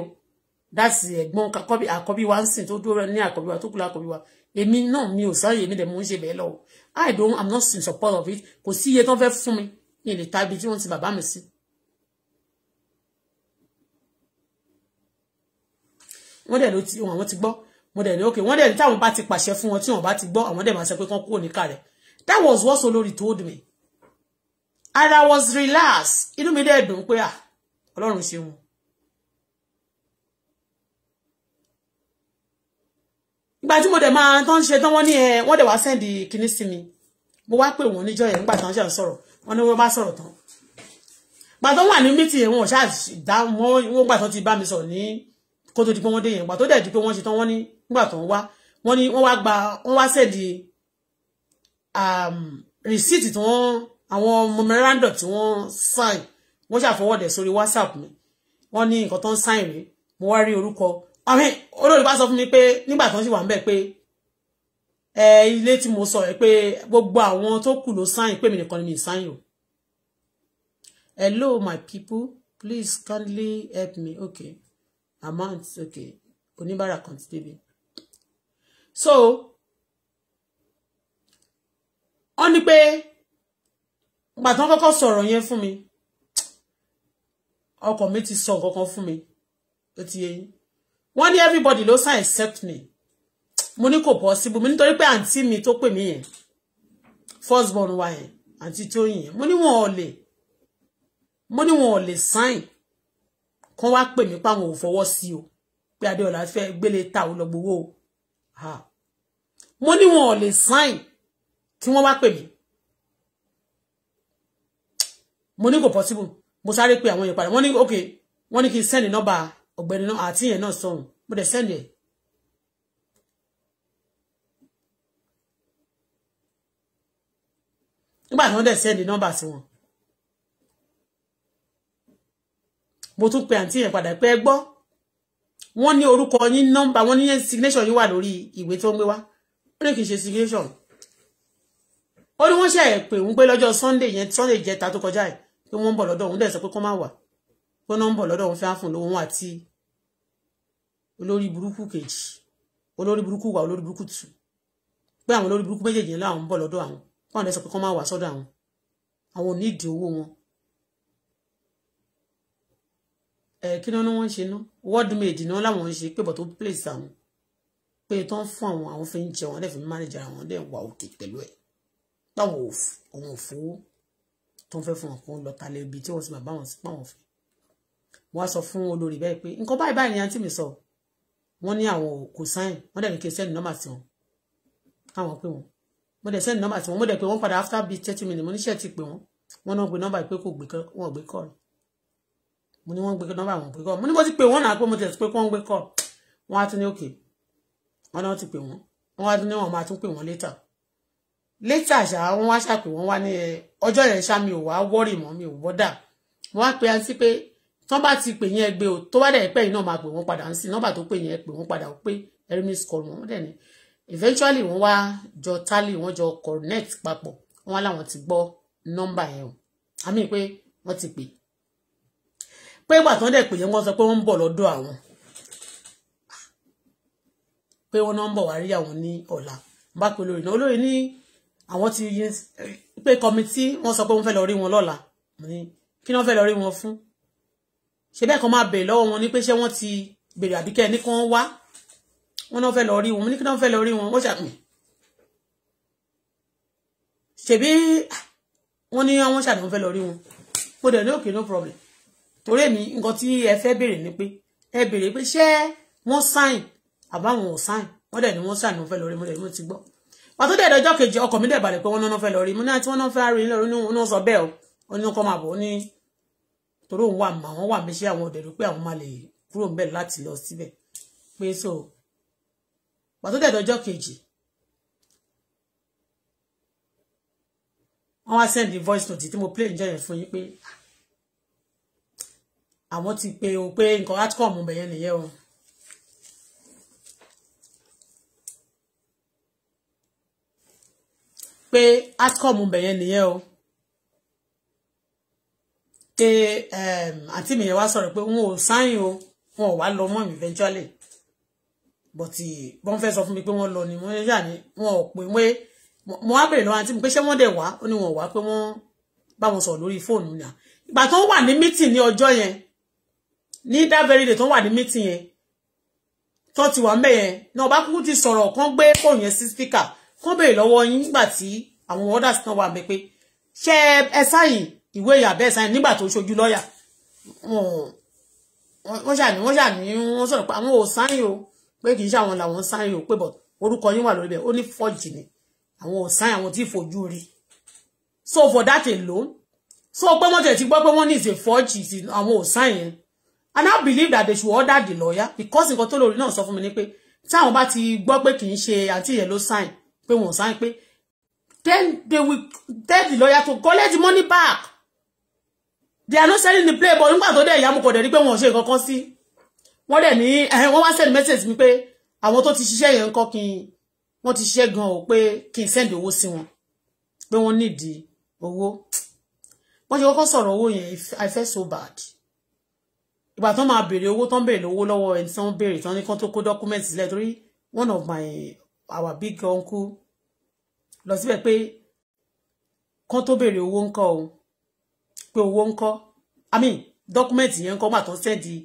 dáàsì ẹ̀gbọ́n àkọ́bí àkọ́bí wa ń sìn tó dúró ní wa tó kúlọ̀ àkọ́bí wa èmi náà mi ò sáyò èmi dẹ̀ mo ń ṣe bẹ́ẹ̀ I don't I'm not in support of it kò sí iye tó fẹ́ fún mi ní lè ta tí wọ́n ti bàbá mi sí. wọ́n dẹ̀ ló ti àwọn ti gbọ́ wọ́n dẹ̀ ló ok wọ́n dẹ̀ ní táwọn bá ti pàṣẹ fún wọn tí wọ́n bá ti gbọ́ àwọn dẹ̀ máa sọ pé kán kúrò ní kàrẹ̀ that was what Olori told me and I was relaxed inú mi dẹ̀ dùn pé ah Ọlọ́run ṣe wọn. ìgbà tí mo dẹ̀ máa tán ṣe tán wọ́n ní ẹ eh, wọ́n dẹ̀ wá sẹ́ndì kinní sí mi mo wá pè wọ́n níjọ́ yẹn nígbà tán ṣe ń sọ̀rọ̀ wọn ní wọ́n bá sọ̀rọ̀ tán gbàtọ́ wà ní mítì yẹn wọn ṣáà dá wọn gbàtọ́ ti bá mi sọ̀rọ̀ ní kó tó di pé wọ́n dé yẹn gbàtọ́ dẹ̀ di pé wọ́n ṣe tán wọ́n ní gbàtọ́ wá wọ́n ní wọ́n wá gba wọ́n wá sẹ́ẹ̀dì um, rìsíìtì tí wọ́n àwọn memorandum tí wọ́n sign wọ́n ṣàfọwọ́dẹ̀ sórí whatsapp mi wọ́n ní nǹkan tó ń sign rèé mo wá rí orúkọ olórí bá sọ fún mi pé nígbà tó ń sì wà ń bẹ̀ pé ilé tí mo sọ ẹ pé gbogbo àwọn tó kù ló sáyìn pé mi nìkan ni mi sáyìn o hello my people please kindly help me okay amount okay oníbàárà kan ti débi so wọ́n ní pé gbàtàn kọ́kọ́ sọ̀rọ̀ yẹn fún mi ọkọ mi ti sọ nǹkan kan fún mi ó ti yé yín wọ́n ní everybody ló sign except me mo ní kò possible mo nítorí pé àǹtí mi tó pè mí yẹn first born wa yẹn àǹtí tó yẹn mo ní wọn ò lè mo ní wọn ò lè sign kán wá pè mí páwọn ò fọwọ́ sí o pé Adéọlá fẹ́ gbélé ta ò lọ o mo ní wọn ò lè sign kí wọ́n wá pè mí mo ní kò possible mo sáré pé àwọn yẹn padà wọ́n ní ok wọ́n ní kí n send nọ́mbà ọ̀gbẹ́ni náà àti yẹn náà sọ̀hún mo dẹ̀ send yẹn nígbà tí wọ́n dẹ̀ sẹ́ndì nọ́mbà sí wọn mo tún pe àǹtí yẹn padà pé ẹ gbọ́ wọ́n ní orúkọ yín nọ́mbà wọ́n ní signature yín wà lórí ìwé tó ń gbé wá ó ní kì í ṣe signature ó ní wọ́n ṣe ẹ̀ pé òun pé lọ́jọ́ sunday yẹn sunday jẹta tó kọjá ẹ̀ pé wọ́n ń bọ̀ lọ́dọ̀ òun dẹ̀ sọ pé kó má wà pé wọ́n ń bọ̀ lọ́dọ̀ òun fẹ́ fún lóhun àti olórí burúkú kejì olórí burúkú wà olórí burúkú tù pé àwọn olórí burúkú méjèèjì ńlá àwọn ń bọ̀ lọ́dọ̀ àwọn wọn àdẹ sọ pé kán máa wà sọ́dọ̀ àwọn àwọn onídìí owó wọn ẹ kí náà ni wọn ń ṣe ná world made náà làwọn ń ṣe pé bọ̀ tó place àwọn pé tó ń fún àwọn àwọn fi ń jẹun àwọn dẹ̀ fi ń manage ara wọn dẹ̀ wà òkè pẹ̀lú ẹ̀ táwọn òun òfowó tó ń fẹ́ fún wọn kó ń lọ talẹ̀ ibi tí wọ́n ti máa bá wọn sí pàwọn fẹ́ wọ́n á sọ fún olórí bẹ́ẹ̀ pé nǹkan báyìí báyìí ni àǹtí mi sọ wọ́n ní àwọn kò sáyìn wọ́n dẹ̀ ní kí sẹ́ni nọ́mbà sí wọn káwọn pé wọn mo dẹ̀ send number sí wọn mo dẹ̀ pé wọ́n padà after bíi thirty minutes mo níṣẹ́ ti pè wọ́n wọ́n náà gbé number yìí pé kò gbé kọ́ wọn ò gbé call mo ní wọ́n gbé number wọn ò gbé call mo ní mo ti pè wọ́n náà pé mo tẹ̀ sí pé wọ́n gbé call wọ́n á tún ní okay wọ́n náà ti pè wọ́n wọ́n á tún ní wọ́n máa tún pè wọ́n later later ṣá wọ́n wá ṣàpè wọ́n wá ní ọjọ́ yẹn ṣá mi ò wá wọ́rì mọ́ mi ò bọ́dà wọ́n á pe àǹtí pé tán bá ti pè yín ẹgbẹ́ o tó bá dẹ̀ pẹ́ yín náà máa pè wọ́n padà ń sí nọ́mbà tó pè yín ẹ pè wọ́n padà ó pé ẹrí miss call wọn dẹ̀ ní eventually wọ́n wá jọ tally wọ́n jọ connect papọ̀ wọ́n wá láwọn ti gbọ́ nọ́mbà yẹn o àmì pé wọ́n ti pè pé ìgbà tó ń dẹ̀ pè yẹn wọ́n sọ pé wọ́n ń bọ̀ lọ́dọ̀ àwọn pé wọ́n náà ń bọ̀ wá rí àwọn ní ọ̀la bá pe olórí náà olórí ní àwọn ti yin pé kọmitì wọ́n sọ pé wọ́n fẹ́ lọ rí wọn lọ́la kí wọ́n fẹ́ lọ rí wọn fún ṣe bẹ́ẹ̀ kan máa bèèrè lọ́wọ́ wọn ní pé ṣé wọ́n ti bèrè àbíkẹ́ ní kí wá wọ́n náà fẹ́ lọ rí wọn ní kí náà fẹ́ lọ rí wọn wọ́n ṣàpè ṣèbí wọ́n ní wọ́n ṣàdánwò fẹ́ lọ rí wọn mo dẹ̀ ní òkè no problem torí èmi nǹkan tí ẹ fẹ́ béèrè ni pé ẹ béèrè pé ṣé wọ́n sáìn àbáwọn ò sáìn wọ́n dẹ̀ ní wọ́n ṣàdánwò fẹ́ lọ rí mo dẹ̀ ní mo ti gbọ́ wà tó dẹ̀ kejì ọkọ̀ mi dẹ̀ balẹ̀ pé wọ́n náà fẹ́ lọ rí mo ní àti ah, wọ́n náà fẹ́ rí lọ́rùn ní wọ́n sọ bẹ́ẹ̀ o ní kọ́ máa bọ̀ ní torí òun wà mà wọ́n wà mí ṣé àwọn ọ̀dẹ̀ rú pé àwọn máa lè kúrò ń bẹ̀ láti lọ síbẹ̀ pé so pàtó dẹ̀dọ̀jọ́ kejì wọ́n wá send the voice note tí mo play ǹjẹ́ yẹn fún yín pé àwọn ti pe o pé nǹkan outcome bẹ̀yẹn nìyẹn o. pé outcome bẹ̀yẹn nìyẹn o pé ehm, àǹtí mi yẹn wá sọ̀rọ̀ pé wọn ò sáyìn o wọn ò wá lọ mọ́ mi eventually but bọ́n eh, fẹ́ sọ fún mi pé wọ́n lọ ni wọ́n yà ní wọn ò pè wé mo wá bèrè lọ́wọ́ àti mi pé ṣé wọ́n dẹ̀ wá ó ní wọn ò wá pé wọ́n bá wọn sọ̀rọ̀ lórí fóònù ni à ìgbà tó ń wà ní mítì ní ọjọ́ yẹn ní dábẹ́rẹ́ ilé tó ń wà ní mítì yẹn tó ti wà mẹ́yẹn náà bá kúkú ti sọ̀rọ̀ kán gbé fóònù yẹn sí spíkà kán bèrè lọ́wọ́ yín nígbà tí àwọn orders náà wà mẹ́ pé ṣé ẹ sáyìn ìwé ìyà bẹ́ẹ̀ sáyìn nígbà tó ṣojú lọ́ọ̀yà wọ́n ṣàní wọ́n ṣàní wọ́n sọ̀rọ̀ pé àwọn ò sáyìn o pé kì í ṣe àwọn làwọn sáyìn ò pé bọ̀ orúkọ yín wà lórí bẹ̀ ó ní fọ́ọ̀jì ni àwọn ò sáyìn àwọn tí fojú rí so for that alone so pé wọ́n tẹ̀ ti gbọ́ pé wọ́n ní ìṣe fọ́ọ̀jì àwọn ò and I believe that they should order the lawyer because nǹkan tó lórí náà sọ fún mi ni pé táwọn bá ti gbọ́ pé kì í ṣe àǹtí yẹn ló sáyìn pé wọ́n sáyìn pé then they will tell the lawyer to collect the money back they are not selling the play but nígbà tó dẹ̀ ìyá mú kọ̀ dẹ̀ rí pé wọ́n ṣe nǹkan kan sí wọ́n dẹ̀ ní wọ́n wá send message mi pé àwọn tó ti ṣiṣẹ́ yẹn ń kọ́ kí n wọ́n ti ṣiṣẹ́ gan o pé kí n send owó sí wọn pé wọ́n nídìí owó wọ́n ṣe kọ́kọ́ sọ̀rọ̀ owó yẹn I feel so bad ìgbà tó máa béèrè owó tó ń béèrè owó lọ́wọ́ ẹni tó ń béèrè tán ní kán tó kó document sílẹ̀ torí one of my our big uncle lọ síbẹ̀ pé kán tó béèrè owó ńkọ́ o pé owó ńkọ́ i mean document yẹn ńkọ́ mà tó sẹ́ẹ̀dì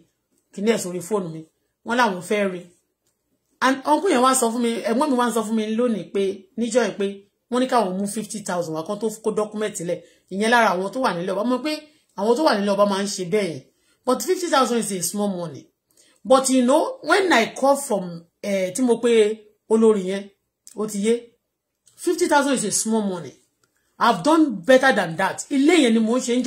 kìíní ẹ̀ sórí fóònù mi wọ́n láwọn fẹ́ rí and uncle yẹn wá sọ fún mi ẹ̀gbọ́n mi wá sọ fún mi lónìí pé níjọ́ yìí pé wọ́n ní káwọn mú fifty thousand wá kán to kó document lẹ̀ ìyẹn lára àwọn to wà nílẹ̀ ọba mọ̀ pé àwọn to wà nílẹ̀ ọba máa ń be. bẹ́ẹ̀ but fifty thousand is a small money but you know when I call from uh, tí mo pé olórí yẹn ó ti yé fifty thousand is a small money I've done better than that ilé yẹn ni mò ń ṣe ń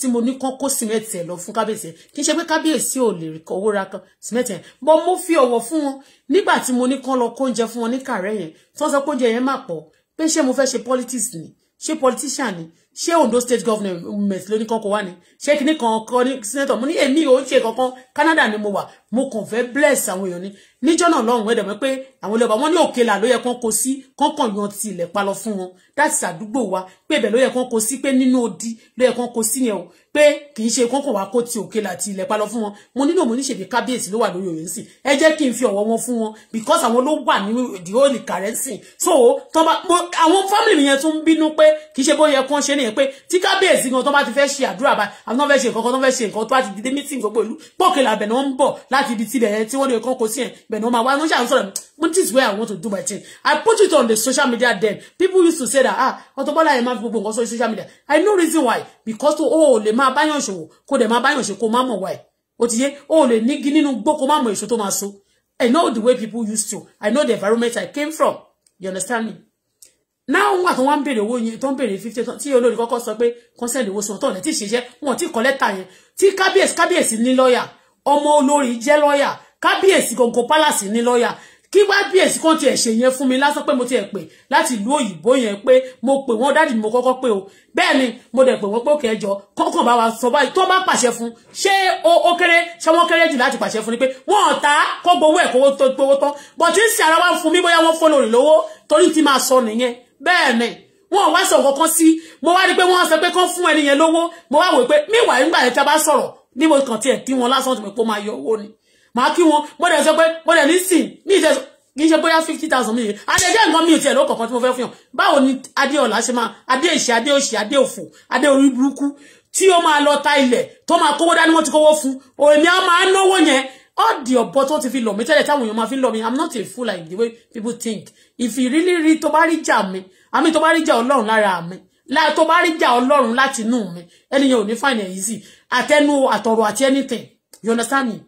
tí mo ní kán kó sìmẹ́ǹtì ẹ̀ lọ fún kábíyèsí ẹ̀ kì í ṣe pé kábíyèsí ò lè owó ra kan sìmẹ́ǹtì ẹ̀ bọ́ mo fi ọ̀wọ̀ fún wọn nígbà mo ní kán lọ kóúnjẹ fún wọn ní kàrẹ́ yẹn tí wọ́n sọ pé oúnjẹ yẹn má pọ̀ pé ṣé mo fẹ́ ṣe politics ni ṣé politician ni ṣé Ondo state government ló ní kọ́kọ́ wá ni ṣé kíní kan kọ́ ní senator mo ní èmi ò ń ṣe kankan Canada ni mo wà mo kàn fẹ́ bless àwọn èèyàn ni níjọ́ náà lọ́hùn ẹ̀dẹ̀ mọ́ pé àwọn ilé ọba wọn ní òkèlà ló yẹ kán kó sí kán kàn yan ti ilẹ̀ pa lọ fún wọn láti ṣàdúgbò wa pé ibẹ̀ ló yẹ kán kó sí pé nínú odi ló yẹ kán kó sí yẹn o pé kì í ṣe kókò wá kó ti òkè láti ilẹ̀ pa lọ fún wọn mo nílò mo níṣèbí kábíyèsí ló wà lórí òye sí ẹ jẹ́ kí n fi ọ̀wọ̀ wọn fún wọn because àwọn ló wà ní the holy currency so tọ́ba àwọn family yẹn tún bínú pé kì í ṣe bóyá kán ṣe nìyẹn pé tí kábíyèsí gan tó bá ti fẹ́ ṣe àdúrà bá àwọn náà fẹ́ ṣe nǹkan tó fẹ́ ṣe nǹkan tó bá ti dé meeting gbogbo ìlú pọ́kèlà bẹ̀ náà ń bọ̀ láti ibi tí ilẹ̀ tí wọ́n lè kọ́ kó sí ẹ̀ This is where I want to do my thing. I put it on the social media then. People used to say that, ah, Auto Bola Ahmed gbogbo social media. I know reason why. Because to, oh, lè máa máa báyàn ṣòwò kó dẹ̀ máa báyàn ṣe kó má mọ̀ wá ẹ̀ ti yé ó lè nígi nínú gbó kó má mọ̀ èso tó máa so I know the way people used to I know the environment I came from you understand me náà wọn àtọwọn ń béèrè owó yẹn tó ń béèrè fifty tí olórí kọ́kọ́ sọ pé consent owó sùn ọtọ ọdẹ tí ì ṣiṣẹ́ wọn ti kọ lẹ́tà yẹn tí kábíyèsí kábíyèsí ní lọ́ọ̀yà ọmọ olórí jẹ́ lọ́ọ̀yà kábíyèsí gọgọ palace ní lọ́ọ̀yà kí kábíyèsí kan tiẹ̀ ṣe yẹn fún mi lásán pé mo tiẹ̀ pè láti ìlú òyìnbó yẹn pé mo pè wọ́n dádì mo kọ́kọ́ pé o bẹ́ẹ̀ ni mo dẹ̀ pè wọ́n pé òkè ẹjọ́ kọ́kàn bá wa sọ báyìí tó bá pàṣẹ fún ṣé ó kéré ṣé wọ́n kéré jù láti pàṣẹ fún ni pé wọ́n ta kó gbowó ẹ̀ kówó tó gbowó tán bọ̀ tí ń ṣe ara wa fún mi bóyá wọ́n fọ́ lórí lówó torí ti máa sọ nìyẹn bẹ́ẹ̀ ni wọn wá sọ kankan sí mo wá rí pé wọ́n sọ pé kán fún ẹni yẹn lówó mo wá wò pé míwàá nígbà yẹn tí a bá sọ̀rọ̀ ní mo kàn tiẹ̀ kí wọn lásán tí mo pé ó máa yọ ni màá kí wọn mo dẹ̀ sọ pé mo dẹ̀ ní sìn ní ìṣe kì í ṣe bóyá fifty thousand mi yìí adéjẹ́ nǹkan mi ò tiẹ̀ lọ́kọ̀ọ̀kan tí mo fẹ́ fi hàn báwo ni adéọlá ṣe máa adé ìṣe adé òṣì adé òfò adé orí burúkú tí ó máa lọ ta ilẹ̀ tó máa kówó dání wọ́n ti kówó fún òmí á máa náwó yẹn all the ọ̀bọ ti fi lọ̀ mí tẹ́lẹ̀ táwọn èèyàn máa fi lọ̀ mí i'm not a fool like the way people think if you really read, to bá rí jà mi àmì tó bá rí jà ọlọ́run lára mi láì tó bá rí jà ọlọ́run láti inú mi ẹnìyẹn ò ní fàìnà yìí sí àtẹnu àtọ̀rọ̀ anything you understand me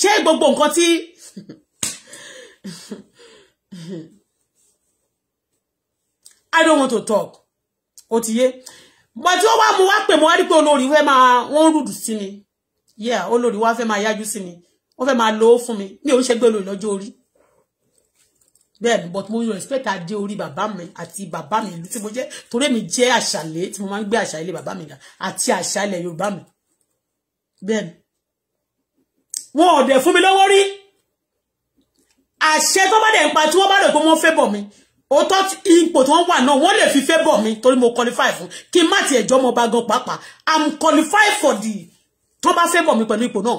ṣé gbogbo nǹkan tí I don't want to talk ó ti yé mo tí ó wá mo wá pè mo wá rí pé olórí fẹ́ máa wọ́n rúdù sí mi yeah olórí wá fẹ́ máa yájú sí mi wọ́n fẹ́ máa lo ó fún mi mi ò ń ṣe gbé olórí lọ́jọ́ orí bẹ́ẹ̀ but mo respect adé orí bàbá mi àti bàbá mi ìlú tí mo jẹ́ torí mi jẹ́ àṣàlẹ̀ tí mo máa ń gbé àṣà ilé bàbá mi àti àṣà ilẹ̀ Yorùbá mi bẹ́ẹ̀ ni wọn ò dẹ̀ fún mi lọ́wọ́ rí àṣẹ tó bá dẹ̀ ń pa tí wọ́n bá rẹ̀ pé wọ́n fẹ́ bọ̀ mi òótọ́ ipò tí wọ́n wà náà wọ́n lè fi fẹ́ bọ̀ mi torí mo qualify fún kí n má ti ẹ̀jọ́ ọmọ ọba gan pàápàá i'm qualify for the tó bá fẹ́ bọ̀ mi pẹ̀lú ipò náà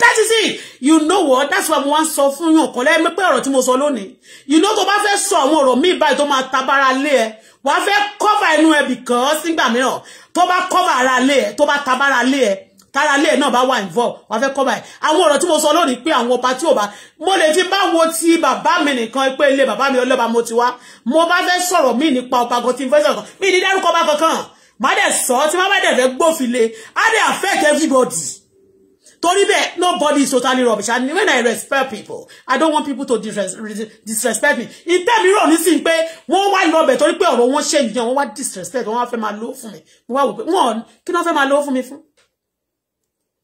that is it you know what that's why mo wá ń sọ fún yàn kọ́ lẹ́yìn pé ọ̀rọ̀ tí mo sọ lónìí you know tó bá fẹ́ sọ àwọn ọ̀rọ̀ míì báyìí tó máa tabara lé ẹ wàá fẹ́ cover ẹnu ẹ because nígbà mìíràn tó bá cover ara lé ẹ tó bá tabara lé ẹ tára lé náà bá wà involve wọ́n fẹ́ kọ́ báyìí àwọn ọ̀rọ̀ tí mo sọ lónìí pé àwọn ọba tí ò bá mo lè fi bá wo ti bàbá mi nìkan pé ilé bàbá mi ọlọ́ba mo ti wá mo bá fẹ́ sọ̀rọ̀ mí nípa ọba kan tí n fẹ́ sọ̀rọ̀ mí ní dárúkọ bá kankan má dẹ̀ sọ tí má bá dẹ̀ fẹ́ gbófile á dẹ̀ affect everybody torí bẹ́ẹ̀ nobody is totally rubbish and when I respect people I don't want people to disrespect me ìtẹ́mi rò ní sí pé wọ́n wá lọ́bẹ̀ torí pé ọ̀rọ̀ wọn ṣe ìyàn wọ́n wá disrespect wọ́n wá fẹ́ máa lò fún mi wọ́n wá wò pé wọ́n kí ni wọ́n fẹ́ máa lò mi fún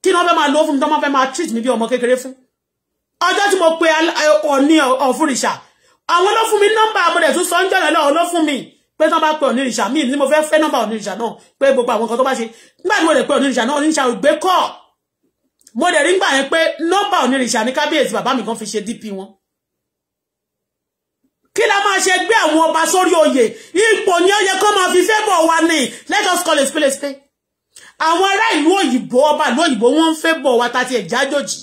kí ló fẹ́ máa lọ fún mi tó máa fẹ́ máa treat mi bí ọmọ kékeré fún ọjọ́ tí mo pe ọ̀ní ọ̀fúnrìṣà àwọn ló fún mi nọ́mbà àmọ́dẹ̀ tún sọ ń jọ̀rọ̀ lọ́wọ́ ló fún mi pé tán bá pe ọ̀nìrìṣà míì ni mo fẹ́ fẹ́ nọ́mbà ọ̀nìrìṣà náà pé gbogbo àwọn kan tó bá ṣe nígbà tí mo lè pe ọ̀nìrìṣà náà ọ̀nìrìṣà ò gbé kọ́ mo dẹ̀ rí gbà yẹn pé nọ́mbà ọ̀nìrìṣà ní kábíyèsí bàbá mi kan fi ṣe dp wọn kí la máa ṣe gbé àwọn ọba sórí oyè ipò ni ó yẹ kó máa fi fẹ́ bọ̀ wa ni let us call a spade a spade àwọn ará ìlú òyìnbó ọba ìlú òyìnbó wọ́n ń fẹ́ bọ̀ wá tá ti ẹ̀ jájòjì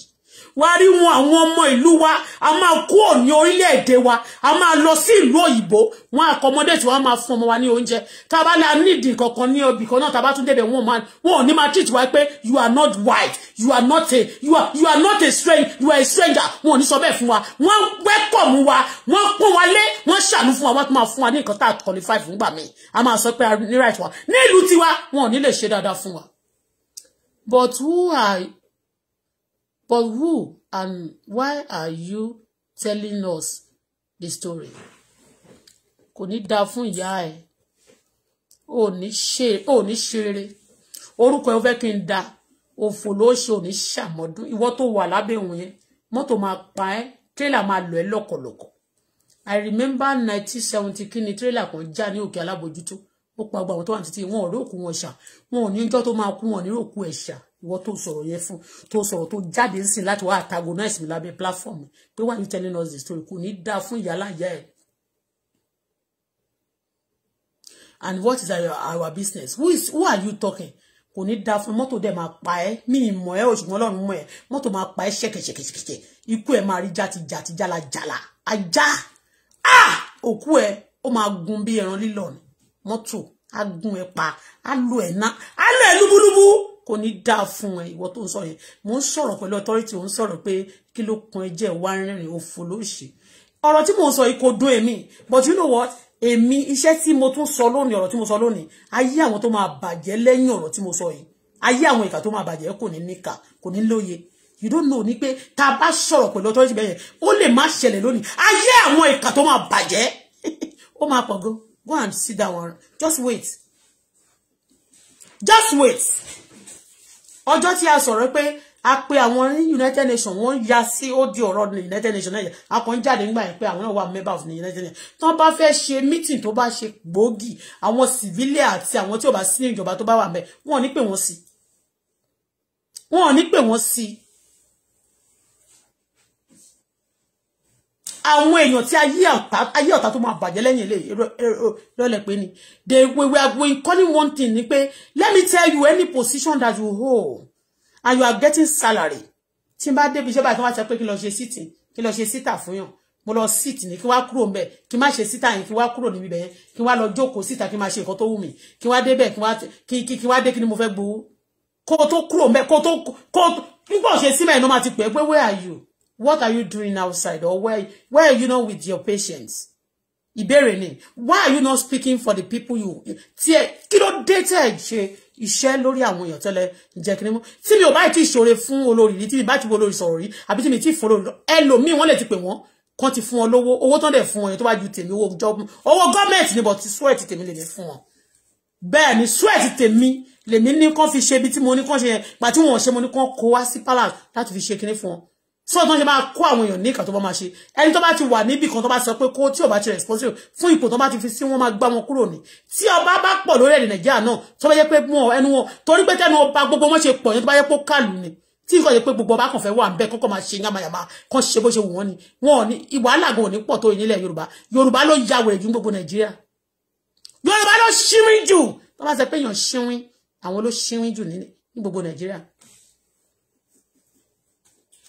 wá rí wọn àwọn ọmọ ìlú wa a máa kú òní orílẹ̀-èdè wa a máa lọ sí ìlú òyìnbó wọn accommodate wọn a máa fún ọmọ wa ní oúnjẹ tá a bá la nídìí kankan ní obì kan náà tá a bá tún débẹ̀ wọn máa wọn ò ní máa treat wa pé you are not white you are not a you are you are not a stranger you are a stranger wọn ò ní sọ bẹ́ẹ̀ fún wa wọ́n welcome wa wọ́n pọ́n wa lé wọ́n ṣàánú fún wa wọ́n tún máa fún wa ní nǹkan tá a qualify fún gbà mí a máa sọ pé a ní right wa ní ìlú tiwa wọn ò ní lè ṣe dáadáa fún wa but who are But who and why are you telling us the story? Kò ní dáa fún ìyá ẹ̀. Ò ní ṣe ò ní ṣe rere. Orúkọ ẹ̀ ó fẹ́ kí n da. Òfò ló ṣe ò ní ṣàmọ́dún. Ìwọ tó wà lábẹ́ òun yẹn. Mọ́tò máa pa ẹ́. Tírélà máa lọ ẹ́ lọ́kọ̀lọ́kọ̀. I remember nineteen seventy kí ni tírélà kan já ní òkè alábòjútó. Ó pa gbogbo àwọn tó wà títí wọn ò rí òkú wọn ṣà. Wọn ò ní ọjọ́ tó máa kú wọn ní òkú ẹ̀ ṣà ìwọ tó sọ̀rọ̀ yẹn fún tó sọ̀rọ̀ tó jáde sí láti wá antagonize mi lábẹ́ platform pé why you telling us the story kò ní dáa fún ìyálà ìyá ẹ̀. and what is our, our business who is who are you talking kò ní dáa fún mọ́tò dẹ̀ máa pa ẹ́ mi ìmọ̀ ẹ́ òṣùgbọ́n ọlọ́run mọ̀ ẹ́ mọ́tò máa pa ẹ́ ṣẹ̀kẹ̀ṣẹ̀kẹ̀ṣẹ̀kẹ̀ ikú ẹ̀ máa rí jala jala. ajá ah! òkú ẹ̀ ó máa gun bí ẹran lílọ ni mọ́tò á gun ẹ̀ pa á lò ẹ̀ ná á lò ẹ̀ lúbúlúbú kò ní dáa fún ẹ ìwọ tó ń sọ yẹn mò ń sọ̀rọ̀ pẹ̀lú authority ò ń sọ̀rọ̀ pé kí ló kan ẹ jẹ́ wá rìnrìn òfò lóṣì ọ̀rọ̀ tí mò ń sọ yìí kò dún èmi but you know what èmi iṣẹ́ tí mo tún sọ lónìí ọ̀rọ̀ tí mo sọ lónìí ayé àwọn tó máa bàjẹ́ lẹ́yìn ọ̀rọ̀ tí mo sọ yìí ayé àwọn ìkà tó máa bàjẹ́ kò ní níkà kò ní lóye you don't know ni pé tá bá sọ̀rọ̀ pẹ̀lú authority bẹ́yẹn ó lè má ṣẹlẹ̀ lónìí ayé àwọn ìkà go go and sit down just wait just wait ọjọ́ tí a sọ̀rọ̀ pé a pe àwọn united nations wọ́n ya sí ó di ọ̀rọ̀ ní united nations náà akọni jáde nígbà yẹn pé àwọn náà wà member of the united nations tó bá fẹ́ ṣe meeting tó bá ṣe gbòógì àwọn civilian àti àwọn tí ò bá sí ní ìjọba tó bá wà mẹ́ wọn ò ní pè wọ́n sí wọn ò ní pè wọ́n sí. àwọn èèyàn tí ayé ọ̀tá tó máa bàjẹ́ lẹ́yìn ilé lọ́lẹ̀ pé ni they we are going calling one thing ni pé let me tell you any position that you hold and you are getting salary tí n bá débi iṣẹ́ báyìí kí wọ́n á sọ pé kí lọ ṣe síìtì kí lọ ṣe síìtà fún yàn mo lọ síìtì ní kí wá kúrò mbẹ kí má ṣe síìtà yẹn kí wá kúrò níbi bẹ̀yẹn kí wá lọ jókòó síìtà kí má ṣe nǹkan tó wù mí kí wá débẹ̀ kí wá dé kí ni mo fẹ́ gbowó kó tó kúrò mbẹ kó tó kó nígbà òṣèṣí mẹ́rin ló máa ti pẹ́ pé where are you What are you doing outside or where where are you not with your patients? Ìbéèrè why are you not speaking for the people you tí ẹ kí ló dé tẹ́ ẹ ṣe iṣẹ́ lórí àwọn èèyàn tẹ́lẹ̀ ìjẹ́ kí ni mú tí mi ò bá ti ṣòre fún olórí rí tí mi bá ti wo olórí sọ̀rọ̀ rí àbí tí mi ti fọ́ olórí ẹlòmíì wọ́n lè ti pè wọ́n kan ti fún wọn lówó owó tán dẹ̀ fún wọn yẹn tó bá ju tèmi owó jọ owó gọ́ọ̀mẹ̀ntì ni bọ̀ ti sweat tèmi lè ní fún wọn bẹ́ẹ̀ ni sweat tèmi lèmi ní kán fi ṣe ibi tí mo ní kán ṣe yẹn gbà tí wọn ò ṣe mo ní kán kó wá sí palace láti fi ṣe kinní fún wọn so ton ṣe máa kó àwọn èèyàn ní kan tó bá máa ṣe ẹni tó bá ti wà níbì kan tó bá sọ pé kó tí ò bá ti responsible fún ipò tó bá ti fi sí wọn máa gbá wọn kúrò ní tí ọba bá pọ̀ lórí èdè Nàìjíríà náà tó bá jẹ́ pé mú ẹnu wọn torí pé tẹnu ọba gbogbo wọn ṣe pọ̀ yẹn tó bá jẹ́ pé kàlù ni tí nǹkan jẹ́ pé gbogbo ọba kan fẹ́ wà ńbẹ̀ kọ́kọ́ máa ṣe yamayama kan ṣe bó ṣe wù wọ́n ni wọn ní wàhálà gan ò ní pọ̀ tó ìnílẹ̀ Yorùbá Yorùbá ló ya wèrè gbogbo Nàìjíríà Yorùbá ló ṣíwín jù tó bá sọ pé èèyàn ṣíwín àwọn ló ṣíwín jù gbogbo Nàìjíríà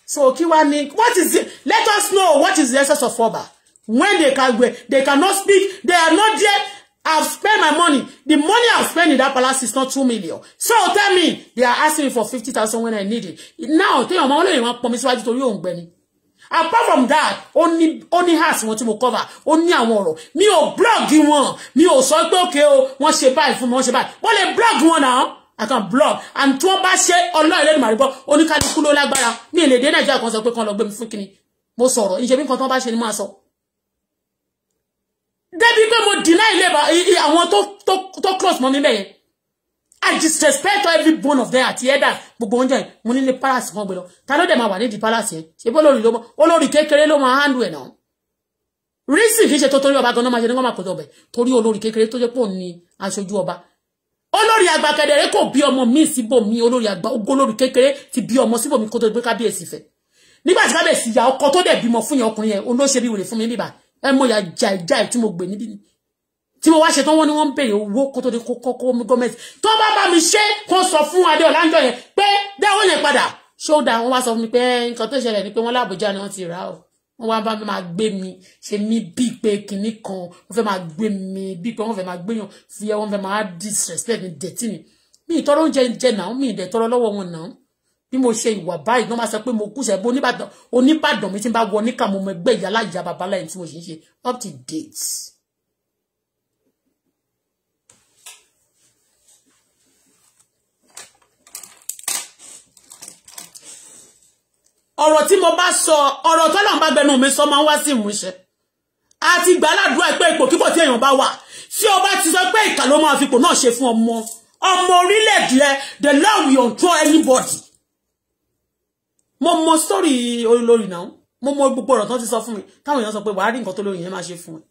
So Kiwani, what is it? Let us know what is the essence of Oba. When they can they cannot speak, they are not yet. I've spent my money. The money I've spent in that palace is not two million. So tell me, they are asking me for fifty thousand when I need it. Now tell your mom, you want promise to you on Apart from that, only only house wọn you mo cover, Only ní àwọn ọ̀rọ̀. Mi ò blog wọn, mi ò sọ pé okay o, wọ́n ṣe buy from. mi, wọ́n buy. báyìí. Wọ́n lè blog wọn náà. I can block and tí wọ́n bá ṣe ọlọ́ọ̀ ẹlẹ́nu màrìbọ́ oníkálukú ló lágbára ní èlé dé nàìjíríà kan sọ pé kan lọ gbé mi fún kíni mo sọ̀rọ̀ ìṣe mi kan tí wọ́n bá ṣe ni máa sọ. débi pé mo deny ilé àwọn to close mọ́ mi bẹ́ẹ̀ yẹn I disrespect every bone of their àti ẹ̀dà gbogbo oúnjẹ mo nílé palace kan gbé lọ ta ló dẹ̀ máa wà nídìí palace yẹn ṣé bó lórí ló mọ́ olórí kékeré ló máa handle ẹ̀ náà rísì kì í ṣe tó torí ọba ganan máa ṣe ní wọn máa kọjọ ọbẹ torí olórí kékeré tó jẹ́ pé òun ni aṣojú ọba olórí àgbà kẹdẹrẹ kò bí ọmọ mi síbòmí olórí àgbà ogó olórí kékeré ti bí ọmọ síbòmí kó tó gbé kábíyèsí fẹ́ nígbà tí kábíyèsí ya ọkọ tó dẹ̀ bímọ fún yẹn ọkùnrin yẹn olóṣè bí wèrè fún mi bíbà ẹ mọ ya jai jai tí mo gbè níbi tí mo wá ṣe tán wọn ni wọn ń bèrè owó kó tó dé kó kọ́kọ́ mi gọ́ọ̀mẹ́ntì tó bá bá mi ṣe kó sọ fún adéọlá ń jọ yẹn pé dáwọ́ yẹn padà ṣó dáa wọn wá sọ fún mi pé nǹkan tó ṣẹlẹ̀ ni pé wọn lábùjá ni wọn ti rà ó wọ́n wá bá fẹ́ máa gbé mi ṣe mí bíi pé kinní kan wọ́n fẹ́ máa gbé mi bíi pé wọ́n fẹ́ máa gbéyàn fi ẹ wọ́n fẹ́ máa disrespect mi dẹ̀tí mi mi ìtọ́rọ oúnjẹ jẹ náà mi ìdẹ̀ tọrọ lọ́wọ́ wọn náà bí mo ṣe ìwà báyìí wọ́n máa sọ pé mo kú sẹ́gbẹ́ oníbàdàn oníbàdàn mi ti bá wọ níkà mo mọ ẹgbẹ́ ìyá láyà babaláyà tí mo ṣe ń ṣe up to date. ọ̀rọ̀ tí mo bá sọ ọ̀rọ̀ tọ́lọ́run bá gbẹnu mi sọ máa ń wá sí ìmúṣẹ àti gbàládùúrà pé ipò kíkọ tí èèyàn bá wà tí ọba ti sọ pé ìkà ló máa fipò náà ṣe fún ọmọ ọmọ orílẹ̀-èdè rẹ the law will control anybody mo mọ sórí olórí náà mo mọ gbogbo ọ̀rọ̀ tán ti sọ fún mi táwọn èèyàn sọ pé wàá rí nǹkan tó lóyìn yẹn máa ṣe fún ẹ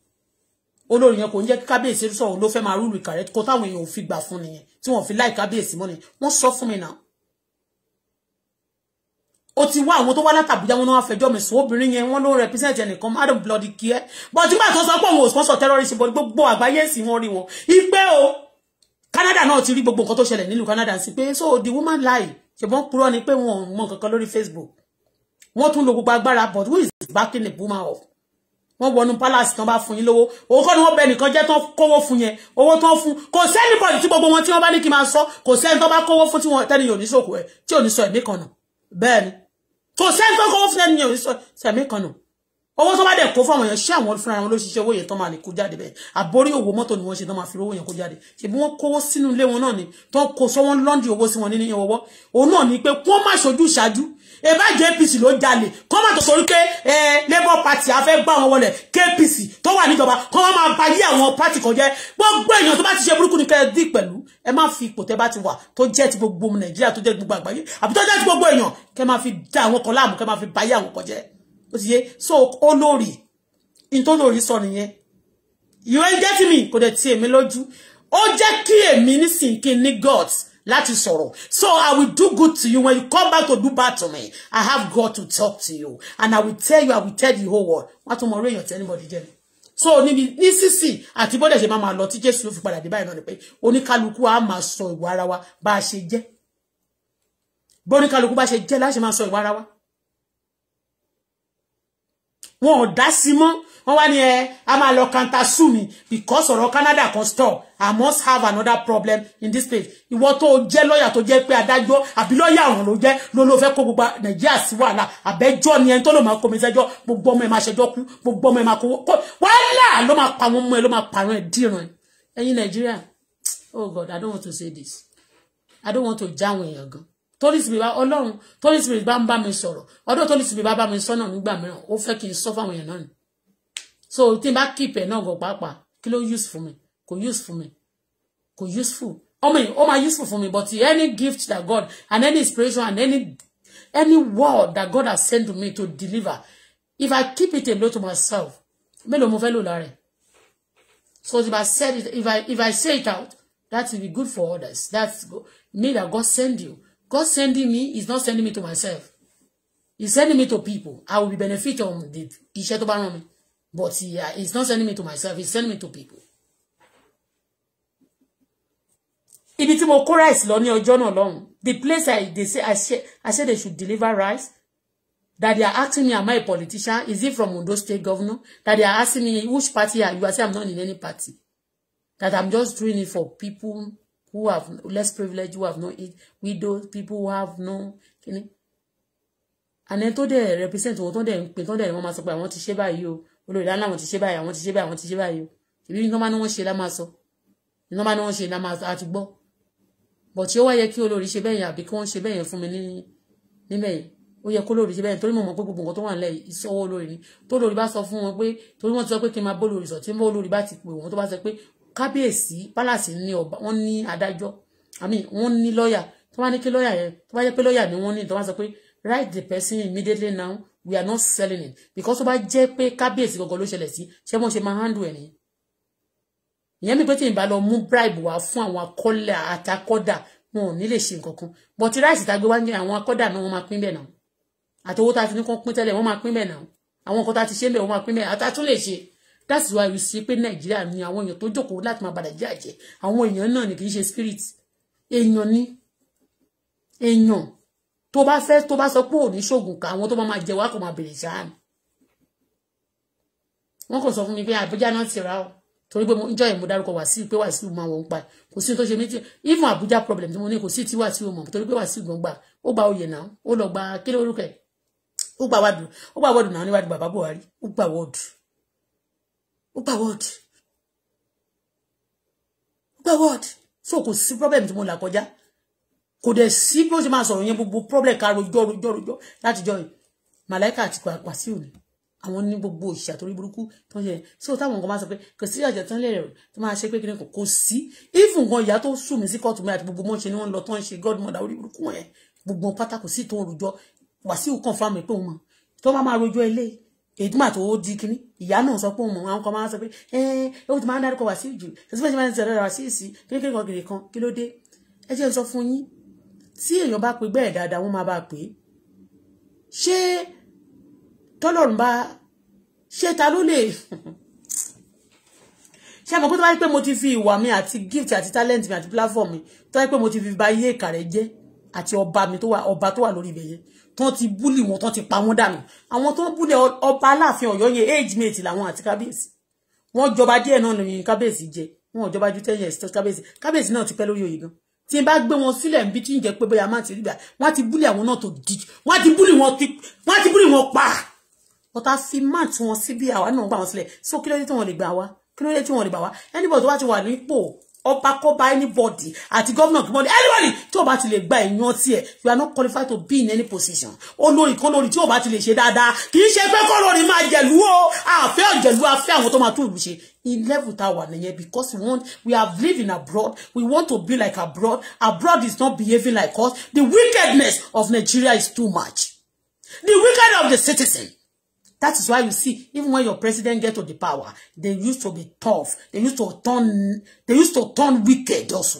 olórí yẹn kò ń jẹ́ kí kábíyèsí sọ̀rọ̀ ló fẹ́ máa rúlu ìkà rẹ kó táwọn èèyàn ò fi gbà fún nìyẹn tí wọ́n fi láì kábíyèsí mọ́ wọ́n sọ fún mi náà ó ti wá àwọn tó wá látàbújá wọn náà fẹjọ́ mi sùn obìnrin yẹn wọn ló represent ẹnìkan madam bloody care but nígbà tó sọ pé òun ò sponsor terrorism bọ gbogbo àgbáyé sì wọn rí wọn ipe o Canada náà ti rí gbogbo nǹkan tó ṣẹlẹ̀ nílùú Canada sí pé so the woman lie ṣùgbọ́n purọ́ ni pé wọn ò mọ nǹkan kan lórí Facebook wọ́n tún lo gbogbo agbára but who is backing the woman of wọ́n wọnú palace tán bá fún yín lówó owó kọ́ ni wọ́n bẹ nìkan jẹ́ tán kówó fún yẹn owó tán fún kò sẹ́ni bọ̀dì tí gbogbo wọn tí wọ́n bá ní kí n máa sọ kò sẹ́ni tán bá kówó fún tí wọ́n tẹ́ni yóò ní sòkò ẹ̀ tí ò ní sọ ẹ̀mí kan nà bẹ́ẹ̀ ni To sẹ́ni tó kọ́wọ́ fúnra ẹni so ò ní sọ sẹ̀mí kan nù owó tó bá dẹ̀ kó fáwọn yẹn ṣé àwọn fúnra wọn ló ṣiṣẹ́ owó yẹn tán máa lè kó jáde bẹ́ẹ̀ àbórí òwò mọ́tò ni wọ́n ṣe tán máa fi owó yẹn kó jáde ṣèbí wọ́n kówó sínú ilé wọn náà ni tó ń kó sọ wọ́n lọ́ndì owó sí wọn nínú ọwọ́ òun náà ni pé kó má ṣojú ṣáájú eba jẹ́ APC ló jalè kọ́ má tó sọ wípé labour party afẹ́ gbá wọn wọlé kpc tó wà níjọba kọ́ wọ́n máa bayé àwọn party kan jẹ́ gbogbo èèyàn tó bá ti ṣe burúkú ni kẹ́ẹ̀dì pẹ̀lú ẹ má fi ipò tẹ́ bá ti wà tó jẹ́ ti gbogbo nàìjíríà tó jẹ́ ti gbogbo àgbáyé àbí tó jẹ́ ti gbogbo èèyàn kẹ́ máa fi dá àwọn kan láàmú kẹ́ máa fi bayé àwọn kan jẹ́ ó ti yé so olórí in tó lórí sọ nìyẹn ìwé jẹ́ tì mí kò dẹ̀ ti èmi lójú ó jẹ́ kí èmi nísìnyí kí n ní gods láti sọ̀rọ̀ so i will do good to you when you come back to do bad to me i have God to talk to you and i will tell you i will tell the whole world wọn tún mọ orí èèyàn tẹ anybody jẹ so níbi ní sísì àti bọ́dẹ̀ ṣe máa máa lọ tí Jésù ló fi padà dé báyìí náà ni pé oníkálukú á máa sọ ìwà ara wa bá a ṣe jẹ́ bóníkálukú bá ṣe jẹ́ láṣẹ máa sọ ìwà ara wa wọn ò dá sí mọ́ wọ́n wá ní ẹ eh, a máa lọ kanta sue mi because ọ̀rọ̀ Canada kan stop I must have another problem in this place ìwọ tó jẹ́ lọ́ọ̀yà tó jẹ́ pé adájọ́ àbí lọ́ọ̀yà ọ̀hún ló jẹ́ ló ló fẹ́ kó gbogbo Nàìjíríà sí wàhálà àbẹ́jọ́ ni ẹni tó lò máa kó mi sẹ́jọ́ gbogbo ọmọ ẹ̀ máa ṣẹjọ́ kú gbogbo ọmọ ẹ̀ máa kó wàhálà ló máa pa àwọn ọmọ ẹ̀ ló máa pààrọ̀ ẹ̀ dìran ẹ̀ ẹ̀yin Nàìjíríà oh God I don't want to say this I don't want to jáwọn èèyàn gan torí sì bá Ọlọ́run torí sì bá ń bá mi sọ̀rọ̀ ọdún torí sì bá bá mi sọ náà nígbà mìíràn ó fẹ́ kí n sọ fáwọn èèyàn náà ni so tí n bá keep ẹ̀ náà gan pàápàá kí ló use fún mi kò use fún mi kò useful ọmọ yìí ó máa useful fún mi but any gift that God and any inspiration and any any word that God has sent to me to deliver if I keep it alone to myself mélòó mo fẹ́ lò lára ẹ̀ so if I said it if I if I say it out that will be good for others that's me that God send you God sending me is not sending me to myself he's sending me to people I will be benefit from the iṣẹ́ tó bá rán mi. But yeah, he's not sending me to myself, he's sending me to people. If it's more rice lọ ní ọjọ́ náà The place I, they say, I, say, I said they should deliver rice. That they are asking me, am I a politician? Is it from Ondo State Governor? That they are asking me, which party are you? I say, I'm not in any party. That I'm just doing it for people who have less privilege, who have no widows, people who have no And then today represent what tó dẹ̀ ń pè tó dẹ̀ ni wọ́n máa olórí dáná àwọn ti ṣe báyìí àwọn ti ṣe báyìí àwọn ti ṣe báyìí o ìbí nǹkan máa ní wọ́n ṣe la máa sọ nǹkan máa ní wọ́n ṣe la máa àti gbọ́ bọ̀ tí ó wá yẹ kí olórí ṣe bẹ́yẹn àbí kí wọ́n ṣe bẹ́yẹn fún mi ní níbẹ̀ yẹn ó yẹ kó lórí ṣe bẹ́yẹn torí mo mọ̀ pé gbogbo nǹkan tó wà nílẹ̀ ìṣọwọ́ olórí ni tó lórí bá sọ fún wọn pé torí wọ́n ti sọ pé kí n máa bó lórí sọ tí mo lórí bá ti pè wọ́n tó bá sọ pé kábíyèsí pálàsì ní ọba wọ́n ní adájọ́ àmì wọ́n ní lọ́ọ̀yà tó bá ní kí lọ́ọ̀yà yẹn tó bá yẹ pé lọ́ọ̀yà ni wọ́n ní tó bá sọ pé write the person immediately now we are not selling it because ó bá jẹ́ pé kábíyèsí gangan ló ṣẹlẹ̀ sí ṣé wọ́n ṣe máa handle ẹ̀ nìyẹn ìyẹn mi pé tí n bá lọ mú bribe wá fún àwọn akọ́lẹ̀ àtakọ́dà wọn ò ní lè ṣe nǹkan kan but ráìsì tá a gbé wá ní àwọn akọ́dà náà wọ́n máa pín bẹ́ẹ̀ náà àti owó tá a fi ní kán pín tẹ́lẹ̀ wọ́n máa pín bẹ́ẹ̀ náà àwọn nǹkan tá a ti ṣe ń bẹ̀ wọ́n máa pín bẹ́ẹ̀ àtà tún lè ṣe that's why we see pé nàìjíríà ni àwọn èèyàn tó jókòó láti máa padà jẹ́ àjẹ́ àwọn èèyàn náà ni kì í ṣe spirit èèyàn ni èèyàn tó bá fẹ́ tó bá sọ pé ò ní ṣògùn ká àwọn tó máa jẹ wá máa bèrè ṣáà ni wọ́n kò sọ fún mi pé àbújá náà ti ra ọ torí pé ìjọ yìí mo dárúkọ wàsíù pé wàsíù máa wọ̀ ń pa kò sí tó ṣe méjì even àbújá problem tí mo ní kò sí tí wàsíù mọ̀ torí pé wàsíù gan gbà ó gba oyè náà ó lọ gba kílé orúkọ ẹ̀ ó gba wọ́ọ̀dù ó gba wọ́ọ̀dù náà níwájú bàbá buhari ó gba wọ́ọ̀dù ó gba wọ́ọ̀dù ó gba wọ́ọ̀dù so kò sí problem tí mo là kọjá kò dẹ̀ sí bí ó ṣe máa sọ̀rọ̀ yẹn gbogbo problem ká rojọ́ rojọ́ rojọ́ láti jọ yìí màláìka àti wàsíù ni àwọn ní gbogbo òṣìṣà torí burúkú tó ń ṣe sí o táwọn nǹkan máa sọ pé kò sí àjẹ tán lẹ́rẹ̀ tó máa ṣe pé kí ni kò sí ífù nǹkan ìyá tó sùn mí sí kóòtù mi àti gbogbo mọ́ṣẹ́ ni wọ́n lọ tó ń ṣe godmother orí burúkú yẹn gbogbo pátá kò sí tó ń rojọ́ wàsíù kàn fáwọn pé òun mọ̀ tó máa máa rojọ́ ilé èdúmà tó di kíní ìyá náà sọ pé òun mọ̀ àwọn kan máa sọ pé ẹ ó ti máa ń dárúkọ wàsíù jù ẹ sọ fún yín tí èèyàn bá pe bẹ́ẹ̀ dáadáa wọ́n máa bá pè é ṣé tọ́lọ́run bá ṣé ta ló lè ṣé mo pé tó bá yẹ pé mo ti fi ìwà mi àti gift àti talent mi àti platform mi tó yẹ pé mo ti fi ba iye ìkà rẹ jẹ àti ọba mi tó wà ọba tó wà lórí ibẹ̀ yẹn tán ti búlì wọn tán ti pa wọn dànù àwọn tó ń búlì ọba aláàfin Ọ̀yọ́ yẹn age mate làwọn àti kábíyèsí wọn jọba díẹ̀ náà ní kábíyèsí jẹ wọn ò jọba ju ten years kábíyèsí kábíyèsí náà ti pẹ́ lórí oyè gan tí n bá gbé wọn sílẹ̀ nbí tí ń jẹ́ pé bóyá máa ti rí bá wọ́n ti búlì àwọn náà tó di wọ́n ti búlì wọn ti wọ́n ti búlì wọn pa ọ̀tá fi máà tí wọ́n síbí àwa náà gbà wọ́n sílẹ̀ so kí ló dé tí wọ́n lè gbà wá kí ló dé tí wọ́n lè anybody tó bá ti wà nípò ọba kó bá anybody àti gómìnà kí wọ́n anybody tí o bá ti lè gba èèyàn tiẹ̀ you are not qualified to be in any position olórí kan lórí tí o bá ti lè ṣe dáadáa kì í ṣe pé kọ́ lórí máa jẹ̀lú o àfẹ́ òjẹ̀lú afẹ́ àwọn tó máa tún ìlú ṣe in level tower nìyẹn because we want we are living abroad we want to be like abroad abroad is not behaving like us the wickedness of Nigeria is too much the wickedness of the citizen That is why you see, even when your president get to the power, they used to be tough. They used to turn, they used to turn wicked also.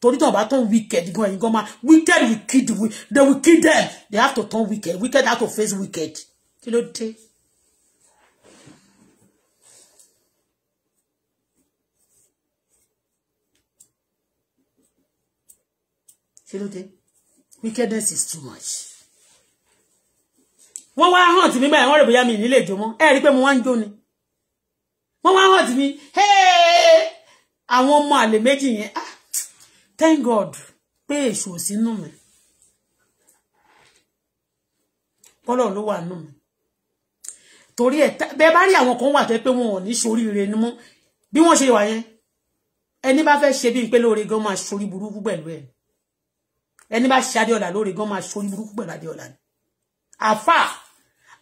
Torí tó bá turn wicked, go and go man. Wicked will kill they will kill them. They have to turn wicked. Wicked have to face wicked. Kí ló dé? Kí ló dé? Wickedness is too much wọ́n wá hàn tì mí báyìí wọ́n rè bóyá mi nílé ìjọ mọ́ ẹ rí pé mo wá ń jó ni wọ́n wá hàn tì mí àwọn ọmọ àlè méjì yẹn ah! thank God pé èṣù ò sínú mi bọ́lọ̀ ló wà nù mí torí ẹ̀ bẹ́ẹ̀ bá rí àwọn kan wà tó pé wọn ò ní ṣoríire ni mọ́ bí wọ́n ṣe wà yẹn ẹni bá fẹ́ ṣe bí n pé lóore gan máa ṣorí burúkú pẹ̀lú ẹ̀ ẹni bá ṣe adéọlà lóore gan máa ṣorí burúkú pẹ̀lú adéọlà ni àfáà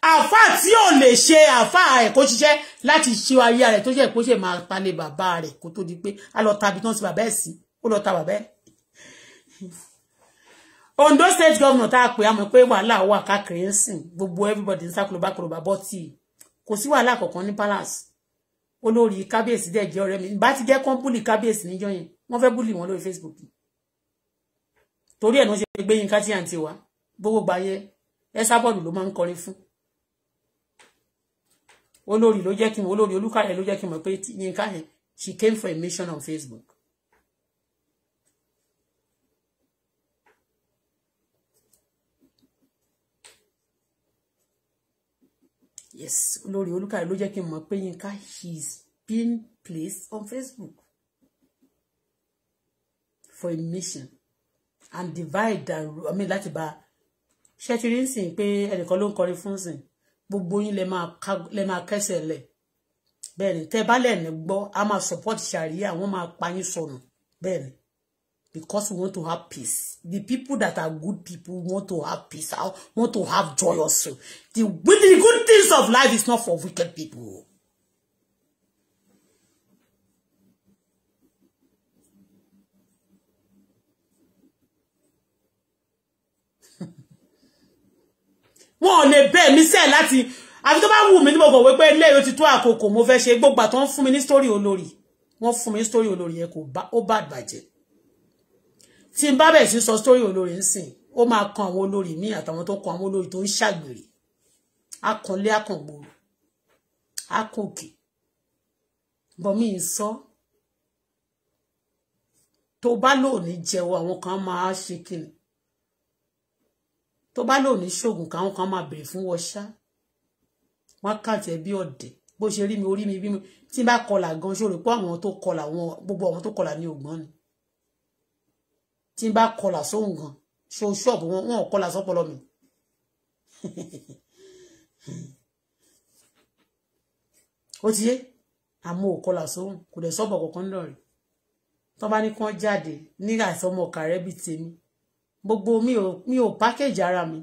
àfà tí ò lè ṣe àfà ẹ̀ kó ṣiṣẹ́ láti ṣe ayé rẹ̀ tó jẹ́ kó ṣe máa palẹ̀ bàbá rẹ̀ kó tó di pé a lọ tàbí tán sí bàbá ẹ̀ sí ó lọ ta bàbá ẹ̀. Ondo state governor tá a pè á mọ̀ pé wàhálà wà káàkiri ń sìn gbogbo everybody ń sákòlóbá kòlóbá bọ́tì kò sí wàhálà kankan ní palace olórí kábíyèsí dẹ̀ jẹ́ ọ̀rẹ́ mi bá ti jẹ́ kán búlì kábíyèsí níjọ́ yẹn wọ́n fẹ́ búlì wọn lórí Facebook torí ẹ̀ ní wọ́n ṣe gbé yín ká tí à ti wá gbogbo gbàyẹ ẹ sábọ̀dù ló máa ń kọrin fún olórí ló jẹ́ kí n olórí olúkàyẹ ló jẹ́ kí n mọ̀ pé yínká yẹn she came for a mission on Facebook. yes olórí olúkàyẹ ló jẹ́ kí n mọ̀ pé yínká she is being placed on Facebook for a mission and divide that. i mean láti bá ṣe ti rí ń sìn pé ẹnìkan ló ń kọrin fún sìn gbogbo yín lẹ máa kẹsẹ̀ lẹ̀ bẹ́ẹ̀ ni tẹ́ bá lẹ́ẹ̀ni gbọ́ a máa support sharia wọ́n máa pa yín sọnù bẹ́ẹ̀ because we want to have peace the people that are good people want to have peace want to have joy also the, the good things of life is not for wicked people. wọn ò lè bẹ́ẹ̀ mi sẹ́ẹ̀ láti àfi tó bá wù mí ní mo kàn wé pé ilé yóò ti tó àkókò mo fẹ́ ṣe gbogbo àtọ́ ń fún mi ní sítórì olórí wọ́n fún mi ní sítórì olórí yẹn kò bá ó bá bàjẹ́ tí n bá bẹ̀ sí sọ sítórì olórí ń kan àwọn olórí míì àtàwọn tó kan àwọn olórí tó ń ṣàgbèrè akànlé akàngbòrò akòkè bọ̀mí sọ tó bá lò ní jẹ́wọ́ àwọn kan máa ṣe kìnnì tó bá lò ní ṣoògùn káwọn kan máa bèrè fún wọṣá wọn kàtì ẹbí ọdẹ bó ṣe rí mi orí mi bí mi tí n bá kọlà gan ṣòro pé àwọn tó kọlà wọn gbogbo àwọn tó kọlà ní ògbọ́n ni tí n bá kọlà sóhun gan ṣo ṣọ́ọ̀bù wọn wọn ò kọlà sọ́pọlọ mi ó ti yé àmọ́ ò kọlà sóhun kò dẹ̀ sọ́ọ̀bù ọ̀kọ̀ọ̀kan náà rẹ̀ tó bá ní kán jáde nígbà tí ọmọ ọ̀kà rẹ̀ bíi tèmi gbogbo mi ò mi ò package ara mi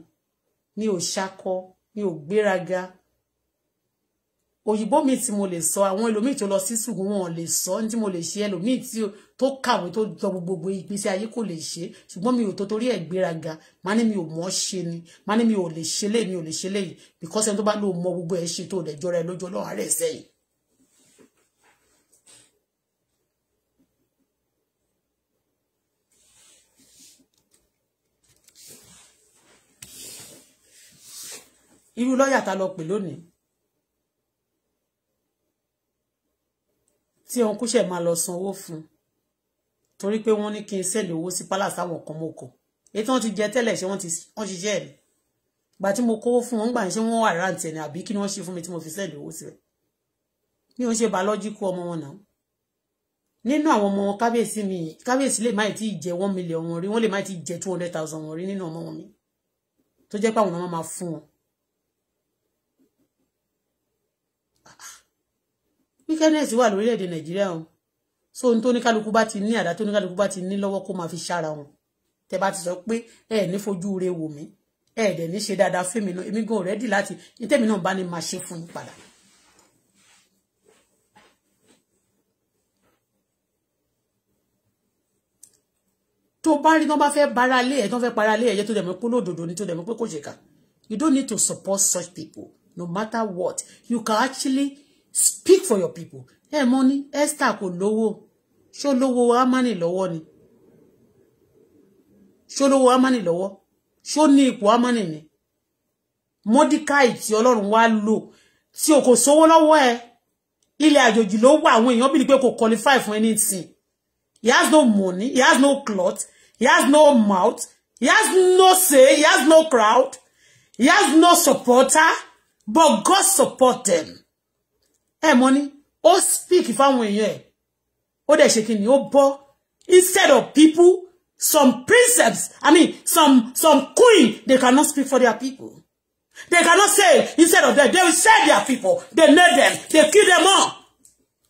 mi ò ṣakọ mi ò gbéraga òyìnbó mi tí mo lè sọ àwọn ẹlòmíì tó lọ sí ṣùgbọ́n wọn lè sọ ní tí mo lè ṣe ẹlòmíì tí tó kàwé tó jọ gbogbo ìgbésí ayé kò lè ṣe ṣùgbọ́n mi ò tó torí ẹ̀ gbéraga má ní mi ò mọ̀ ṣe ni má ní mi ò lè ṣe léyìí mi ò lè ṣe léyìí because ẹni tó bá lò mọ gbogbo ẹ̀ ṣe tó dẹ̀ jọra ẹ lójú ọlọ́run àárẹ̀ sẹ́yìn irú lọ́yà ta lọ pè lónìí tí òun kúṣẹ̀ máa lọ san owó fún torí pé wọ́n ní kí n sẹ́lẹ̀ owó sí palace àwọn kan mọ́ èyí tí wọ́n ti jẹ tẹ́lẹ̀ ṣé wọ́n ṣiṣẹ́ ẹ̀ gbà tí mo kówó fún wọn gbà ṣé wọ́n wà ráǹtì ẹ̀ àbí kí ni wọ́n ṣe fún mi tí mo fi sẹ́lẹ̀ owó síbẹ̀ mi ò ń ṣe biological ọmọ wọn náà nínú àwọn ọmọ wọn kábíyèsí mi kábíyèsí lè má ti jẹ one million wọn rí wọn lè má ti jẹ two hundred thousand wọn rí nínú ọmọ wọn mi tó jẹ́ pé àwọn ọmọ máa fún wọn wickedness wà lórílẹ̀‐èdè nàìjíríà o so ohun tó ní kálukú bá ti ní àdá tó ní kálukú bá ti ní lọ́wọ́ kó máa fi ṣára wọn tẹ bá ti sọ pé ẹ ní fojú re wò mí ẹ dẹ̀ ní ṣe dáadáa fún mi náà èmi gan rẹ́dì láti ní tèmi náà bá ní máa ṣe fún yín padà. tó bá rí tán bá fẹ́ bára lé ẹ̀ tán fẹ́ para lé ẹ̀yẹ tó dẹ̀ mọ́ pé lódodo ni tó dẹ̀ mọ́ pé kò ṣèkà you don't need to support such people no matter what you can actually speak for your people ẹ mọ̀ ní Esther kò lówó ṣó lówó amani lọ́wọ́ ni ṣó lówó amani lọ́wọ́ ṣó ní ipò amani ni Mọ́díkáì tí Ọlọ́run wá lò tí o kò sówó lọ́wọ́ ẹ ilẹ̀ àjòjì ló wà àwọn èèyàn bí ni pé kò qualify for anything he has no money he has no cloth he has no mouth he has no say he has no crowd he has no supporter but God support them ẹ mọ̀ ni ó speak fáwọn èèyàn ẹ̀ ó dẹ̀ ṣe kíni ó bọ́ instead of people some princeps i mean some some queen they cannot speak for their people they cannot say instead of that. they will sell their people they nail them they kill them all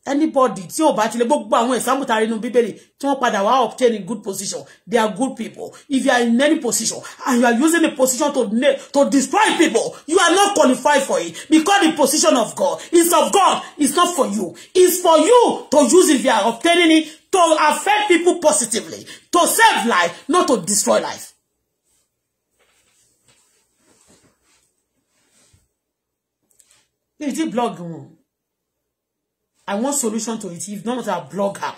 anybody tí ò bá ti lè gbogbo àwọn example tari nínú bíbélì tí wọ́n padà wá obtain a good position they are good people if you are in any position and you are using the position to to destroy people you are not qualified for it because the position of God is of God it's not for you it's for you to use if you are obtaining it to affect people positively to save life not to destroy life. Ní ti blog wọn. I want solution to it. If not, I'll block her.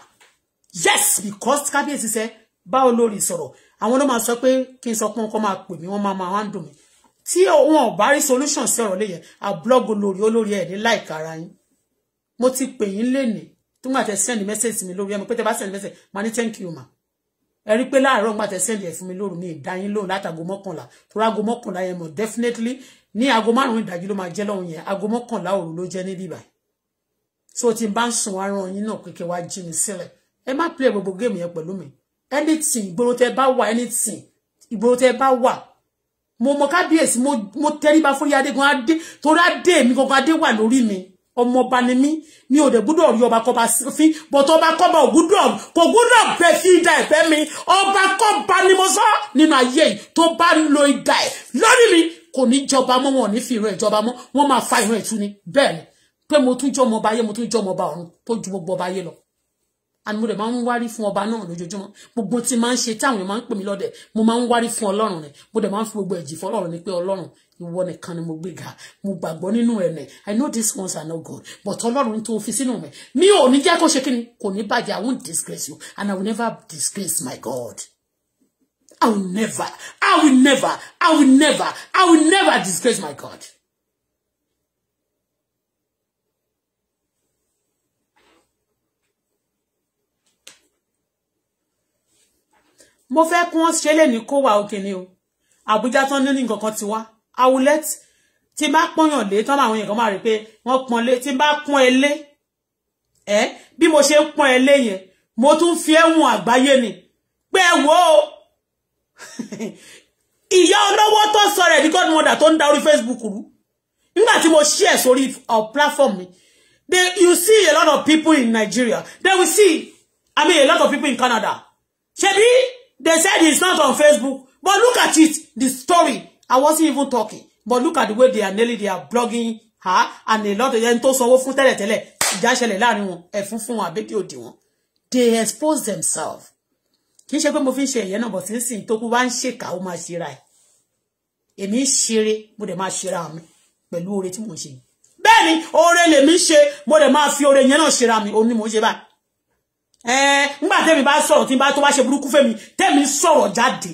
Yes, because Kábíyèsí sẹ́, báwo lórí sọ̀rọ̀. Àwọn ló máa sọ pé kí n sọ pé wọ́n kọ́ máa pè mí, wọ́n máa máa wá ń dùn mí. Tí solution sorrow. ọ̀rọ̀ léyẹn, I'll block olórí olórí ẹ̀ ní láìka ara yín. Mo ti pè yín lénìí. Tó send message to me. ẹ̀ mo pé tẹ send message, màá thank you ma. Ẹ rí pé láàárọ̀ ńgbà tẹ send me fún mi lóru mi ìdáyín lóhùn látàgò mọ́kànlá. Torí aago mọ́kànlá yẹn mọ̀ definitely ní aago márùn-ún ìdájú ló máa jẹ́ lọ́hùn yẹn. Aago mọ́kànlá òru ló jẹ́ ní bíbáyìí so tí n bá ń sùn aràn yín náà kékeré wá jí mi play gbogbo game yẹn pẹ̀lú mi anything ìgboro tẹ bá wà anything ìgboro tẹ bá wà mo mọ kábíyèsí mo tẹríba fún yadé gan adé torí adé mi gangan adé wa lórí mi ọmọọba ni mí mi ò dẹ̀ gbúdọ̀ rí ọba kọba fi bọ̀tọ̀ ọba kọba ògúdọ̀ kò gbúdọ̀ bẹ fi ìdá ẹ̀fẹ́ mi ọba kọba ni mo sọ nínú ayé yìí tó bá lo ìdá ẹ̀ lórí mi kò ní jọba mọ́ wọn ò fi ìran ìjọba mọ́ wọ́n máa fa ìran ìtuni bẹ́ẹ̀ ni pé mo tún jọ́ ọmọọba ayé mo tún jọ́ ọmọọba ọ̀run tó ju gbogbo ọba ayé lọ àmì mo máa ń wárí fún ọba náà lójoojúmọ́ gbogbo tí máa ń ṣe táwọn èèyàn máa ń pè mí lọ́dẹ̀ mo máa ń wárí fún ọlọ́run rẹ̀ mo dẹ̀ máa ń fi gbogbo ẹ̀jì fọlọ́run ni pé ọlọ́run ìwọ nìkan ni mo gbé ga mo gbàgbọ́ nínú ẹ̀ nẹ̀ i know this ones are not good but ọlọ́run tó fi sínú mi mi ò ní jẹ́ kó ṣe kí ni kò ní bàjẹ́ i won't disgrace you and i will never disgrace my god i will never i will never i will never i will never disgrace my god. mo fẹ́ kí wọ́n ṣe lè ní kó wà òkè ni o Àbújá tán ní nǹkan kan ti wá I will let tí n bá pọ́nyàn lé tán àwọn èèyàn kan máa rí pé wọ́n pọ́n lé tí n bá pọ́n ẹ lé ẹ bí mo ṣe ń pọ́n ẹ lé yẹn mo tún fi ẹ̀wọ̀n àgbáyé ni pé ẹ wò ó ìyá olówó tó sọ̀rọ̀ ẹ̀dí godmother tó ń da Facebook rú nígbà tí mo share sórí platform mi they you see a lot of people in Nigeria then we see I mean a lot of people in Canada ṣebí. They said it's not on Facebook. But look at it, the story. I wasn't even talking. But look at the way they are nearly, they are blogging her. And a lot of them tó sanwó fún tẹ́lẹ̀ tẹ́lẹ̀. They expose themselves. Kì ṣe pé mo fi ń ṣe ìyẹn náà bọ̀ sí ń sìn tó kú bá ń ṣèkà ó máa ṣe ra ẹ̀. Èmi ń ṣeré mo dẹ̀ máa ṣera mi pẹ̀lú oore tí mo ń ṣe. Bẹ́ẹ̀ni oore lèmi ṣe mo dẹ̀ máa fi oore yẹn náà ṣera mi òun ni mo ń ṣe báyìí ẹ nígbà tẹ́mi bá sọ̀rọ̀ tí n bá tó bá ṣe burúkú fẹ́mi tẹ́mi sọ̀rọ̀ jáde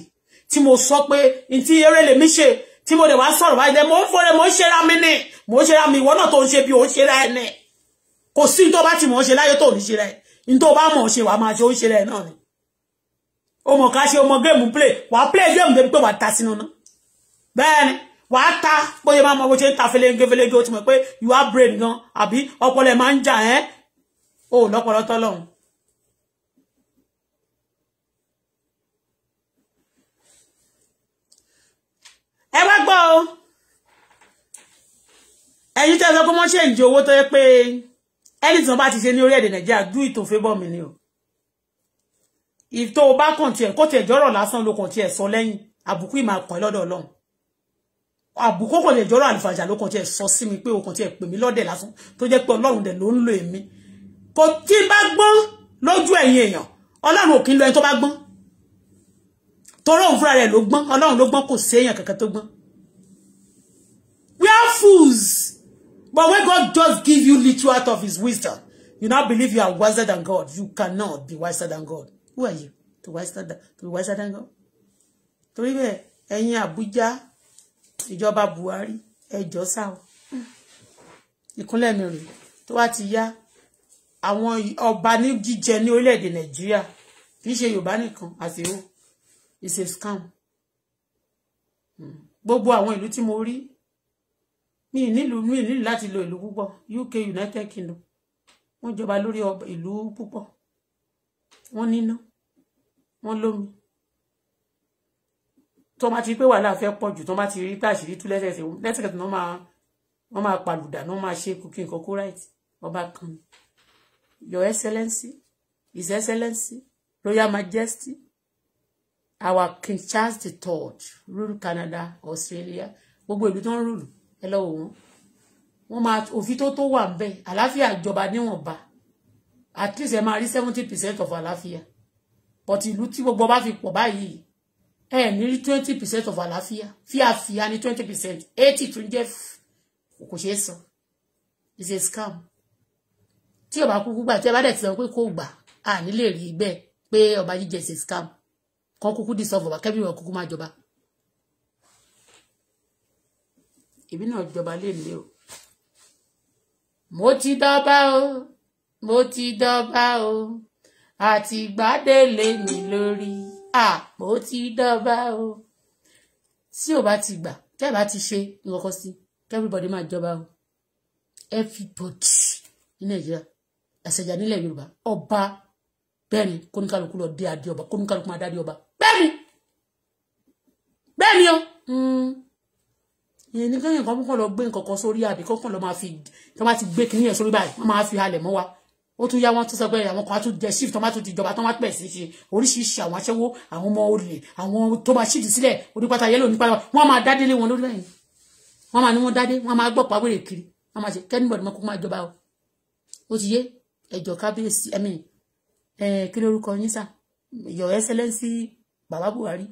tí mo sọ pé n ti eré lèmi ṣe tí mo dẹ̀ wá sọ̀rọ̀ báyìí mo ń fọ́rẹ̀ mo ń ṣera mi ni mo ń ṣera mi ìwọ náà tó ń ṣe bí o ń ṣera ẹ̀ ni kò sí ní tó bá ti mọ̀ ń ṣe láyé tó ń ṣe rẹ̀ ní tó bá mọ̀ ṣe wàá máa ṣe ó ń ṣe rẹ̀ náà ni o mọ̀ ká ṣe o mọ̀ géèmù play wàá play géèmù débi pé wàá ta sínú náà bẹ́ẹ̀ ni wàá ta bóyá máa mọ bó ṣe ń ta felengéfelengé o ti mọ̀ pé you are brain gan àbí ọpọlọ ẹ̀ máa ń jà ẹ́ o lọ́pọlọ tọ́lọ́run ẹ wá gbọ́ o ẹ̀yin tẹ́ ẹ sọ pé wọ́n ṣe ìjì owó tó yẹ pé ẹni tí wọ́n bá ti ṣe ní orílẹ̀-èdè nàìjíríà do it in favour mi ni o ìtò bá kàn tiẹ̀ kó tiẹ̀ jọ́rọ̀ lásán ló kàn tiẹ̀ sọ lẹ́yìn àbùkù ìmọ̀ àpọ̀ lọ́dọ̀ ọlọ́run àbùkù kò lè jọ́rọ̀ àlùfàjà ló kàn tiẹ̀ sọ sí mi pé o kàn tiẹ̀ pè mí lọ́dẹ̀ lásán tó jẹ́ pé ọlọ́run dẹ̀ ló ń lo èmi kò tí bá gbọ́n lójú ẹ̀yin èèyàn ọlọ́run ò kí ẹni tó bá gbọ́n tọ́rọ̀ òun rẹ̀ ló gbọ́n ọlọ́run ló gbọ́n kò sí kankan tó gbọ́n. we are fools but when God just give you little out of his wisdom you now believe you are wiser than God you cannot be wiser than God who are you to, wiser than, to be wiser than God. torí bẹ́ẹ̀ ẹ̀yin Abuja, ìjọba Buhari ẹjọ́ sá o ìkúnlẹ̀ mi rèé tó wá ti yá àwọn ọba ní jíjẹ ní orílẹ̀-èdè Nàìjíríà kì í ṣe Yorùbá nìkan àti ìhó it's a scam gbogbo àwọn ìlú tí mo rí mi nílùú mi nílùú láti lo ìlú púpọ̀ UK United Kingdom wọ́n jọba lórí ìlú púpọ̀ wọ́n níná wọ́n lómi tó bá ti pé wàhálà fẹ́ pọ̀ jù tó bá ti rí táàṣì tú lẹ́sẹ̀kẹsẹ̀ lẹ́sẹ̀kẹsẹ̀ wọ́n máa wọ́n máa palùdà wọ́n máa ṣe kókí nǹkan kó right ọba kan your excellency his excellency royal majesty our King Charles the Third rule Canada Australia gbogbo ìlú tó rule. Hello, ẹ lọ́wọ́ wọn wọ́n máa òfin tó tó wà ń bẹ̀ àlàáfíà ìjọba at least ẹ máa rí seventy percent of àlàáfíà but ìlú tí gbogbo bá fi pọ̀ báyìí ẹ ní rí twenty percent of àlàáfíà fíàfíà ní twenty percent eighty tún jẹ́ kò ṣeé sọ it's a scam tí ọba kúkú gbà tí ẹ bá dẹ̀ ti sọ pé kò gbà à nílè rí bẹ́ẹ̀ pé ọba jíjẹ ṣe scam kan kúkú dissolve ọba kẹ́bí wọn kúkú máa jọba èmi náà jọba léèlé o mo ti dọ́ba o mo ti dọ́ba o àti gbádélé mi lórí à mo ti dọ́ba o tí ò bá ti gbà tẹ́ ẹ̀ bá ti ṣe ìwọ̀kọ̀ sí everybody máa jọba o everybody ní nàìjíríà àṣẹjà nílẹ̀ yorùbá ọba bẹ́ẹ̀ ni kóníkàlùkù lọ dé adé ọba kóníkàlùkù máa dá adé ọba bẹ́ẹ̀ hmm. ni bẹ́ẹ̀ ni o ìyẹn ní kẹ́yìn kan kọ́kàn lọ gbé nǹkan kan sórí àbí kọ́kàn lọ máa fi tó bá ti gbé kínní yẹn sórí báyìí wọ́n máa fi halẹ̀ mọ́ wa ó tún yá wọn tún sọ pé àwọn kan á tún jẹ shift tó má tún ti jọba tó má pẹ̀ sí ṣe oríṣiríṣi àwọn aṣẹ́wó àwọn ọmọ olè àwọn tó máa shift sílẹ̀ onípata yẹlò onípata wọn máa dádé lé wọn lórí lẹ́yìn wọn máa ní wọn dádé wọn máa gbọ́ pàwérè kiri wọn máa ṣe kẹ́nìbọ̀dì mọ́ kó máa jọba o ó ti yé ẹjọ́ kábíyèsí ẹ̀mí ẹ̀ eh, kí lórúkọ yín sà your excellency bàbá Buhari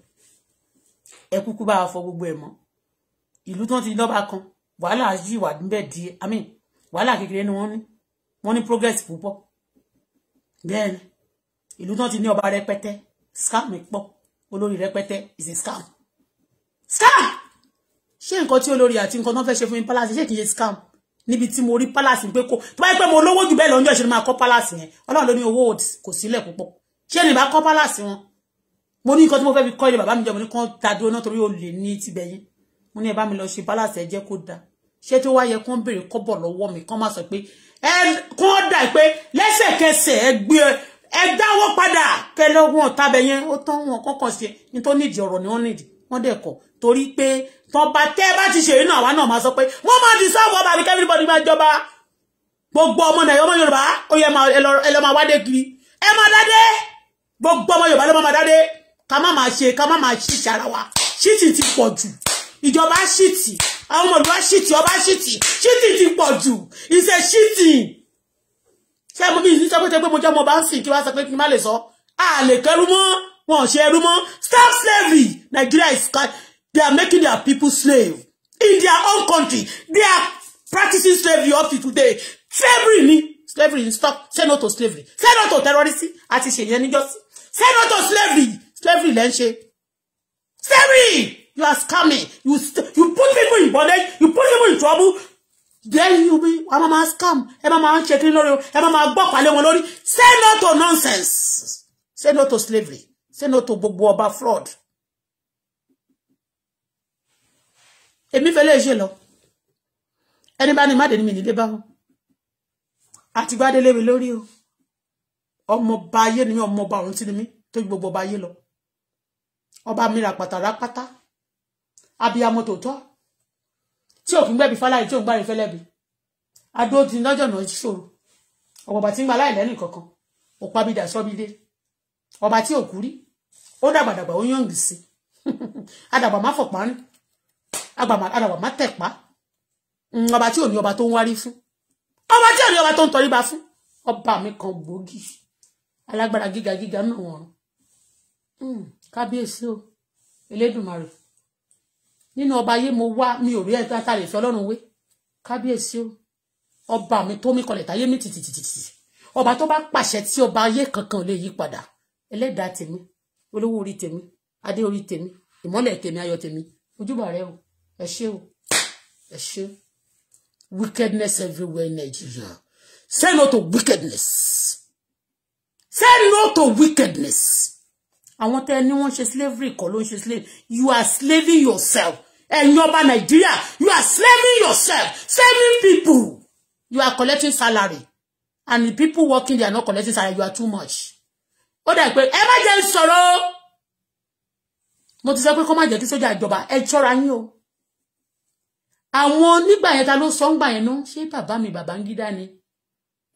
ẹ kúkú bá wa fọ gbogbo ẹ̀ mọ́ ìlú tó ti lọ́ba kan wàhálà yìí wà níbẹ̀ di i mean wàhálà kékeré ni wọ́n ní wọ́n ní progress púpọ̀ bẹ́ẹ̀ ni ìlú ti ní ọba rẹpẹtẹ scam pọ̀ olórí rẹpẹtẹ is a scam scam ṣé nǹkan tí olórí àti nǹkan tó ń fẹ́ ṣe palace ṣé kìí scam níbi tí mo rí palace pé kó tó bá yẹ pé mo lówó jù bẹ́ẹ̀ lọ́njọ́ ìṣẹ́ máa kọ́ palace yẹn ọlọ́run ló ní owó kò sílẹ̀ púpọ̀ ṣé ni bá kọ́ palace wọn mo ní nǹkan tí mo fẹ́ fi kọ́ ilé bàbá mi jẹ́ mo ní kán ta dúró náà torí ó lè ní tibẹ̀ yín mo ní ẹ bá mi lọ ṣe balance ẹ jẹ́ kó da ṣé tó wá yẹ kán béèrè kọ́bọ̀ lọ́wọ́ mi kán má sọ pé ẹ kán dà pé lẹ́sẹ̀kẹsẹ̀ ẹ gbé ẹ dáwọ́ padà kẹlẹ́wọ̀n tabẹ̀ yẹn ó tán wọn kọ́kọ́ ṣe ní tó nídìí ọ̀rọ̀ ni wọ́n nídìí wọ́n dẹ̀ kọ̀ torí pé tọba tẹ́ bá ti ṣèrí náà àwa náà máa sọ pé wọ́n máa di sọ́ọ̀bù ọba àbíkẹ́ everybody máa jọba gbogbo ọmọ nàìjíríà ọmọ yorùbá ó yẹ ẹ lọ máa wádé kiri ẹ máa dádé gbogbo ọmọ yorùbá ló máa dádé ká má máa ṣe ká má máa ṣíṣe ara wa ṣíṣì ti pọ̀ jù ìjọba ṣíṣì àwọn ọmọlúwa ṣíṣì ọba ṣíṣì ṣíṣì ti pọ̀ jù iṣẹ́ ṣíṣì ṣé mo bí ìṣiṣẹ́ pé pé mo jẹ́ ọmọ bá ń sìn kí wá sọ pé kí n má lè sọ a lè kẹrú mọ́ wọn ò ṣe ẹrú mọ́ stop slavery Nigeria is kind. they are making their people slave in their own country they are practicing slavery up to today slavery ni slavery stop say no to slavery say no to terrorism àti ṣèyẹn níjọ́sí say no to slavery slavery lẹ́ ń ṣe slavery you are scamming you you put people in bondage you put people in trouble then you be a máa máa scam ẹ máa máa ń ṣe kiri lórí o ẹ máa máa gbọ́ pàlẹ́ wọn lórí say no to nonsense say no to slavery say no to gbogbo ọba fraud èmi fẹ́ lè ṣe lọ ẹni bá ní má dé ní mi nílé bá wọn àti mi lórí o ọmọ ọba ayé ni mí ọmọ ọba ọ̀run tí ni mí tó gbogbo ọba ayé lọ ọba mira ràpàtà rápátá abiyamọ tòótọ́ tí òfin gbẹ̀bí fáláyé tí òun gbárin fẹ́lẹ́bi adó ti lọ́jọ́ náà ṣòro ọ̀pọ̀pọ̀ tí ń gba aláìlẹ́nì kankan ọ̀pá bí dà sọ́bídé ọba tí òkú rí ó dàgbàdàgbà ó yànjú sí adàgbà má fọ̀pá rìn adàgbà má tẹ̀pá hmm, ọba tí ò ní ọba tó ń wárí fún ọba tí ò ní ọba tó ń tọríba fún ọba mi kan gbòógì alágbára gíga gíga náà wọ̀n hmm kábíyèsí o elédùnmarè nínú ọba ayé mo wá mi ò rí ẹ tá a lè fi ọlọ́run wé kábíyèsí o ọba mi tó mi kọlẹ̀ táyé mi tìtìtìtì ọba tó bá pàṣẹ tí ọba ayé kankan lè yí padà ẹlẹ́dàá tèmi olówó orí tèmi adé orí tèmi ìmọ́lẹ̀ tèmi ayọ̀ tèmi ojúbà rẹ o ẹ ṣé o ẹ ṣé wickedness everywhere in Nigeria say no to wickedness say no to wickedness àwọn tẹ́ ni wọ́n ṣe slavery kọ́ ló ń ṣe slave you are slaving yourself ẹ̀yin ọba nàìjíríà you are slaving yourself saving people you are collecting salary and the people working they are not collecting salary you are too much ó dà pé ẹ má jẹ́ ń sọ̀rọ̀ mo ti sọ pé kó má jẹ́ kí sójà ìjọba ẹ ṣọ́ra yín o àwọn nígbà yẹn ta ló sọ ń gbà yẹn náà ṣé bàbá mi Babangida ni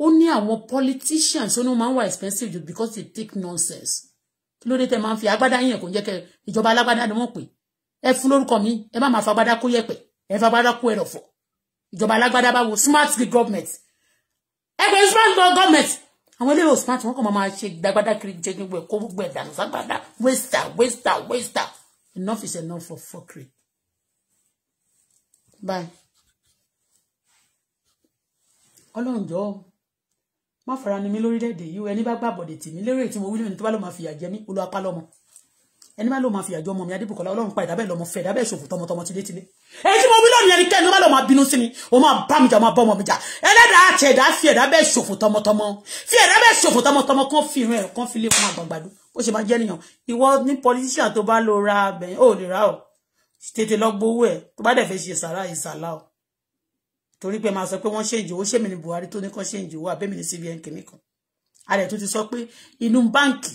ó ní àwọn politicians ó ní wọn máa ń wà expensive because they take nonsense kí ló dé tẹ máa ń fi agbádá yẹn kò ń jẹ́ kẹ ìjọba alágbádá ni wọ́n pè ẹ fún lórúkọ mi ẹ má máa fa agbádá kó yẹ̀pẹ̀ ẹ fa agbádá kó ẹrọ̀fọ̀ ìjọba alágbádá bá wo smart government ẹ pè smart government àwọn elérò smart wọn kàn máa máa ṣe gbàgbádá kiri jẹ gbogbo ẹ kó gbogbo ẹ dànù sàgbàdá waster waster waster enough is enough for fuckery bye ọlọ́run Ma fara ni mí lórílẹ̀‐èdè yìí ẹni bá gbàbọ̀dẹ̀ tì mí lérè tí mo wí lónìí tó bá ló máa fìyà jẹ mí olú apá lọ́mọ ẹni bá ló máa fìyà jọ ọmọ mi adébùkọ́lá ọlọ́run pa ìdábẹ́ lọ́mọ fẹ́ ìdábẹ́ ìṣòfò tọmọtọmọ tilétilé èyí tí mo wí lónìí ẹnikẹ́ni ló bá lọ́ máa bínú sí mi ó máa bá mi jà ó máa bọ́ ọmọ mi jà ẹlẹ́dàá àti ẹ̀dá fi ìdábẹ́ ìṣòfò tọmọtọmọ fi ìdábẹ́ ìṣòfò tọmọtọmọ kan fi ìrìn ẹ̀ fi lé wọn àgbàgbàdo politician tó bá lọ ra abẹ́yìn ó lè ra ọ tètè lọ gbowó torí pé máa sọ pé wọ́n ṣèǹjì owó ṣèmi ní Buhari tó ní kan ṣèǹjì owó abẹ́mi ní CBN kìíní kan alẹ́ tó ti sọ pé inú báǹkì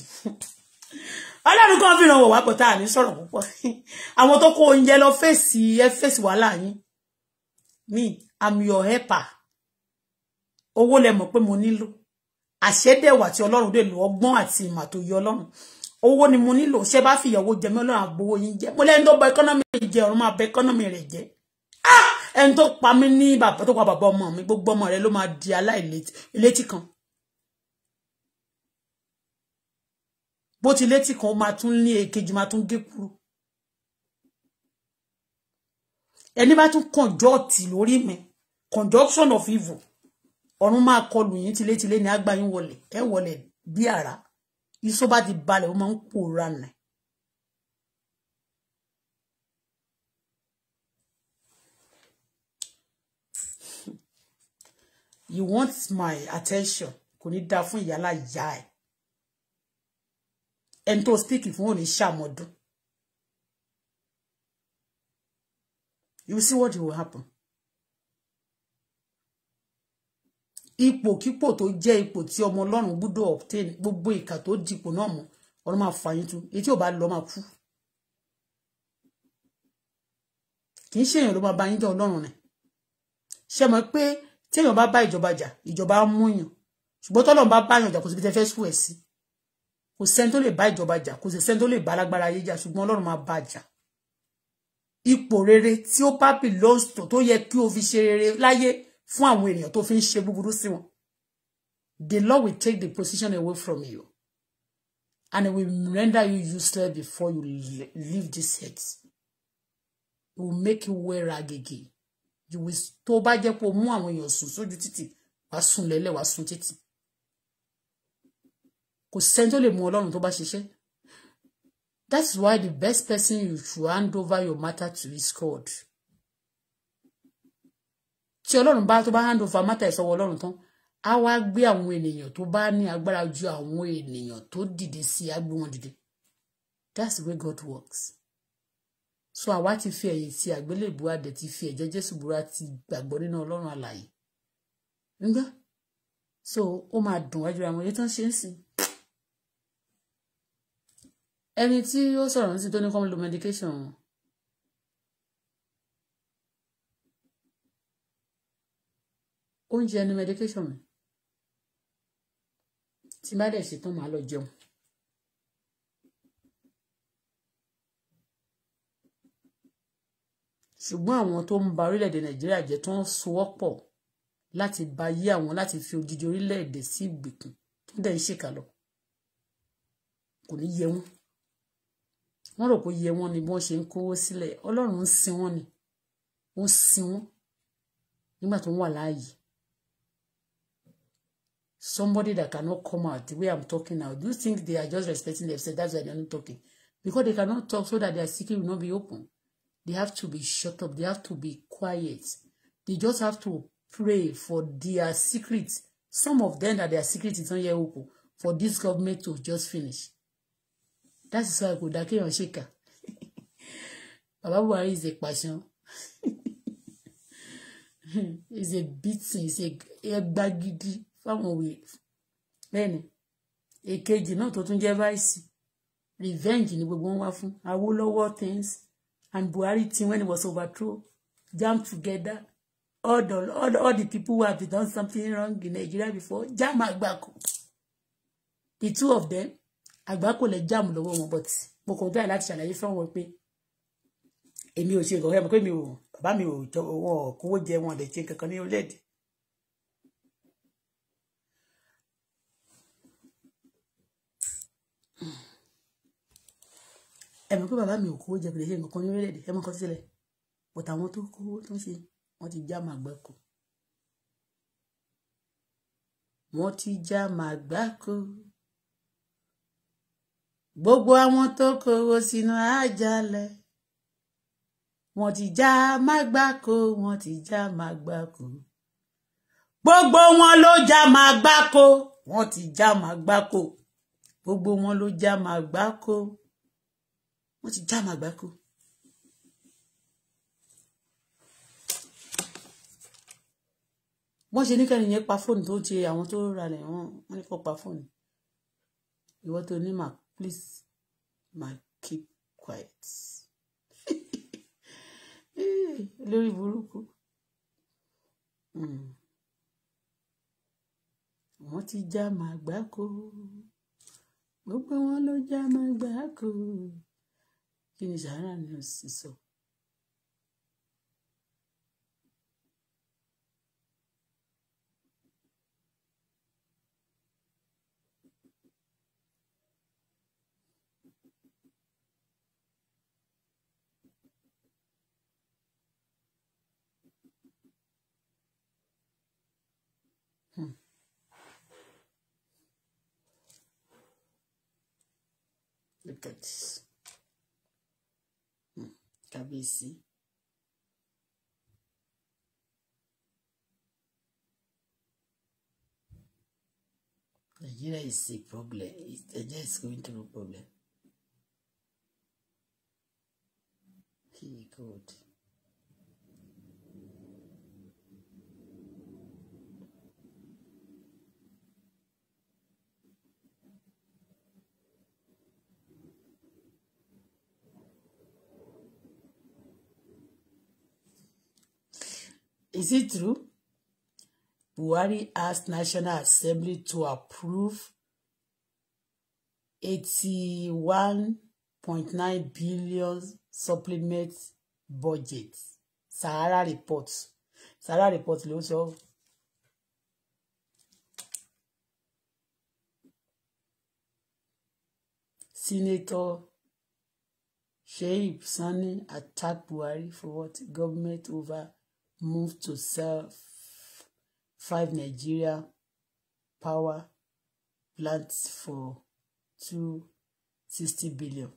ọlọ́run kan fi ràn wọ̀ wá pọ̀ tá à ní sọ̀rọ̀ púpọ̀ àwọn tó kó oúnjẹ lọ fèsì ẹ fèsì wàhálà yín mi am your helper owó lẹ mọ̀ pé mo nílò àṣẹ́dẹ̀wà tí ọlọ́run dè lò ọgbọ́n àti ìmọ̀ tó yọ ọlọ́run owó ni mo nílò ṣé bá fìyàwó jẹ mí ọlọ́run àgbowó yín jẹ mo lẹ́yìn tó bọ ẹkọ́nọ́mì rẹ̀ jẹ ọ̀run máa bẹ ẹkọ́nọ́mì rẹ̀ jẹ ah ẹni tó pa mí ní bàbá tó pa bàbá ọmọ mi gbogbo ọmọ rẹ ló máa di aláìlétí kan bó ti létí kan ó máa tún ní èkejì máa tún gé kúrú ẹni bá tún conduct lórí mi conduction of evil ọ̀run máa kọlù yín tilétilé ní agbáyín wọlé ẹ wọlé bí àrá iṣó bá ti balẹ̀ ó máa ń pòórá nìyẹn. He wants my attention kò ní dáa fún ìyálà ìyá ẹ̀ ẹni tó speak fún òní ṣàmọ̀dún you see what will happen ipòkípò tó jẹ́ ipò tí ọmọ ọlọ́run gbúdọ̀ obtain gbogbo ìkà tó dipò náà mú ọ̀run máa fà yín tu etí ò bá lọ máa kú kì í ṣe èèyàn ló máa bá yín jẹ́ ọlọ́run ni ṣe mọ̀ pé téèyàn bá bá ìjọba jà ìjọba á múyàn ṣùgbọ́n tọ́lọ́run bá bá yàn jà kò síbi tẹ́ fẹ́ sùn ẹ̀ sí kò sẹ́ni tó lè bá ìjọba jà kò sì sẹ́ni tó lè bá alágbára ayé jà ṣùgbọ́n ọlọ́run máa bá jà ipò rere tí ó bá belongs to tó yẹ kí o fi ṣe rere láyé fún àwọn ènìyàn tó fi ń ṣe búburú sí wọn the Lord will take the position away from you and it will render you useless before you leave this earth it will make you wear agege you tó bá jẹ́ pé o mú àwọn èèyàn sùn sójú títì wàá sùn lẹ́lẹ̀ wàá sùn títì kò sẹ́ni tó lè mú ọlọ́run tó bá ṣiṣẹ́ that is why the best person you should hand over your matter to is God tí ọlọ́run bá tó bá hand over matter ẹ̀ sọ́wọ́ ọlọ́run tán á wá gbé àwọn ènìyàn tó bá ní agbára ju àwọn ènìyàn tó dìde sí agbé wọn dìde that's the way God works so àwa ti fi ẹ̀yìn ti àgbélébùú adẹ̀ ti fi ẹ̀jẹ̀ Jésù búra ti gbàgbọ́ nínú Ọlọ́run alààyè ńgbà so ó máa dùn wájú àwọn èyí tán ṣe ń sìn ẹni tí ó sọ̀rọ̀ ní tó ní kọ́ lo medication wọn. oúnjẹ ni medication mi tí bá dẹ̀ ṣetán màá lọ jẹun ṣùgbọ́n àwọn tó ń ba orílẹ̀-èdè nàìjíríà jẹ́ tó ń sowọ́pọ̀ láti ba yí àwọn láti fi odidi orílẹ̀-èdè sí ìgbèkùn tó dẹ̀ ń ṣèkà lọ kò ní yẹ wọ́n wọ́n rò pé yẹ wọ́n ni bí wọ́n ṣe ń kówó sílẹ̀ ọlọ́run ń sin wọ́n ni wọ́n sin wọ́n nígbà tó ń wà láàyè somebody that cannot come out the way I'm talking now do you think they are just respecting themselves that's why they are not talking because they cannot talk so that their secret will not be open They have to be shut up. They have to be quiet. They just have to pray for their secrets. Some of them that their secrets is not yet for this government to just finish. That's That is why Kodake on Sheka. Baba Buhari is a passion. is a beating, is a ẹgbà gidi fáwọn wèrè. Bẹ́ẹ̀ni, èkejì náà tó tún jẹ́ vice. Revenge ni gbogbo wọn wá fún. Awólọ́wọ̀ things and Buhari team when it was overthrown jam together. All the, all, the, all the people who have done something wrong in Nigeria before, jam Agbako. The two of them, Agbako le jam lọ́wọ́ wọn, but mo kàn bẹ́ẹ̀ láti ṣàlàyé fún wọn Emi èmi ò ṣe ìkọ̀wé mi pé mi ò bàbá mi ò jọ owó kówó jẹ wọn lè ṣe kankan ní orílẹ̀-èdè ẹ mọ̀ pé bàbá mi ò kówó jẹ kò ṣe nǹkan ní orílẹ̀-èdè ẹ mọ̀ sílẹ̀ but àwọn tó kówó tó ń ṣe wọ́n ti já màgbà kù wọ́n ti já màgbà kù gbogbo àwọn tó kówó sínú àjálẹ̀ wọ́n ti já màgbà kù wọ́n ti já màgbà kù gbogbo wọn ló já màgbà kù wọ́n ti já màgbà kù gbogbo wọn ló já màgbà kù wọ́n ti já màgbá kú. wọ́n ṣe níkẹ́ni yẹn pa fóònù tó ń ṣe àwọn tó rà lẹ̀ wọ́n wọ́n ní kó pa fóònù ìwọ tó ní mà please ma keep quiet lórí burúkú hmm. wọ́n ti já màgbá kú gbogbo wọn ló já màgbá kú. Kinshara ni nsiso. so. Hmm. Look at this. kábíyèsí. Nigeria is a problem. Nigeria is going through a problem. He good. Is it true? Buhari asked National Assembly to approve 81.9 billion supplement budget. Sahara reports. Sahara reports also. Senator Sheikh Sani attacked Buhari for what government over move to serve five Nigeria power plants for two sixty billion.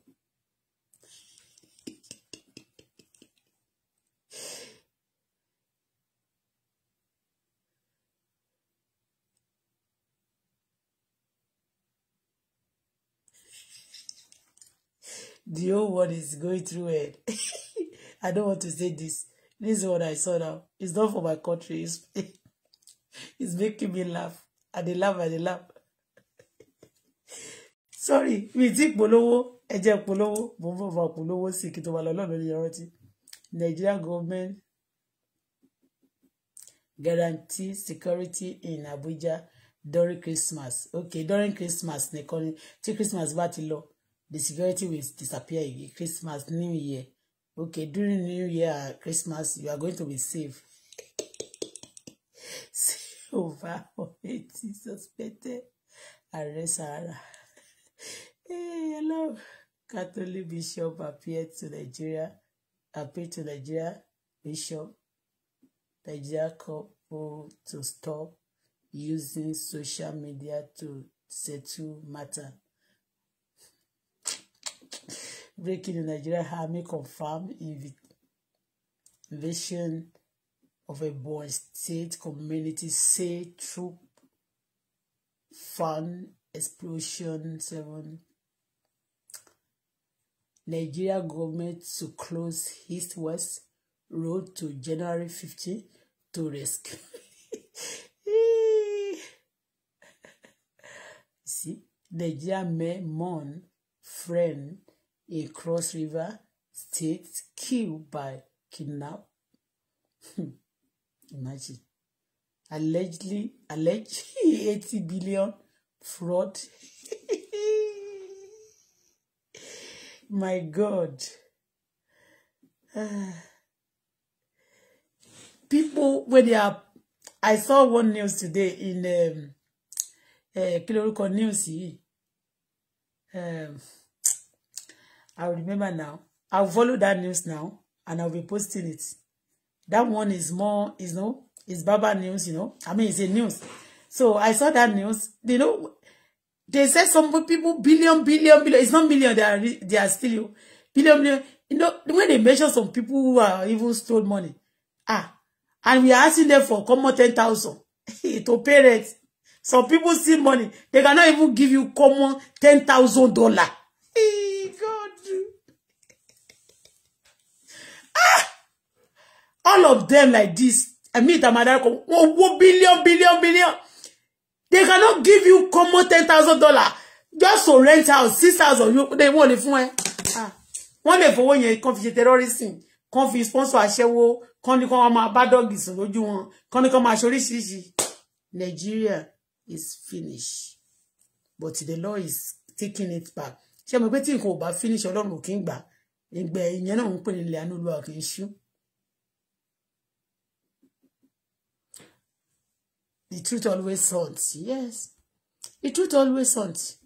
the whole world is going through it. I don't want to say this. This is what I saw now. It's not for my country. It's, it's making me laugh. I dey laugh, I dey laugh. Sorry, mi ti polówó, ẹ jẹ́ polówó, mo ń bọ̀ bá polówó sí government guarantee security in Abuja during Christmas. Okay, during Christmas nìkan ni tí Christmas bá ti lọ, the security will disappear Christmas, New Year. Okay, during New Year, Christmas, you are going to be safe. Silver for eighty suspected. Arrest Sarah. Hey, hello. Catholic bishop appeared to Nigeria, appeared to Nigeria bishop, Nigeria couple oh, to stop using social media to settle matter breaking the Nigerian army confirmed invasion of a boy state community say troop fun explosion seven Nigeria government to close east-west road to January 15 to rescue. See, Nigeria may mourn friend a Cross River State killed by kidnap. Hmm. Imagine. Allegedly, alleged 80 billion fraud. My God. people, when they are, I saw one news today in um, uh, Kiloriko News. Um, I'll remember now. I'll follow that news now and I'll be posting it. That one is more, you know, it's Baba news, you know. I mean, it's a news. So I saw that news. You know, they said some people billion, billion, billion. It's not million. They are they are still billion, billion. You know, the way they mention some people who are even stole money, ah, and we are asking them for common ten thousand to parents. Some people steal money. They cannot even give you common ten thousand dollar. all of them like this i mean tamadariko One billion billion billion they cannot give you common ten thousand dollar just to rent out six thousand you they want lè fún Ah, one lè fowó yẹn kàn fi thing. terrorism kàn fi sponsor aṣẹ́wó kàn ní kàn bad dog. Is sùn you want? Can you come? máa show oríṣiríṣi Nigeria is finished but the law is taking it back ṣé mo pé tí nǹkan ò bá finish Ọlọ́run ò kí ń gbà ìgbẹ́ ìyẹn náà ń pè ní ilẹ̀ anúlùwà The truth always haunts. Yes. The truth always haunts.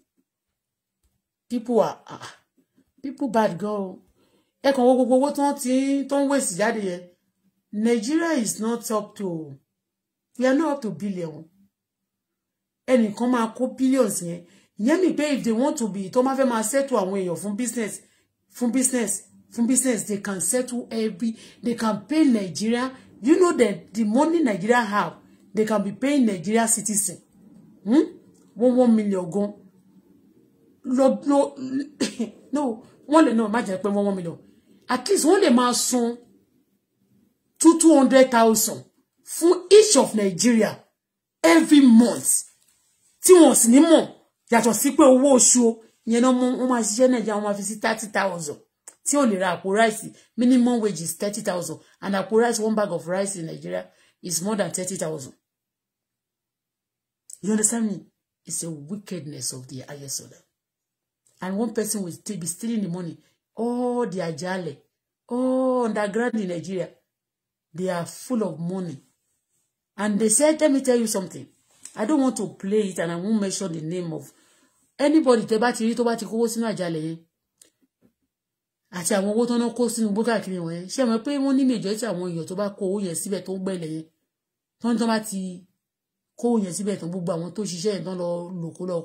People are, ah, people bad girl. Ẹ kàn wo wo owó tó ń ti tó ń wèsì jáde yẹn. Nigeria is not up to, we are not up to billion. Ẹnìkan máa kó billions yẹn. Ìyẹn mi pé if they want to be, tó máa fẹ́ máa settle away. Yo, from business, from business, from business, they can settle every, they can pay Nigeria. You know that the money Nigeria have they can be paying Nigeria citizen hmm? one one million gan No, lọ no one lè no má jẹ́ pé one one million at least one lè máa san two two hundred thousand for each of Nigeria every month Two months, sì ní That was sí pé owó oṣù yẹn náà wọ́n máa ṣiṣẹ́ Nàìjíríà wọ́n máa thirty thousand tí ò lè ra àpò minimum wage is thirty thousand and àpò rice one bag of rice in Nigeria is more than thirty thousand You understand me? It's a wickedness of the highest order. And one person will still be stealing the money. All the ajale, all underground in Nigeria, they are full of money. And they said, let me tell you something. I don't want to play it and I won't mention the name of anybody tẹ́ bá ti rí tó bá ti kówó sínú àjálẹ̀ yẹn àti àwọn owó tó ná kó sínú gbó káàkiri wọn yẹn ṣé mọ̀ pé wọ́n ní majority àwọn èèyàn tó bá kó owó yẹn síbẹ̀ kó yẹn síbẹ̀ tó gbogbo àwọn tó ṣiṣẹ́ ìdán lọ lò kó lọ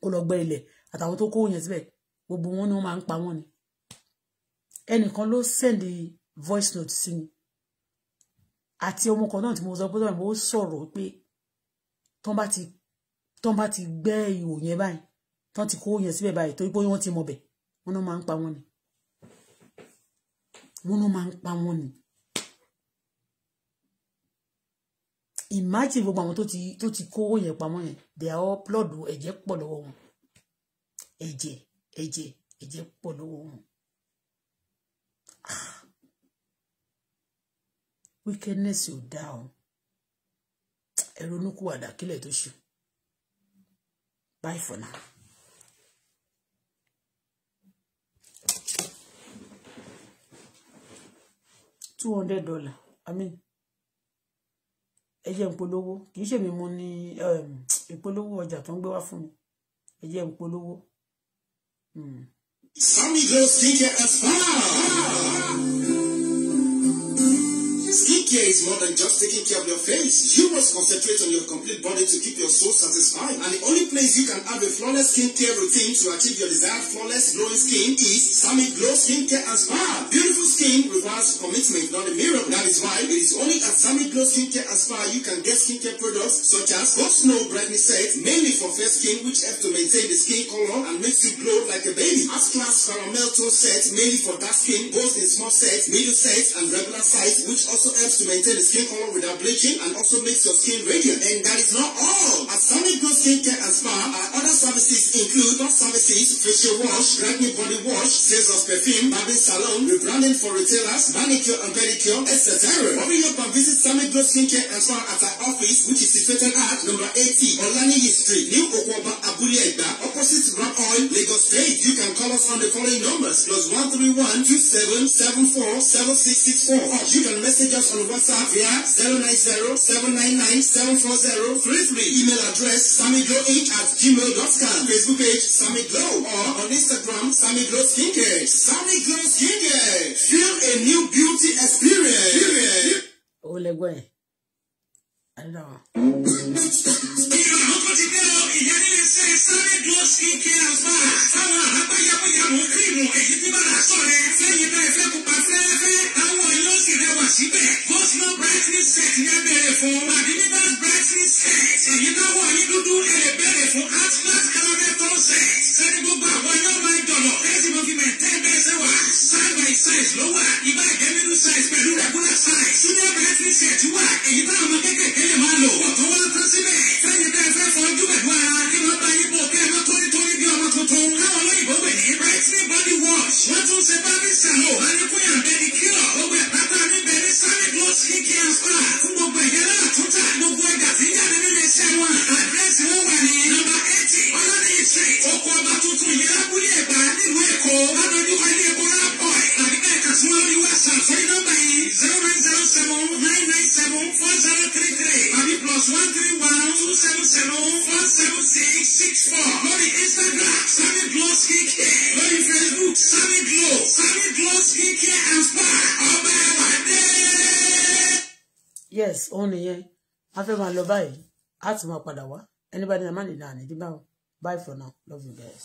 kó lọ gbẹ́ ilẹ̀ àtàwọn tó kó yẹn síbẹ̀ gbogbo wọn ni wọ́n máa ń pa wọ́n ni ẹnìkan ló send voice note sí mi àti ọmọ kan náà tí mo sọ pé tọ́wọ́n ó sọ̀rọ̀ pé tọ́n bá ti tọ́n bá ti gbẹ́ ihò yẹn báyìí tọ́n ti kó yẹn síbẹ̀ báyìí torí pé wọ́n ti mọ̀ bẹ̀ wọ́n náà máa ń pa wọ́n ni wọ́n náà máa ń pa wọ́n ni imagine gbogbo àwọn tó ti tó ti kówó yẹn pamọ́ yẹn they are all blood ẹ̀jẹ̀ pọ̀ lọ́wọ́ wọn ẹ̀jẹ̀ ẹ̀jẹ̀ ẹ̀jẹ̀ pọ̀ lọ́wọ́ wọn ah. wickedness ò dá o ẹ̀rọ onúkú àdàkílẹ̀ tó ṣù bye for now. two hundred dollar i mean ẹ jẹ́ n polówó kì í ṣèmi mo ní ehm, ìpolówó ọjà tó ń gbé wá fún mi ẹ jẹ́ Some girls think you're a star. care is more than just taking care of your face. You must concentrate on your complete body to keep your soul satisfied. And the only place you can have a flawless skincare routine to achieve your desired flawless glowing skin is Sami Glow Skincare and Spa. Beautiful skin requires commitment, not a miracle. That is why it is only at Sami Glow Skincare and Spa you can get skincare products such as Hot Snow Brightening Set, mainly for fair skin which helps to maintain the skin color and makes you glow like a baby. As class Caramel Tone Set, mainly for dark skin, both in small sets, medium sets, and regular size, which also helps to maintain the skin color without bleaching and also makes your skin radiant. And that is not all. At Summit Glow Skincare and Spa, our other services include top services, facial wash, brightening body wash, sales of perfume, barber salon, rebranding for retailers, manicure and pedicure, etc. Hurry up and visit Summit Glow Skincare and Spa at our office, which is situated at number 80 Olaniyi Street, New Okwaba, Abule Egba, opposite Rock Oil, Lagos State. You can call us on the following numbers, plus 131 2774 7664. Or you can message us on WhatsApp via zero nine zero seven nine nine seven four zero three three. Email address samiglow8 at gmail dot com. Facebook page samiglow or on Instagram samiglow skincare. Samiglow skincare. Feel a new beauty experience. experience. Oh, le güey. I don't know. ṣe sáré dúró sí kí a bá a. Táwọn àbáyáwó yàwó kírìmù èyí tí bá a sọ̀rọ̀ ẹ̀ sẹ́yìn náà ìfẹ́ pupa fẹ́ẹ́fẹ́ sì rẹwà síbẹ̀ Goslow brightening set ní abẹ́rẹ́ fún set èyí náwó yín dúdú ẹ̀ bẹ̀rẹ̀ fún Atlas caloreton set sẹ́ni gbogbo àwọn yóò máa jọ̀lọ̀ ẹ̀sìn mọ́ fi mẹ̀tẹ́ bẹ́sẹ̀ by side ló wà ibà jẹ́ size pẹ̀lú regular size senior brightening set wà èyí táwọn ọmọ kékèké lè máa lò ọ̀tún wá tán síbẹ̀ fẹ́ni tẹ́ fẹ́ fọ́jú pẹ̀lú ara kí wọ́n bá yín bọ̀ kẹ́ ẹ má tónítóní bí ọmọ tuntun káwọn olóyìnbó pè ní brightening body wash wọ́n tún ṣe bá mi sàn ATM square fún gbogbo ẹ̀yẹ náà tó tà gbogbo ọjà tí ń jáde nínú iṣẹ́ wọn. àdírẹ́sì wọn wà ní nọ́mbà eighty ọlọ́dẹ̀yìn street oko ọba tuntun yẹn lábúlé ẹ̀bà nílùú Èkó ládojúkọ ilé epo rápọ̀ àbíkẹ́ ìkàtún wọn lórí whatsapp sórí nọ́mbà yìí zero nine zero seven nine nine seven four zero three three àbí plus one three one two seven seven four seven six six four lórí Instagram sami glow skin care lórí Facebook sami glow sami glow skin care and spa ọba ẹ̀wà dé yes òun nìyẹn a fẹ́ máa lọ báyìí a ti máa padà wá anybody na man in na ní báwo bye for now love you guys.